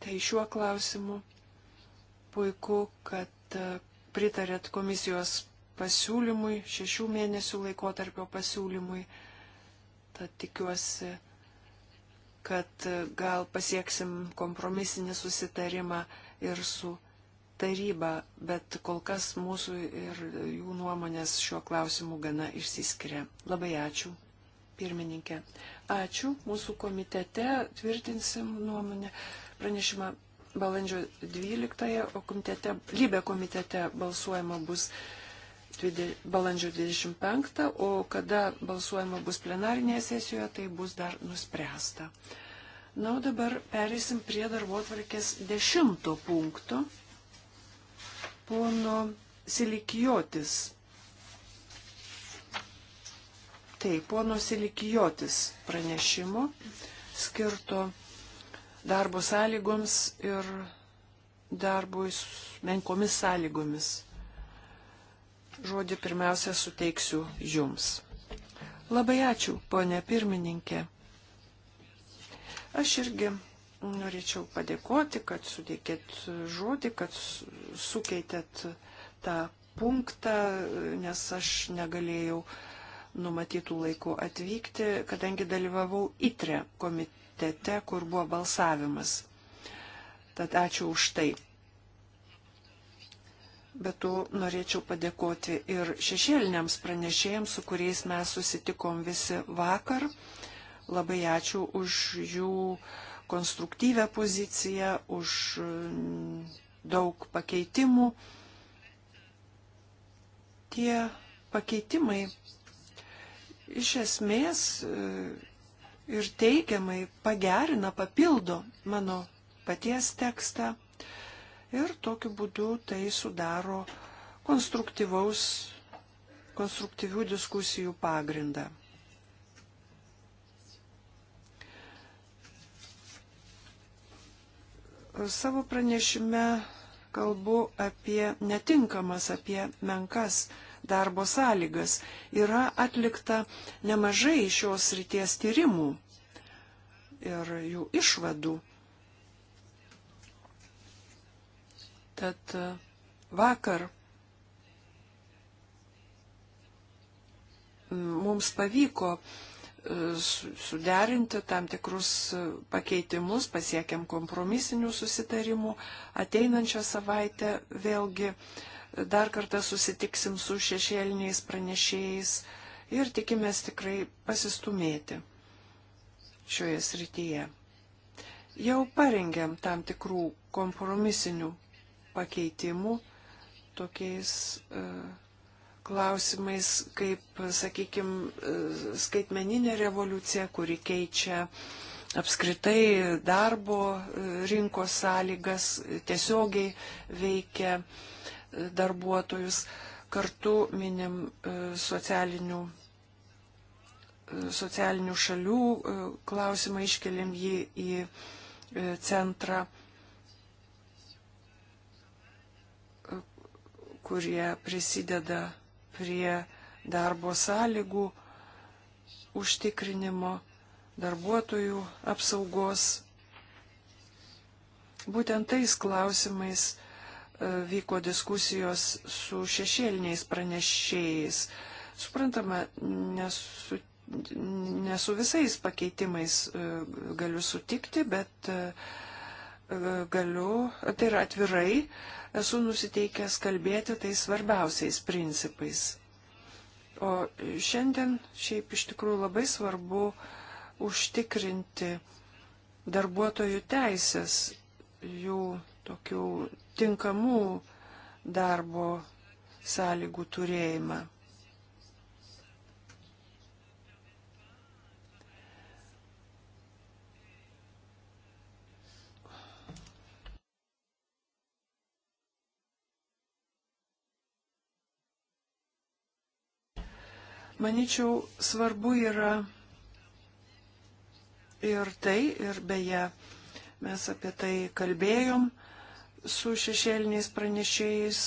tai šiuo klausimu puiku, kad pritarėt komisijos pasiūlymui, šešių mėnesių laikotarpio pasiūlymui. Tad tikiuosi, kad gal pasieksim kompromisinį susitarimą ir su taryba, bet kol kas mūsų ir jų nuomonės šiuo klausimu gana išsiskiria. Labai ačiū pirmininkė. Ačiū. Mūsų komitete tvirtinsim nuomonę pranešimą balandžio 12, o komitete, lybė komitete balsuojama bus balandžio 25, o kada balsuojama bus plenarinėje sesijoje, tai bus dar nuspręsta. Na, o dabar perėsim prie darbo tvarkės dešimto punkto. Pono Silikijotis. Taip, pono Silikijotis pranešimo skirto darbo sąlygoms ir darbui menkomis sąlygomis žodį pirmiausia suteiksiu jums. Labai ačiū, ponė pirmininkė. Aš irgi norėčiau padėkoti, kad sudėkėt žodį, kad sukeitėt tą punktą, nes aš negalėjau numatytų laikų atvykti, kadangi dalyvavau ITRE komitete, kur buvo balsavimas. Tad ačiū už tai. Bet tu norėčiau padėkoti ir šešėliniams pranešėjams, su kuriais mes susitikom visi vakar. Labai ačiū už jų konstruktyvę poziciją, už mm, daug pakeitimų. Tie pakeitimai iš esmės e, ir teigiamai pagerina, papildo mano paties tekstą ir tokiu būdu tai sudaro konstruktyvaus, konstruktyvių diskusijų pagrindą. Savo pranešime kalbu apie netinkamas, apie menkas darbo sąlygas. Yra atlikta nemažai šios ryties tyrimų ir jų išvadų. Tad e, vakar mums pavyko e, suderinti tam tikrus e, pakeitimus, pasiekėm kompromisinių susitarimų. Ateinančią savaitę vėlgi dar kartą susitiksim su šešėliniais pranešėjais ir tikimės tikrai pasistumėti šioje srityje. Jau parengėm tam tikrų kompromisinių pakeitimų tokiais e, klausimais, kaip, sakykime, skaitmeninė revoliucija, kuri keičia apskritai darbo e, rinkos sąlygas, tiesiogiai veikia e, darbuotojus. Kartu minim socialinių, socialinių šalių klausimą, iškeliam jį į centrą. kurie prisideda prie darbo sąlygų užtikrinimo, darbuotojų apsaugos. Būtent tais klausimais e, vyko diskusijos su šešėliniais pranešėjais. Suprantama, nesu, nesu visais pakeitimais e, galiu sutikti, bet e, galiu, tai yra atvirai, esu nusiteikęs kalbėti tais svarbiausiais principais. O šiandien šiaip iš tikrųjų labai svarbu užtikrinti darbuotojų teisės, jų tokių tinkamų darbo sąlygų turėjimą. Maničiau, svarbu yra ir tai, ir beje, mes apie tai kalbėjom su šešėliniais pranešėjais,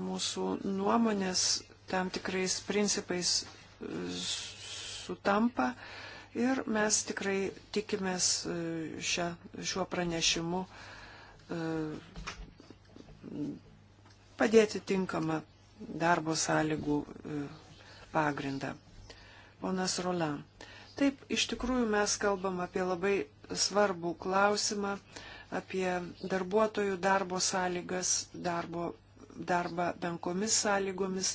mūsų nuomonės tam tikrais principais e, sutampa ir mes tikrai tikimės e, šia, šiuo pranešimu e, padėti tinkamą darbo sąlygų e, pagrindą. Ponas Rolan. Taip, iš tikrųjų mes kalbam apie labai svarbų klausimą, apie darbuotojų darbo sąlygas, darbo, darbą benkomis sąlygomis.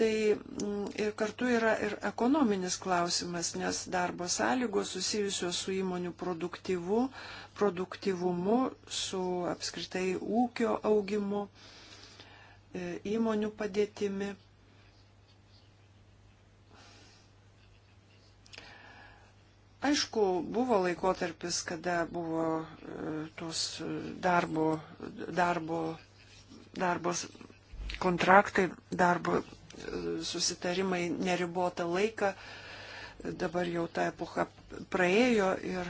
Tai mm, ir kartu yra ir ekonominis klausimas, nes darbo sąlygos susijusios su įmonių produktyvu, produktyvumu, su apskritai ūkio augimu. Uh, E, įmonių padėtimi. Aišku, buvo laikotarpis, kada buvo e, tos darbo, darbo, darbos kontraktai, darbo e, susitarimai neribotą laiką. Dabar jau ta epocha praėjo ir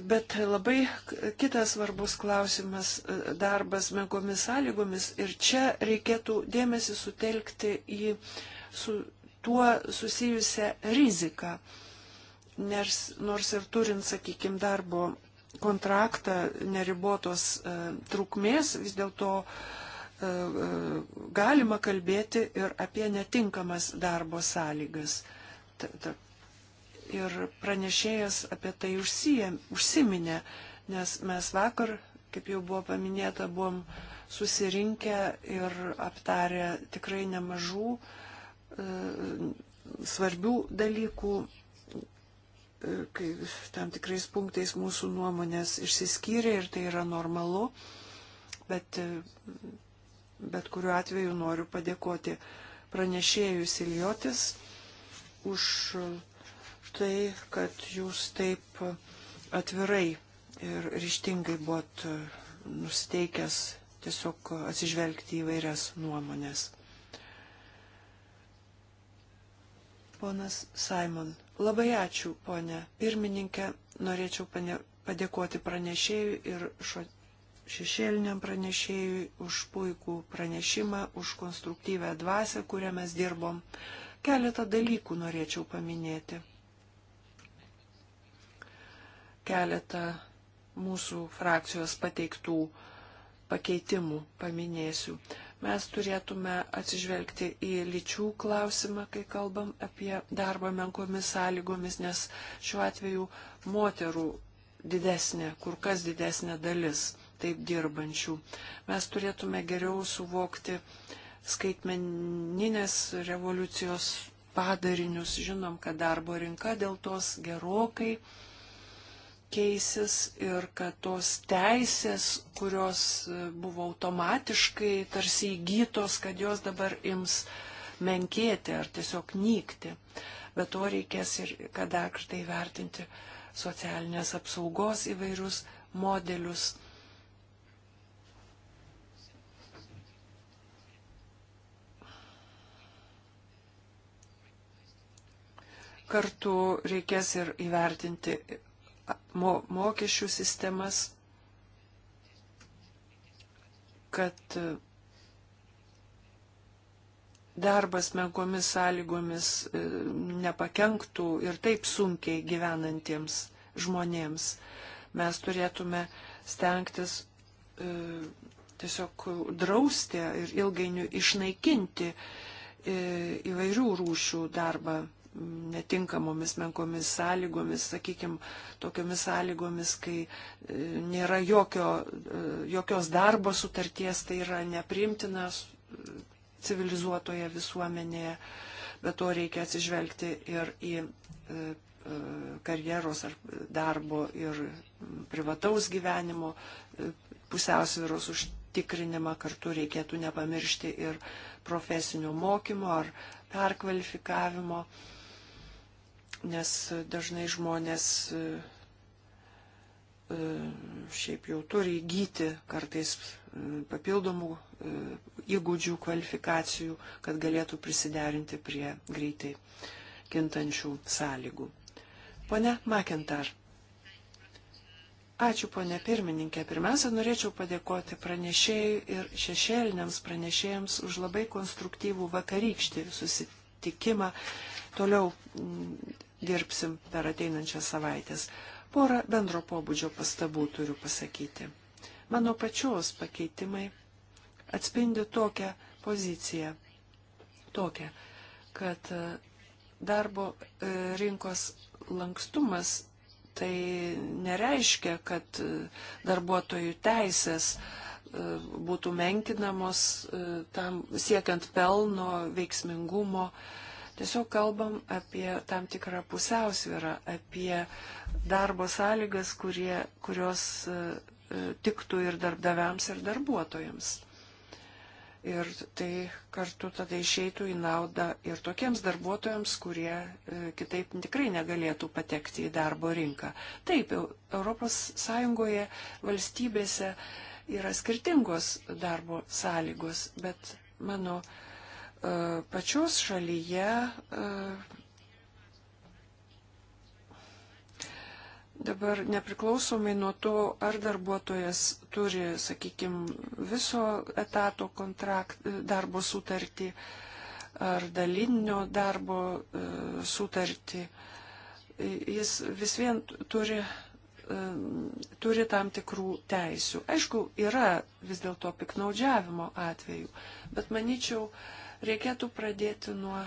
Bet labai kitas svarbus klausimas e, - darbas menkomis sąlygomis. Ir čia reikėtų dėmesį sutelkti į su tuo susijusią riziką. Nors, nors ir turint, sakykime, darbo kontraktą neribotos e, trukmės, vis dėlto e, e, galima kalbėti ir apie netinkamas darbo sąlygas. Ta, ta, Ir pranešėjas apie tai užsijėm, užsiminė, nes mes vakar, kaip jau buvo paminėta, buvom susirinkę ir aptarę tikrai nemažų e, svarbių dalykų, e, kai tam tikrais punktais mūsų nuomonės išsiskyrė ir tai yra normalu, bet, e, bet kuriuo atveju noriu padėkoti pranešėjui Siliotis už tai, kad jūs taip atvirai ir ryštingai buvot nusteikęs tiesiog atsižvelgti į vairias nuomonės. Ponas Simon, labai ačiū, ponė pirmininkė, norėčiau padėkoti pranešėjui ir šo, šešėliniam pranešėjui už puikų pranešimą, už konstruktyvę dvasę, kurią mes dirbom. Keletą dalykų norėčiau paminėti keletą mūsų frakcijos pateiktų pakeitimų paminėsiu. Mes turėtume atsižvelgti į lyčių klausimą, kai kalbam apie darbą menkomis sąlygomis, nes šiuo atveju moterų didesnė, kur kas didesnė dalis taip dirbančių. Mes turėtume geriau suvokti skaitmeninės revoliucijos padarinius. Žinom, kad darbo rinka dėl tos gerokai keisis ir kad tos teisės, kurios e, buvo automatiškai tarsi įgytos, kad jos dabar ims menkėti ar tiesiog nykti. Bet to reikės ir kada kartai vertinti socialinės apsaugos įvairius modelius. Kartu reikės ir įvertinti mo, mokesčių sistemas, kad e, darbas menkomis sąlygomis e, nepakenktų ir taip sunkiai gyvenantiems žmonėms. Mes turėtume stengtis e, tiesiog drausti ir ilgainiui išnaikinti e, įvairių rūšių darbą netinkamomis menkomis sąlygomis, sakykime, tokiomis sąlygomis, kai e, nėra jokio, e, jokios darbo sutarties, tai yra neprimtinas e, civilizuotoje visuomenėje, bet to reikia atsižvelgti ir į karjeros ar darbo ir privataus gyvenimo pusiausvėros užtikrinimą, kartu reikėtų nepamiršti ir profesinio mokymo ar perkvalifikavimo. Uh, nes dažnai žmonės e, e, šiaip jau turi įgyti kartais e, papildomų įgūdžių, kvalifikacijų, kad galėtų prisiderinti prie greitai kintančių sąlygų. Pone Makintar. Ačiū, ponė pirmininkė. Pirmiausia, norėčiau padėkoti pranešėjai ir šešėliniams pranešėjams už labai konstruktyvų vakarykštį susitikimą. Toliau dirbsim per ateinančias savaitės. Porą bendro pobūdžio pastabų turiu pasakyti. Mano pačios pakeitimai atspindi tokią poziciją, tokią, kad e, darbo e, rinkos lankstumas tai nereiškia, kad e, darbuotojų teisės būtų menkinamos tam siekiant pelno, veiksmingumo, uh, Tiesiog kalbam apie tam tikrą pusiausvyrą, apie darbo sąlygas, kurie, kurios e, e, tiktų ir darbdaviams, ir darbuotojams. Ir tai kartu tada išeitų į naudą ir tokiems darbuotojams, kurie e, kitaip tikrai negalėtų patekti į darbo rinką. Taip, ES valstybėse yra skirtingos darbo sąlygos, bet mano uh, pačios šalyje e, dabar nepriklausomai nuo to, ar darbuotojas turi, sakykime, viso etato kontrakt, e, darbo sutartį ar dalinio darbo e, sutartį, jis vis vien turi, turi tam tikrų teisių. Aišku, yra vis dėlto piknaudžiavimo atvejų, bet manyčiau, Reikėtų pradėti nuo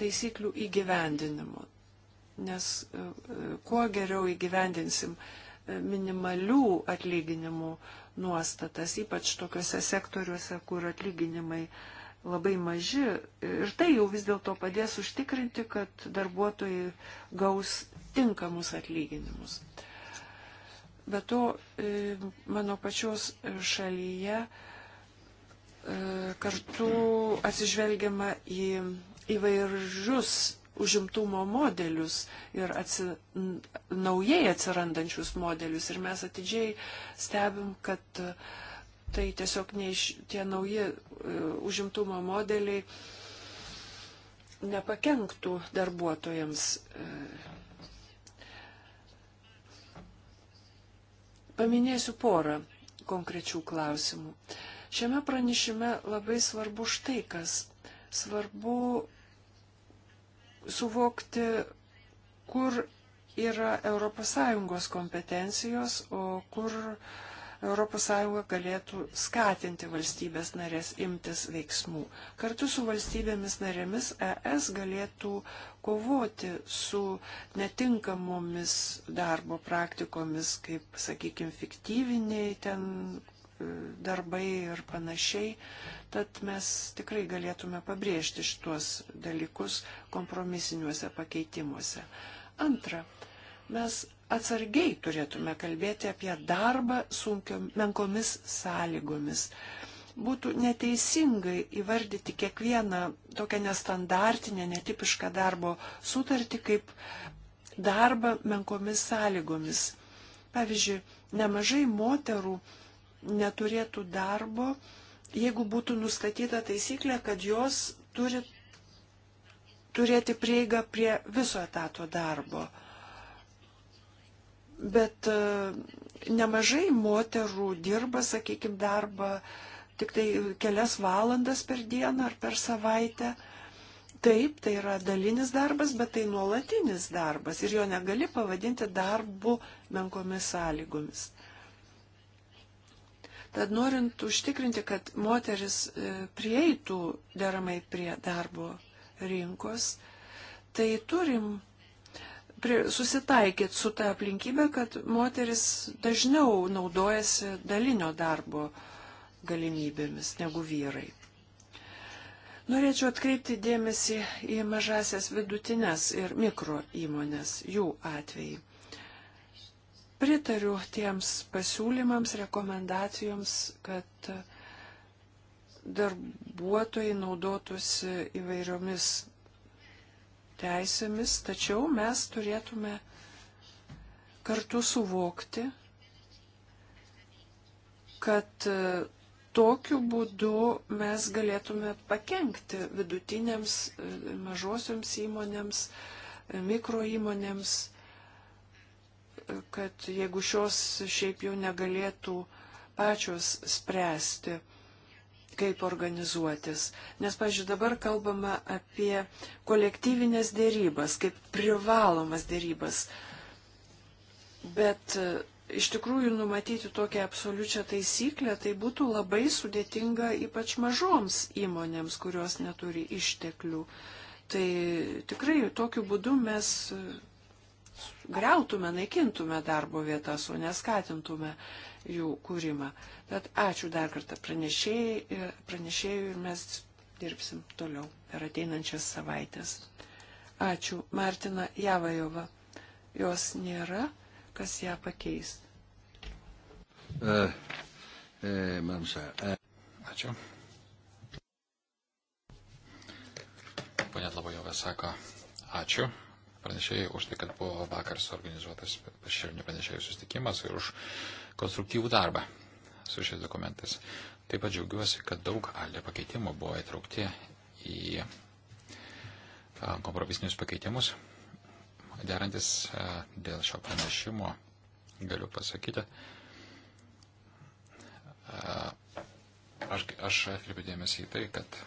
taisyklių įgyvendinimo, nes e, e, kuo geriau įgyvendinsim e, minimalių atlyginimų nuostatas, ypač tokiuose sektoriuose, kur atlyginimai labai maži. Ir tai jau vis dėlto padės užtikrinti, kad darbuotojai gaus tinkamus atlyginimus. Be to, mano pačios šalyje E, kartu atsižvelgiama į įvairius užimtumo modelius ir atsi, naujai atsirandančius modelius. Ir mes atidžiai stebim, kad e, tai tiesiog neiš, tie nauji e, užimtumo modeliai nepakenktų darbuotojams. Paminėsiu porą konkrečių klausimų. E, Šiame pranešime labai svarbu štai kas. Svarbu suvokti, kur yra ES kompetencijos, o kur ES galėtų skatinti valstybės narės imtis veiksmų. Kartu su valstybėmis narėmis ES galėtų kovoti su netinkamomis darbo praktikomis, kaip, sakykime, fiktyviniai ten darbai ir panašiai. Tad mes tikrai galėtume pabrėžti šitos dalykus kompromisiniuose pakeitimuose. Antra, mes atsargiai turėtume kalbėti apie darbą sunkiom, menkomis sąlygomis. Būtų neteisingai įvardyti kiekvieną tokią nestandartinę, netipišką darbo sutartį kaip darbą menkomis sąlygomis. Pavyzdžiui, nemažai moterų uh, neturėtų darbo, jeigu būtų nustatyta taisyklė, kad jos turi turėti prieigą prie viso etato darbo. Bet e, nemažai moterų dirba, sakykime, darbą tik tai kelias valandas per dieną ar per savaitę. Taip, tai yra dalinis darbas, bet tai nuolatinis darbas ir jo negali pavadinti darbu menkomis sąlygomis. Tad norint užtikrinti, kad moteris e, prieitų deramai prie darbo rinkos, tai turim susitaikyti su tą aplinkybę, kad moteris dažniau naudojasi dalinio darbo galimybėmis negu vyrai. Norėčiau atkreipti dėmesį į mažasias vidutinės ir mikro įmonės, jų atvejai pritariu tiems pasiūlymams, rekomendacijoms, kad darbuotojai naudotųsi įvairiomis teisėmis, tačiau mes turėtume kartu suvokti, kad tokiu būdu mes galėtume pakengti vidutinėms, mažosioms įmonėms, mikroįmonėms kad jeigu šios šiaip jau negalėtų pačios spręsti, kaip organizuotis. Nes, pažiūrėjau, dabar kalbama apie kolektyvinės dėrybas, kaip privalomas dėrybas. Bet e, iš tikrųjų numatyti tokią absoliučią taisyklę, tai būtų labai sudėtinga ypač mažoms įmonėms, kurios neturi išteklių. Tai tikrai tokiu būdu mes e, greutume, naikintume darbo vietas, o neskatintume jų kūrimą. Tad ačiū dar kartą pranešėjai, e, pranešėjų ir mes dirbsim toliau per ateinančias savaitės. Ačiū Martina Javajova. Jos nėra, kas ją pakeis. Uh, uh, mamsa, uh. Ačiū. Pane Labajovė sako, ačiū pranešėjai už tai, kad buvo vakar suorganizuotas šešėlinių pranešėjų sustikimas ir už konstruktyvų darbą su šiais dokumentais. Taip pat džiaugiuosi, kad daug aldė pakeitimų buvo įtraukti į kompromisinius pakeitimus. Derantis dėl šio pranešimo galiu pasakyti. Aš, aš atkreipiu dėmesį į tai, kad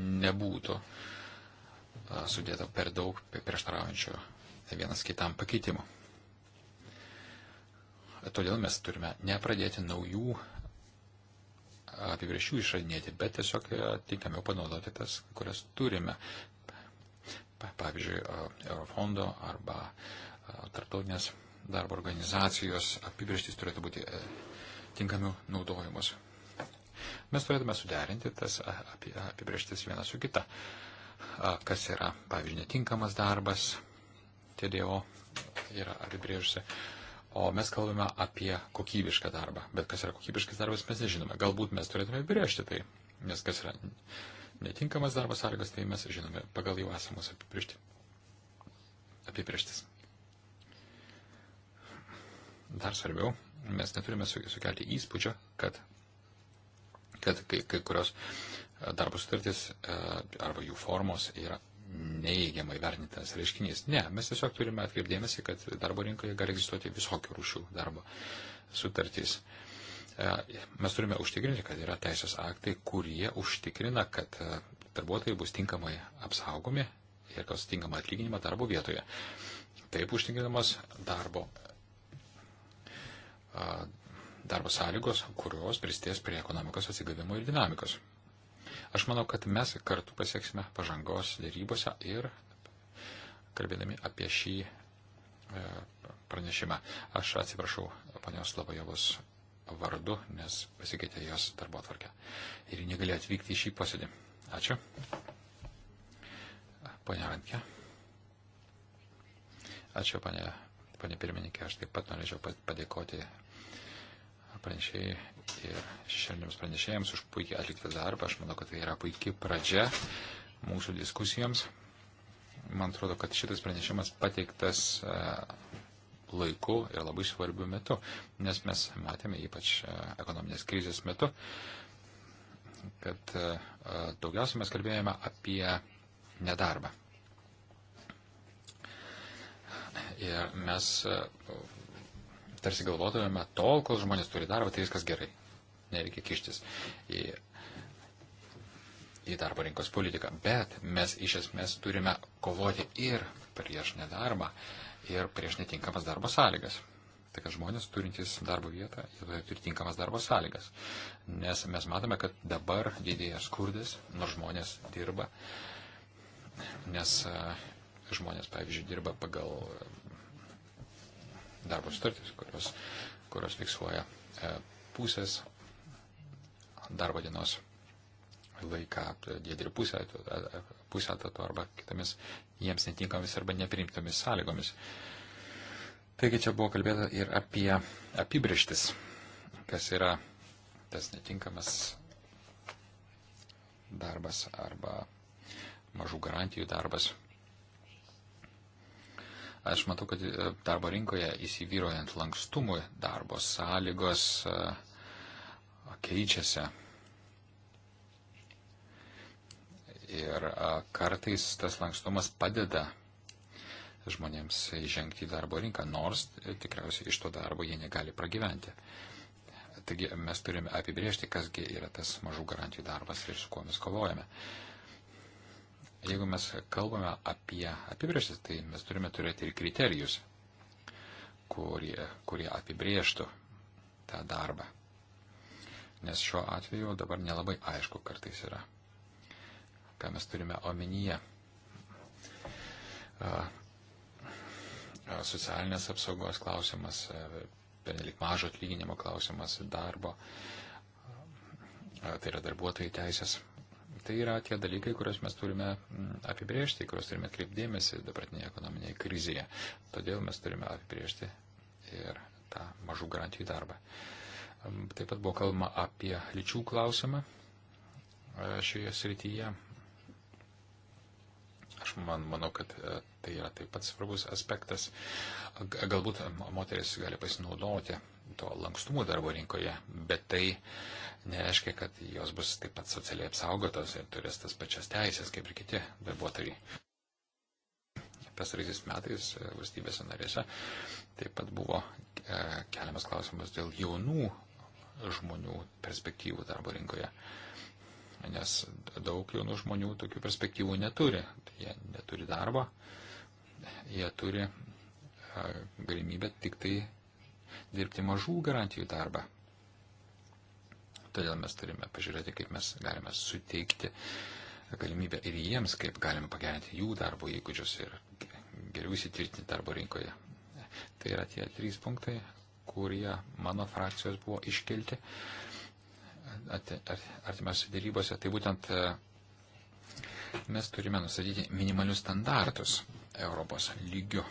nebūtų uh, sudėta per daug prieštaraujančių vienas kitam pakeitimų. Todėl mes turime nepradėti naujų apibrėžčių išradinėti, bet tiesiog e, tinkamiau panaudoti tas, kurias turime. Pavyzdžiui, Eurofondo arba tarptautinės darbo organizacijos apibrėžtys turėtų būti e, tinkamiau naudojamos. Mes turėtume suderinti tas apibrėžtis vieną su kita kas yra, pavyzdžiui, netinkamas darbas, TDO yra apibrėžusi. O mes kalbame apie kokybišką darbą. Bet kas yra kokybiškas darbas, mes nežinome. Galbūt mes turėtume apibrėžti tai, nes kas yra netinkamas darbo sąlygas, tai mes žinome pagal jau esamus apibrėžti. apibrėžtis. Dar svarbiau, mes neturime sukelti įspūdžio, kad, kad kai, kai kurios uh, darbo sutartis e, arba jų formos yra neįgiamai vertintas reiškinys. Ne, mes tiesiog turime atkreipdėmėsi, kad darbo rinkoje gali egzistuoti visokių rūšių darbo sutartys. E, mes turime užtikrinti, kad yra teisės aktai, kurie užtikrina, kad e, darbuotojai bus tinkamai apsaugomi ir gaus tinkamą atlyginimą darbo vietoje. Taip užtikrinamas darbo, darbo sąlygos, kurios pristės prie ekonomikos atsigavimo ir dinamikos. Aš manau, kad mes kartu pasieksime pažangos dėrybose ir kalbėdami apie šį e, pranešimą. Aš atsiprašau panios Labajovos vardu, nes pasikeitė jos darbo atvarkę. Ir ji negalėjo atvykti į šį posėdį. Ačiū. Pane Rankė. Ačiū, pane, pane pirmininkė. Aš taip pat norėčiau padėkoti pranešėjai ir šešėliniams pranešėjams už puikiai atliktą darbą. Aš manau, kad tai yra puikia pradžia mūsų diskusijoms. Man atrodo, kad šitas pranešimas pateiktas e, laiku ir labai svarbiu metu, nes mes matėme ypač e, ekonominės krizės metu, kad e, daugiausiai mes kalbėjome apie nedarbą. Ir mes tarsi galvotumėme, tol, kol žmonės turi darbą, tai viskas gerai. Nereikia kištis į, į darbo rinkos politiką. Bet mes iš esmės turime kovoti ir prieš nedarbą, ir prieš netinkamas darbo sąlygas. Tai kad žmonės turintys darbo vietą, jie turi tinkamas darbo sąlygas. Nes mes matome, kad dabar didėja skurdas, nors žmonės dirba. Nes e, žmonės, pavyzdžiui, dirba pagal darbo sutartys, kurios, kurios fiksuoja e, pusės darbo dienos laiką, jie dirba pusę, e, e, pusę atato arba kitomis jiems netinkamis arba neprimtomis sąlygomis. Taigi čia buvo kalbėta ir apie apibrištis, kas yra tas netinkamas darbas arba mažų garantijų darbas Aš matau, kad e, darbo rinkoje įsivyrojant lankstumui darbo sąlygos e, keičiasi. Ir e, kartais tas lankstumas padeda žmonėms įžengti į darbo rinką, nors tikriausiai iš to darbo jie negali pragyventi. Taigi mes turime apibriežti, kasgi yra tas mažų garantijų darbas ir su kuo mes kovojame. Uh, jeigu mes kalbame apie apibrėžtis, tai mes turime turėti ir kriterijus, kurie, kurie apibrėžtų tą darbą. Nes šiuo atveju dabar nelabai aišku kartais yra, ką mes turime omenyje. Socialinės apsaugos klausimas, pernelik mažo atlyginimo klausimas, darbo, tai yra darbuotojų teisės tai yra tie dalykai, kuriuos mes turime mm, apibriežti, kuriuos turime kreipdėmėsi dabartinėje ekonominėje krizėje. Todėl mes turime apibriežti ir tą mažų garantijų darbą. Mm, taip pat buvo kalbama apie lyčių klausimą e, šioje srityje. Aš man, manau, kad e, tai yra taip pat svarbus aspektas. Galbūt moteris gali pasinaudoti to lankstumo darbo rinkoje, bet tai uh, nereiškia, kad jos bus taip pat socialiai apsaugotos ir turės tas pačias teisės kaip ir kiti darbuotojai. Pasaraisiais metais e, valstybėse narėse taip pat buvo e, keliamas klausimas dėl jaunų žmonių perspektyvų darbo rinkoje. Nes daug jaunų žmonių tokių perspektyvų neturi. Jie neturi darbo, jie turi e, galimybę tik tai dirbti mažų garantijų darbą. Todėl mes turime pažiūrėti, kaip mes galime suteikti galimybę ir jiems, kaip galime pagerinti jų darbo įgūdžius ir geriau įsitvirtinti darbo rinkoje. Tai yra tie trys punktai, kurie mano frakcijos buvo iškelti artimiausiose dėrybose. Tai būtent e, mes turime nustatyti minimalius standartus Europos lygių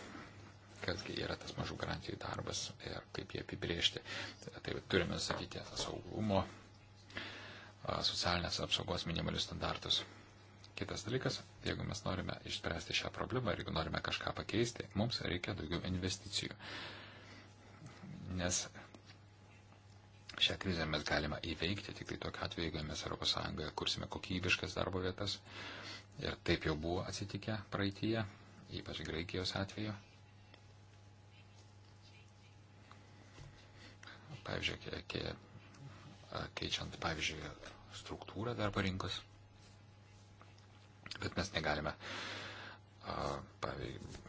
kasgi yra tas mažų garantijų darbas ir kaip jie apibriežti. Tai turime nustatyti saugumo socialinės apsaugos minimalius standartus. Kitas dalykas, jeigu mes norime išspręsti šią problemą ir jeigu norime kažką pakeisti, mums reikia daugiau investicijų. Nes šią krizę mes galime įveikti tik tai tokiu atveju, jeigu mes ES kursime kokybiškas darbo vietas. Ir taip jau buvo atsitikę praeitie, ypač Graikijos atveju. Pavyzdžiui, keičiant, pavyzdžiui, struktūrą darbo rinkos. Bet mes negalime, pavyzdžiui,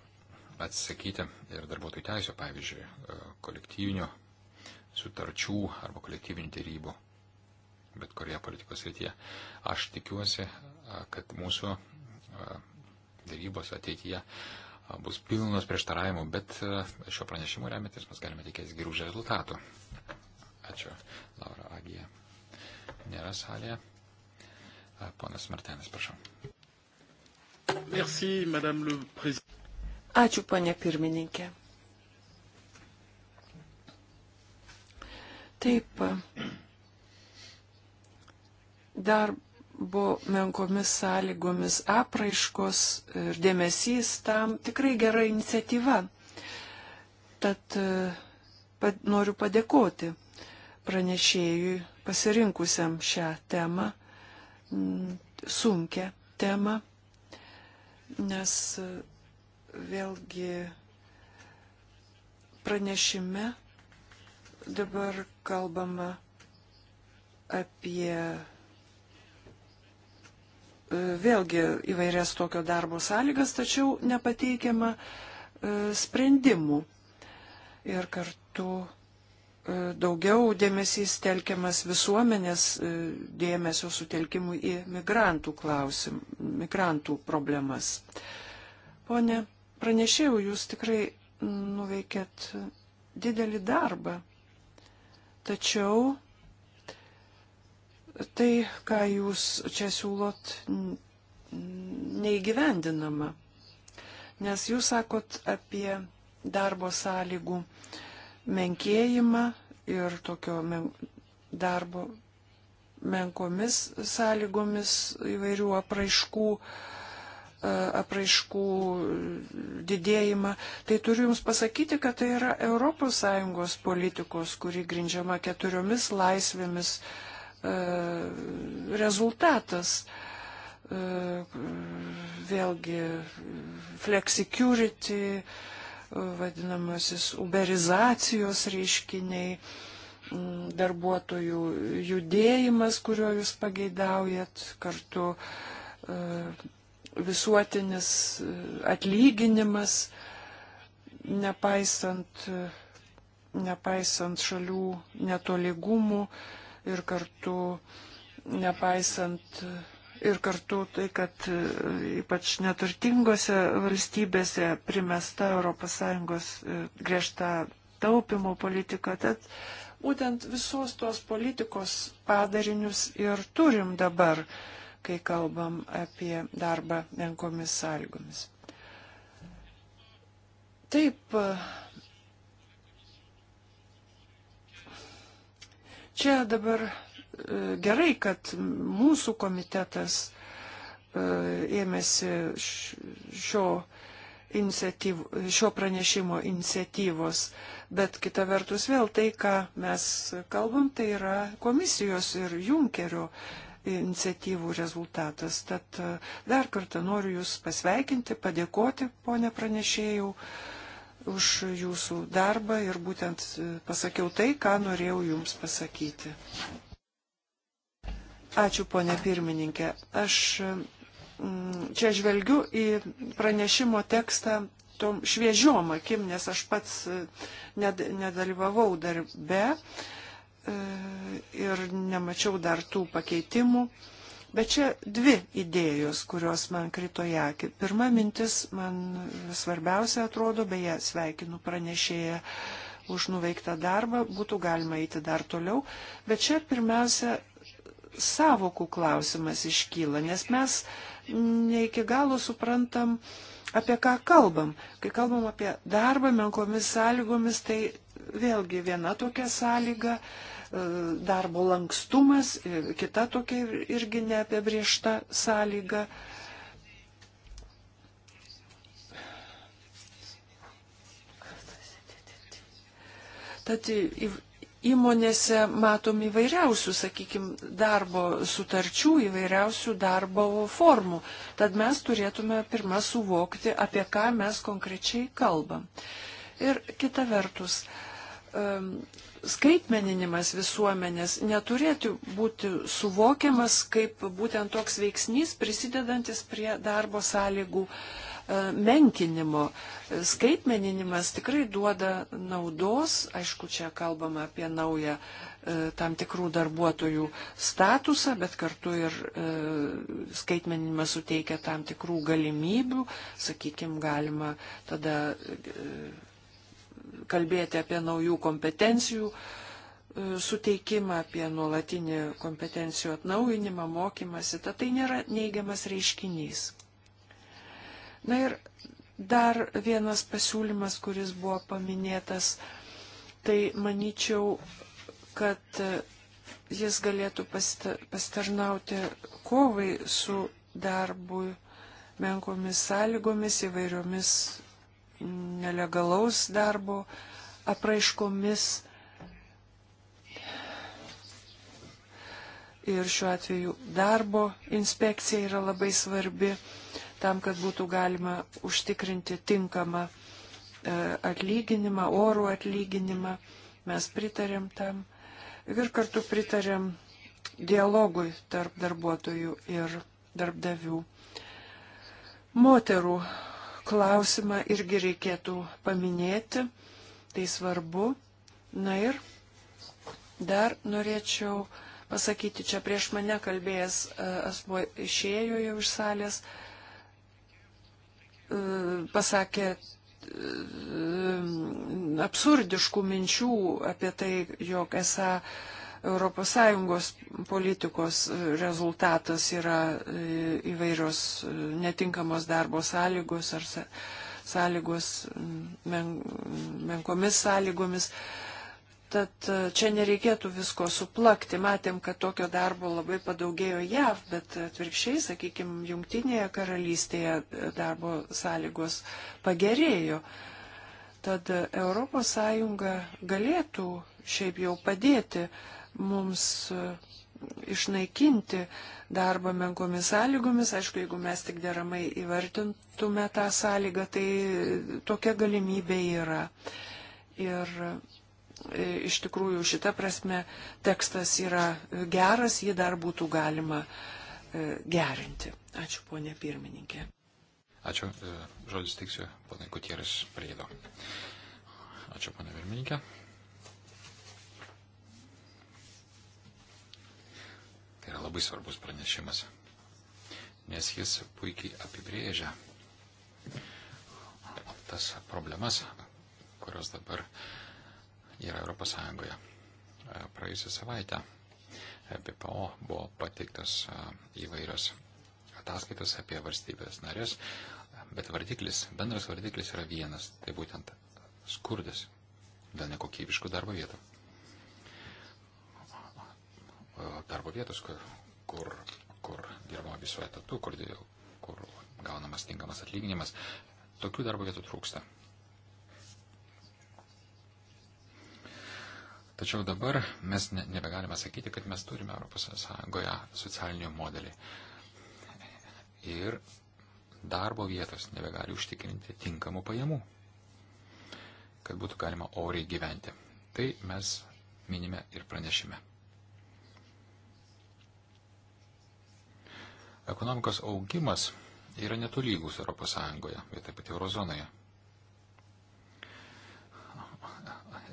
atsisakyti ir darbuotojų teisų, pavyzdžiui, kolektyvinių sutarčių arba kolektyvinių dėrybų bet kurioje politikos srityje. Aš tikiuosi, kad mūsų dėrybos ateityje bus pilnos prieštaravimų, bet šio pranešimo remiantis mes galime tikėtis gerų rezultatų. Ačiū, Laura Agija nėra salėje. Ponas Martenis, prašau. Merci, madame le président. Ačiū, ponė pirmininkė. Taip, darbo menkomis sąlygomis apraiškos ir dėmesys tam tikrai gera iniciatyva. Tad e, noriu padėkoti pranešėjui pasirinkusiam šią temą, mm, sunkę temą, nes e, vėlgi pranešime dabar kalbama apie e, vėlgi įvairias tokio darbo sąlygas, tačiau nepateikiama e, sprendimų. Ir kartu E, daugiau dėmesys telkiamas visuomenės e, dėmesio sutelkimui į migrantų klausim, migrantų problemas. Pone, pranešėjau, jūs tikrai nuveikėt didelį darbą. Tačiau tai, ką jūs čia siūlot, neįgyvendinama. Nes jūs sakot apie darbo sąlygų uh, menkėjimą ir tokio men, darbo menkomis sąlygomis įvairių apraiškų, e, apraiškų didėjimą. Tai turiu Jums pasakyti, kad tai yra ES politikos, kuri grindžiama keturiomis laisvėmis e, rezultatas. E, vėlgi, flexicurity, security vadinamasis uberizacijos reiškiniai, darbuotojų judėjimas, kurio jūs pageidaujat, kartu e, visuotinis e, atlyginimas, nepaisant, e, nepaisant šalių netolygumų ir kartu nepaisant ir kartu tai, kad e, ypač neturtingose valstybėse primesta ES e, griežta taupimo politika. Tad būtent visos tos politikos padarinius ir turim dabar, kai kalbam apie darbą menkomis sąlygomis. Taip, e, čia dabar gerai, kad mūsų komitetas e, ėmėsi šio, iniciatyv, šio pranešimo iniciatyvos, bet kita vertus vėl tai, ką mes kalbam, tai yra komisijos ir Junkerio iniciatyvų rezultatas. Tad e, dar kartą noriu Jūs pasveikinti, padėkoti, ponė pranešėjau, už Jūsų darbą ir būtent e, pasakiau tai, ką norėjau Jums pasakyti. Ačiū, ponė pirmininkė. Aš mm, čia žvelgiu į pranešimo tekstą tom šviežiom akim, nes aš pats e, nedalyvavau darbe e, ir nemačiau dar tų pakeitimų. Bet čia dvi idėjos, kurios man krito į akį. Pirma mintis man svarbiausia atrodo, beje, sveikinu pranešėją už nuveiktą darbą, būtų galima eiti dar toliau, bet čia pirmiausia savokų klausimas iškyla, nes mes ne iki galo suprantam, apie ką kalbam. Kai kalbam apie darbą menkomis sąlygomis, tai vėlgi viena tokia sąlyga e, darbo lankstumas, e, kita tokia irgi neapibriešta sąlyga. Tad į, įmonėse matom įvairiausių, sakykime, darbo sutarčių, įvairiausių darbo formų. Tad mes turėtume pirmą suvokti, apie ką mes konkrečiai kalbam. Ir kita vertus, skaitmeninimas visuomenės neturėtų būti suvokiamas kaip būtent toks veiksnys prisidedantis prie darbo sąlygų uh, E, menkinimo. Skaitmeninimas tikrai duoda naudos, aišku, čia kalbama apie naują e, tam tikrų darbuotojų statusą, bet kartu ir e, skaitmeninimas suteikia tam tikrų galimybių, sakykime, galima tada kalbėti apie naujų kompetencijų suteikimą, apie nuolatinį kompetencijų atnaujinimą, mokymasi, tad tai nėra neigiamas reiškinys. Na ir dar vienas pasiūlymas, kuris buvo paminėtas, tai manyčiau, kad e, jis galėtų pasitarnauti kovai su darbu menkomis sąlygomis, įvairiomis nelegalaus darbo apraiškomis. Ir šiuo atveju darbo inspekcija yra labai svarbi tam, kad būtų galima užtikrinti tinkamą e, atlyginimą, orų atlyginimą. Mes pritarėm tam ir kartu pritarėm dialogui tarp darbuotojų ir darbdavių. Moterų klausimą irgi reikėtų paminėti, tai svarbu. Na ir dar norėčiau pasakyti, čia prieš mane kalbėjęs e, asmo išėjo jau iš salės, uh, E, pasakė e, absurdiškų minčių apie tai, jog esą ES politikos rezultatas yra e, įvairios netinkamos darbo sąlygos ar sąlygos menkomis sąlygomis. Tad e, čia nereikėtų visko suplakti. Matėm, kad tokio darbo labai padaugėjo JAV, bet atvirkščiai, sakykime, jungtinėje karalystėje e, darbo sąlygos pagerėjo. Tad ES galėtų šiaip jau padėti mums e, išnaikinti darbą menkomis sąlygomis. Aišku, jeigu mes tik deramai įvartintume tą sąlygą, tai tokia galimybė yra. Ir E, iš tikrųjų šita prasme tekstas yra geras, jį dar būtų galima e, gerinti. Ačiū, ponė pirmininkė. Ačiū. E, žodis tiksiu, ponai Gutieris Prieido. Ačiū, ponė pirmininkė. Tai yra labai svarbus pranešimas, nes jis puikiai apibrėžia tas problemas, kurios dabar uh, yra Europos Sąjungoje. E, praėjusią savaitę BPO e buvo pateiktas e, įvairios ataskaitos apie valstybės narės, bet vardiklis, bendras vardiklis yra vienas, tai būtent skurdas dėl nekokybiškų darbo vietų. Darbo vietos, kur, kur, kur dirbama visuo etatu, kur, kur gaunamas tinkamas atlyginimas, tokių darbo vietų trūksta. Tačiau dabar mes ne, nebegalime sakyti, kad mes turime ES socialinį modelį. Ir darbo vietos nebegali užtikrinti tinkamų pajamų, kad būtų galima oriai gyventi. Tai mes minime ir pranešime. Ekonomikos augimas yra netolygus ES, bet taip pat eurozonoje.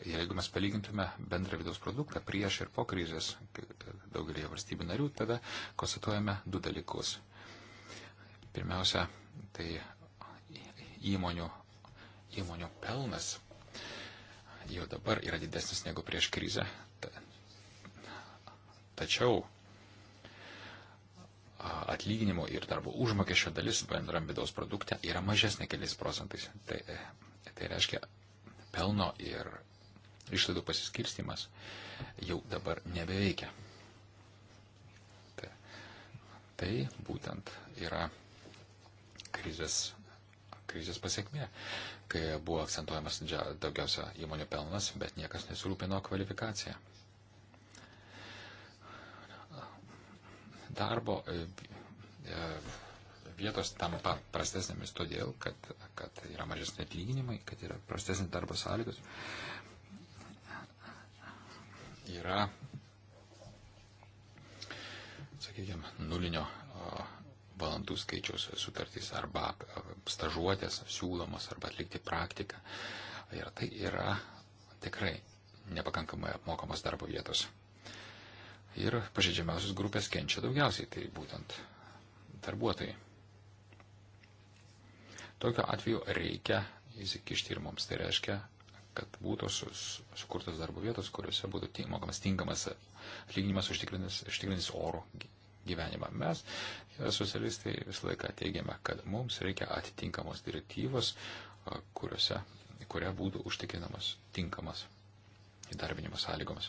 jeigu mes palygintume bendrą vidaus produktą prieš ir po krizės daugelį valstybių narių, tada konstatuojame du dalykus. Pirmiausia, tai įmonių, įmonių pelnas jau dabar yra didesnis negu prieš krizę. Tačiau atlyginimo ir darbo užmokesčio dalis bendram vidaus produkte yra mažesnė keliais procentais. Tai, e, tai reiškia, pelno ir išlaidų pasiskirstimas jau dabar nebeveikia. Tai, tai būtent yra krizės, krizės pasiekmė, kai buvo akcentuojamas daugiausia įmonių pelnas, bet niekas nesirūpino kvalifikaciją. Darbo e, e, vietos tampa prastesnėmis todėl, kad, kad yra mažesni atlyginimai, kad yra prastesnės darbo sąlygos, yra, sakykime, nulinio valandų skaičiaus sutartys arba stažuotės siūlomas arba atlikti praktiką. Ir tai yra tikrai nepakankamai apmokamos darbo vietos. Ir pažeidžiamiausios grupės kenčia daugiausiai, tai būtent darbuotojai. Tokiu atveju reikia įsikišti ir mums tai reiškia kad būtų sukurtas darbo vietos, kuriuose būtų mokamas tinkamas atlyginimas užtikrintis oro gyvenimą. Mes, e, socialistai, visą laiką teigiame, kad mums reikia atitinkamos direktyvos, e, kuriuose, kuria būtų užtikrinamas tinkamas įdarbinimo sąlygomis.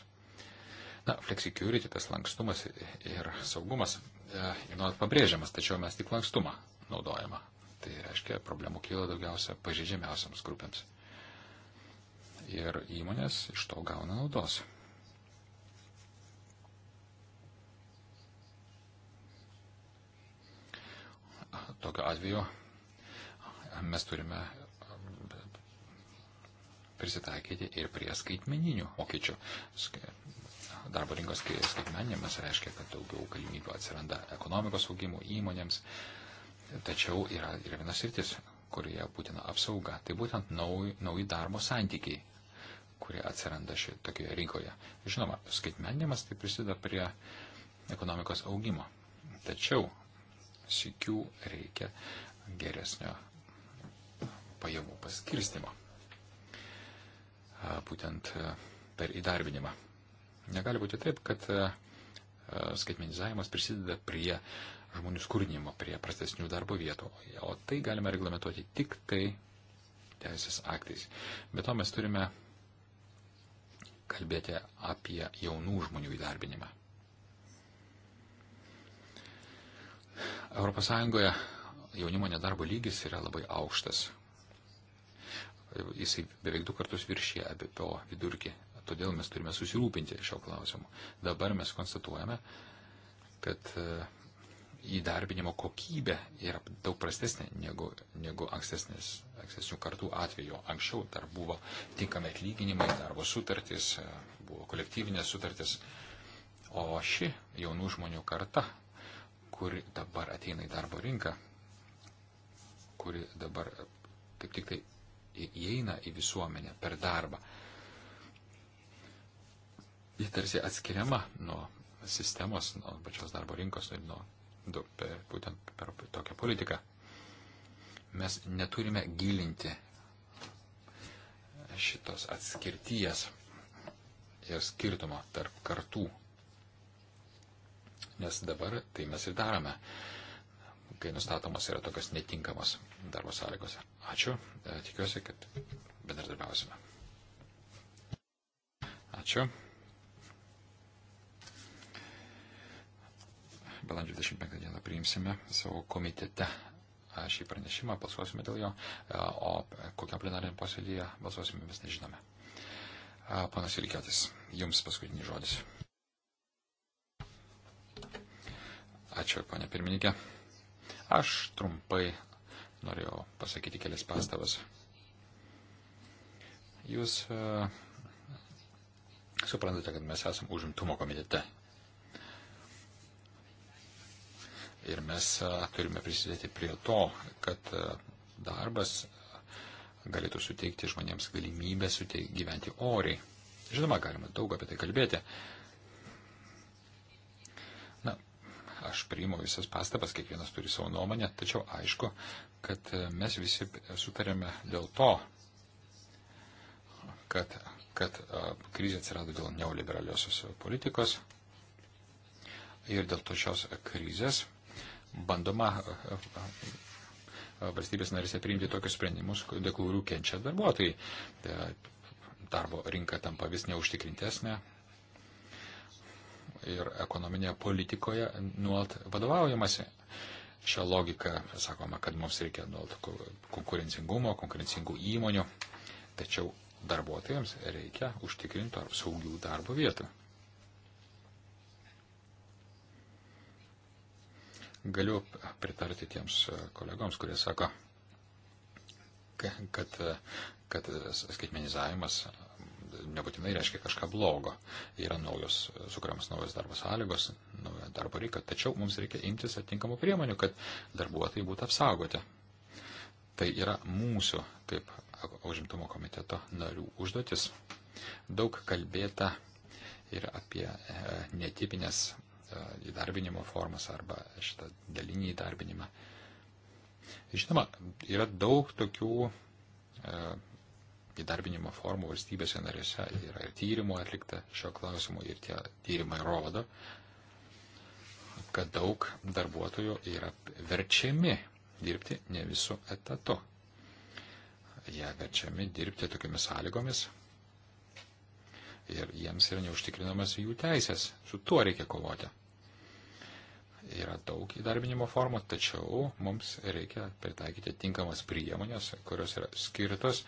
Na, flexicurity, tas lankstumas ir saugumas, e, nuolat pabrėžiamas, tačiau mes tik lankstumą naudojame. Tai reiškia, problemų kyla daugiausia pažeidžiamiausiams grupėms ir įmonės iš to gauna naudos. Tokiu atveju mes turime prisitaikyti ir prie skaitmeninių pokyčių. Darbo rinkos skaitmeninimas reiškia, kad daugiau galimybių atsiranda ekonomikos augimų įmonėms, tačiau yra ir vienas rytis, kurioje būtina apsauga. Tai būtent nauji, nauji darbo santykiai kurie atsiranda šitokioje rinkoje. Žinoma, skaitmeninimas tai prisideda prie ekonomikos augimo. Tačiau sikių reikia geresnio pajamų paskirstimo. Būtent per įdarbinimą. Negali būti taip, kad skaitmenizavimas prisideda prie žmonių skurdinimo, prie prastesnių darbo vietų. O tai galime reglamentuoti tik tai teisės aktais. Be to mes turime kalbėti apie jaunų žmonių įdarbinimą. ES jaunimo nedarbo lygis yra labai aukštas. Jisai beveik du kartus viršė ABPO vidurkį. Todėl mes turime susirūpinti šio klausimu. Dabar mes konstatuojame, kad uh, įdarbinimo kokybė yra daug prastesnė negu, negu ankstesnių kartų atveju. Anksčiau dar buvo tinkami atlyginimai, darbo sutartys, e, buvo kolektyvinės sutartys, o ši jaunų žmonių karta, kuri dabar ateina į darbo rinką, kuri dabar kaip tik tai įeina į visuomenę per darbą, ji tarsi atskiriama nuo sistemos, nuo pačios darbo rinkos, nuo per, būtent per tokią politiką. Mes neturime gilinti šitos atskirties ir skirtumo tarp kartų. Nes dabar tai mes ir darome, kai nustatomos yra tokios netinkamos darbo sąlygos. Ačiū, tikiuosi, kad bendradarbiausime. Ačiū. balandžio 25 dieną priimsime savo komitete šį pranešimą, balsuosime dėl jo, o kokiam plenariniam posėdėje balsuosime mes nežinome. Panas Vilkėtis, jums paskutinis žodis. Ačiū, ponė pirmininkė. Aš trumpai norėjau pasakyti kelias pastabas. Jūs uh, suprantate, kad mes esame užimtumo komitete Ir mes turime prisidėti prie to, kad darbas galėtų suteikti žmonėms galimybę suteikti, gyventi oriai. Žinoma, galima daug apie tai kalbėti. Na, aš priimu visas pastabas, kiekvienas turi savo nuomonę, tačiau aišku, kad mes visi sutarėme dėl to, kad, kad krizė atsirado dėl neoliberaliosios politikos ir dėl to šios krizės bandoma e, e, valstybės narėse priimti tokius sprendimus, dėl kurių kenčia darbuotojai. E, darbo rinka tampa vis neužtikrintesnė ir ekonominėje politikoje nuolat vadovaujamasi. Šią logiką sakoma, kad mums reikia nuolat konkurencingumo, konkurencingų įmonių, tačiau darbuotojams reikia užtikrinti ar saugių darbo vietų. Galiu pritarti tiems e, kolegoms, kurie sako, kad, e, kad skaitmenizavimas nebūtinai reiškia kažką blogo. Yra naujos, sukuriamas naujos darbo sąlygos, nauja darbo reikia, tačiau mums reikia imtis atitinkamų priemonių, kad darbuotojai būtų apsaugoti. Tai yra mūsų, kaip užimtumo komiteto narių, užduotis. Daug kalbėta ir apie e, netipinės įdarbinimo formas arba šitą dalinį įdarbinimą. Žinoma, yra daug tokių e, įdarbinimo formų valstybėse narėse, yra ir tyrimų atlikta šio klausimu ir tie tyrimai rodo, kad daug darbuotojų yra verčiami dirbti ne visų etatų. Jie verčiami dirbti tokiamis sąlygomis ir jiems yra neužtikrinamas jų teisės. Su tuo reikia kovoti yra daug įdarbinimo formų, tačiau mums reikia pritaikyti tinkamas priemonės, kurios yra skirtos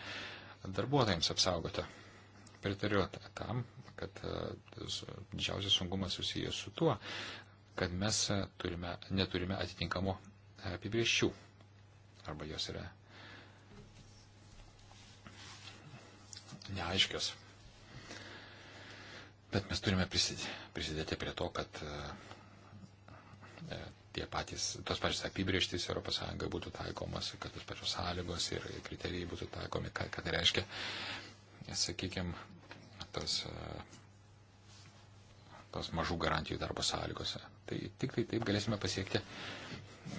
darbuotojams apsaugoti. Pritariu tam, kad e, didžiausias sunkumas susijęs su tuo, kad mes e, turime, neturime atitinkamų apibrieščių. Arba jos yra neaiškios. Bet mes turime prisidėti prie to, kad e, E, tie patys, tos pačios apibrieštys ES būtų taikomas, kad tos pačios sąlygos ir kriterijai būtų taikomi, ką, ką tai reiškia, sakykime, tas, tos mažų garantijų darbo sąlygose. Tai tik tai taip galėsime pasiekti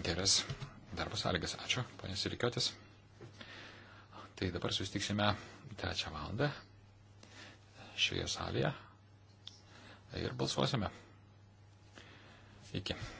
geras darbo sąlygas. Ačiū, ponės Rikiotis. Tai dabar susitiksime trečią valandą šioje salėje ir balsuosime. Iki.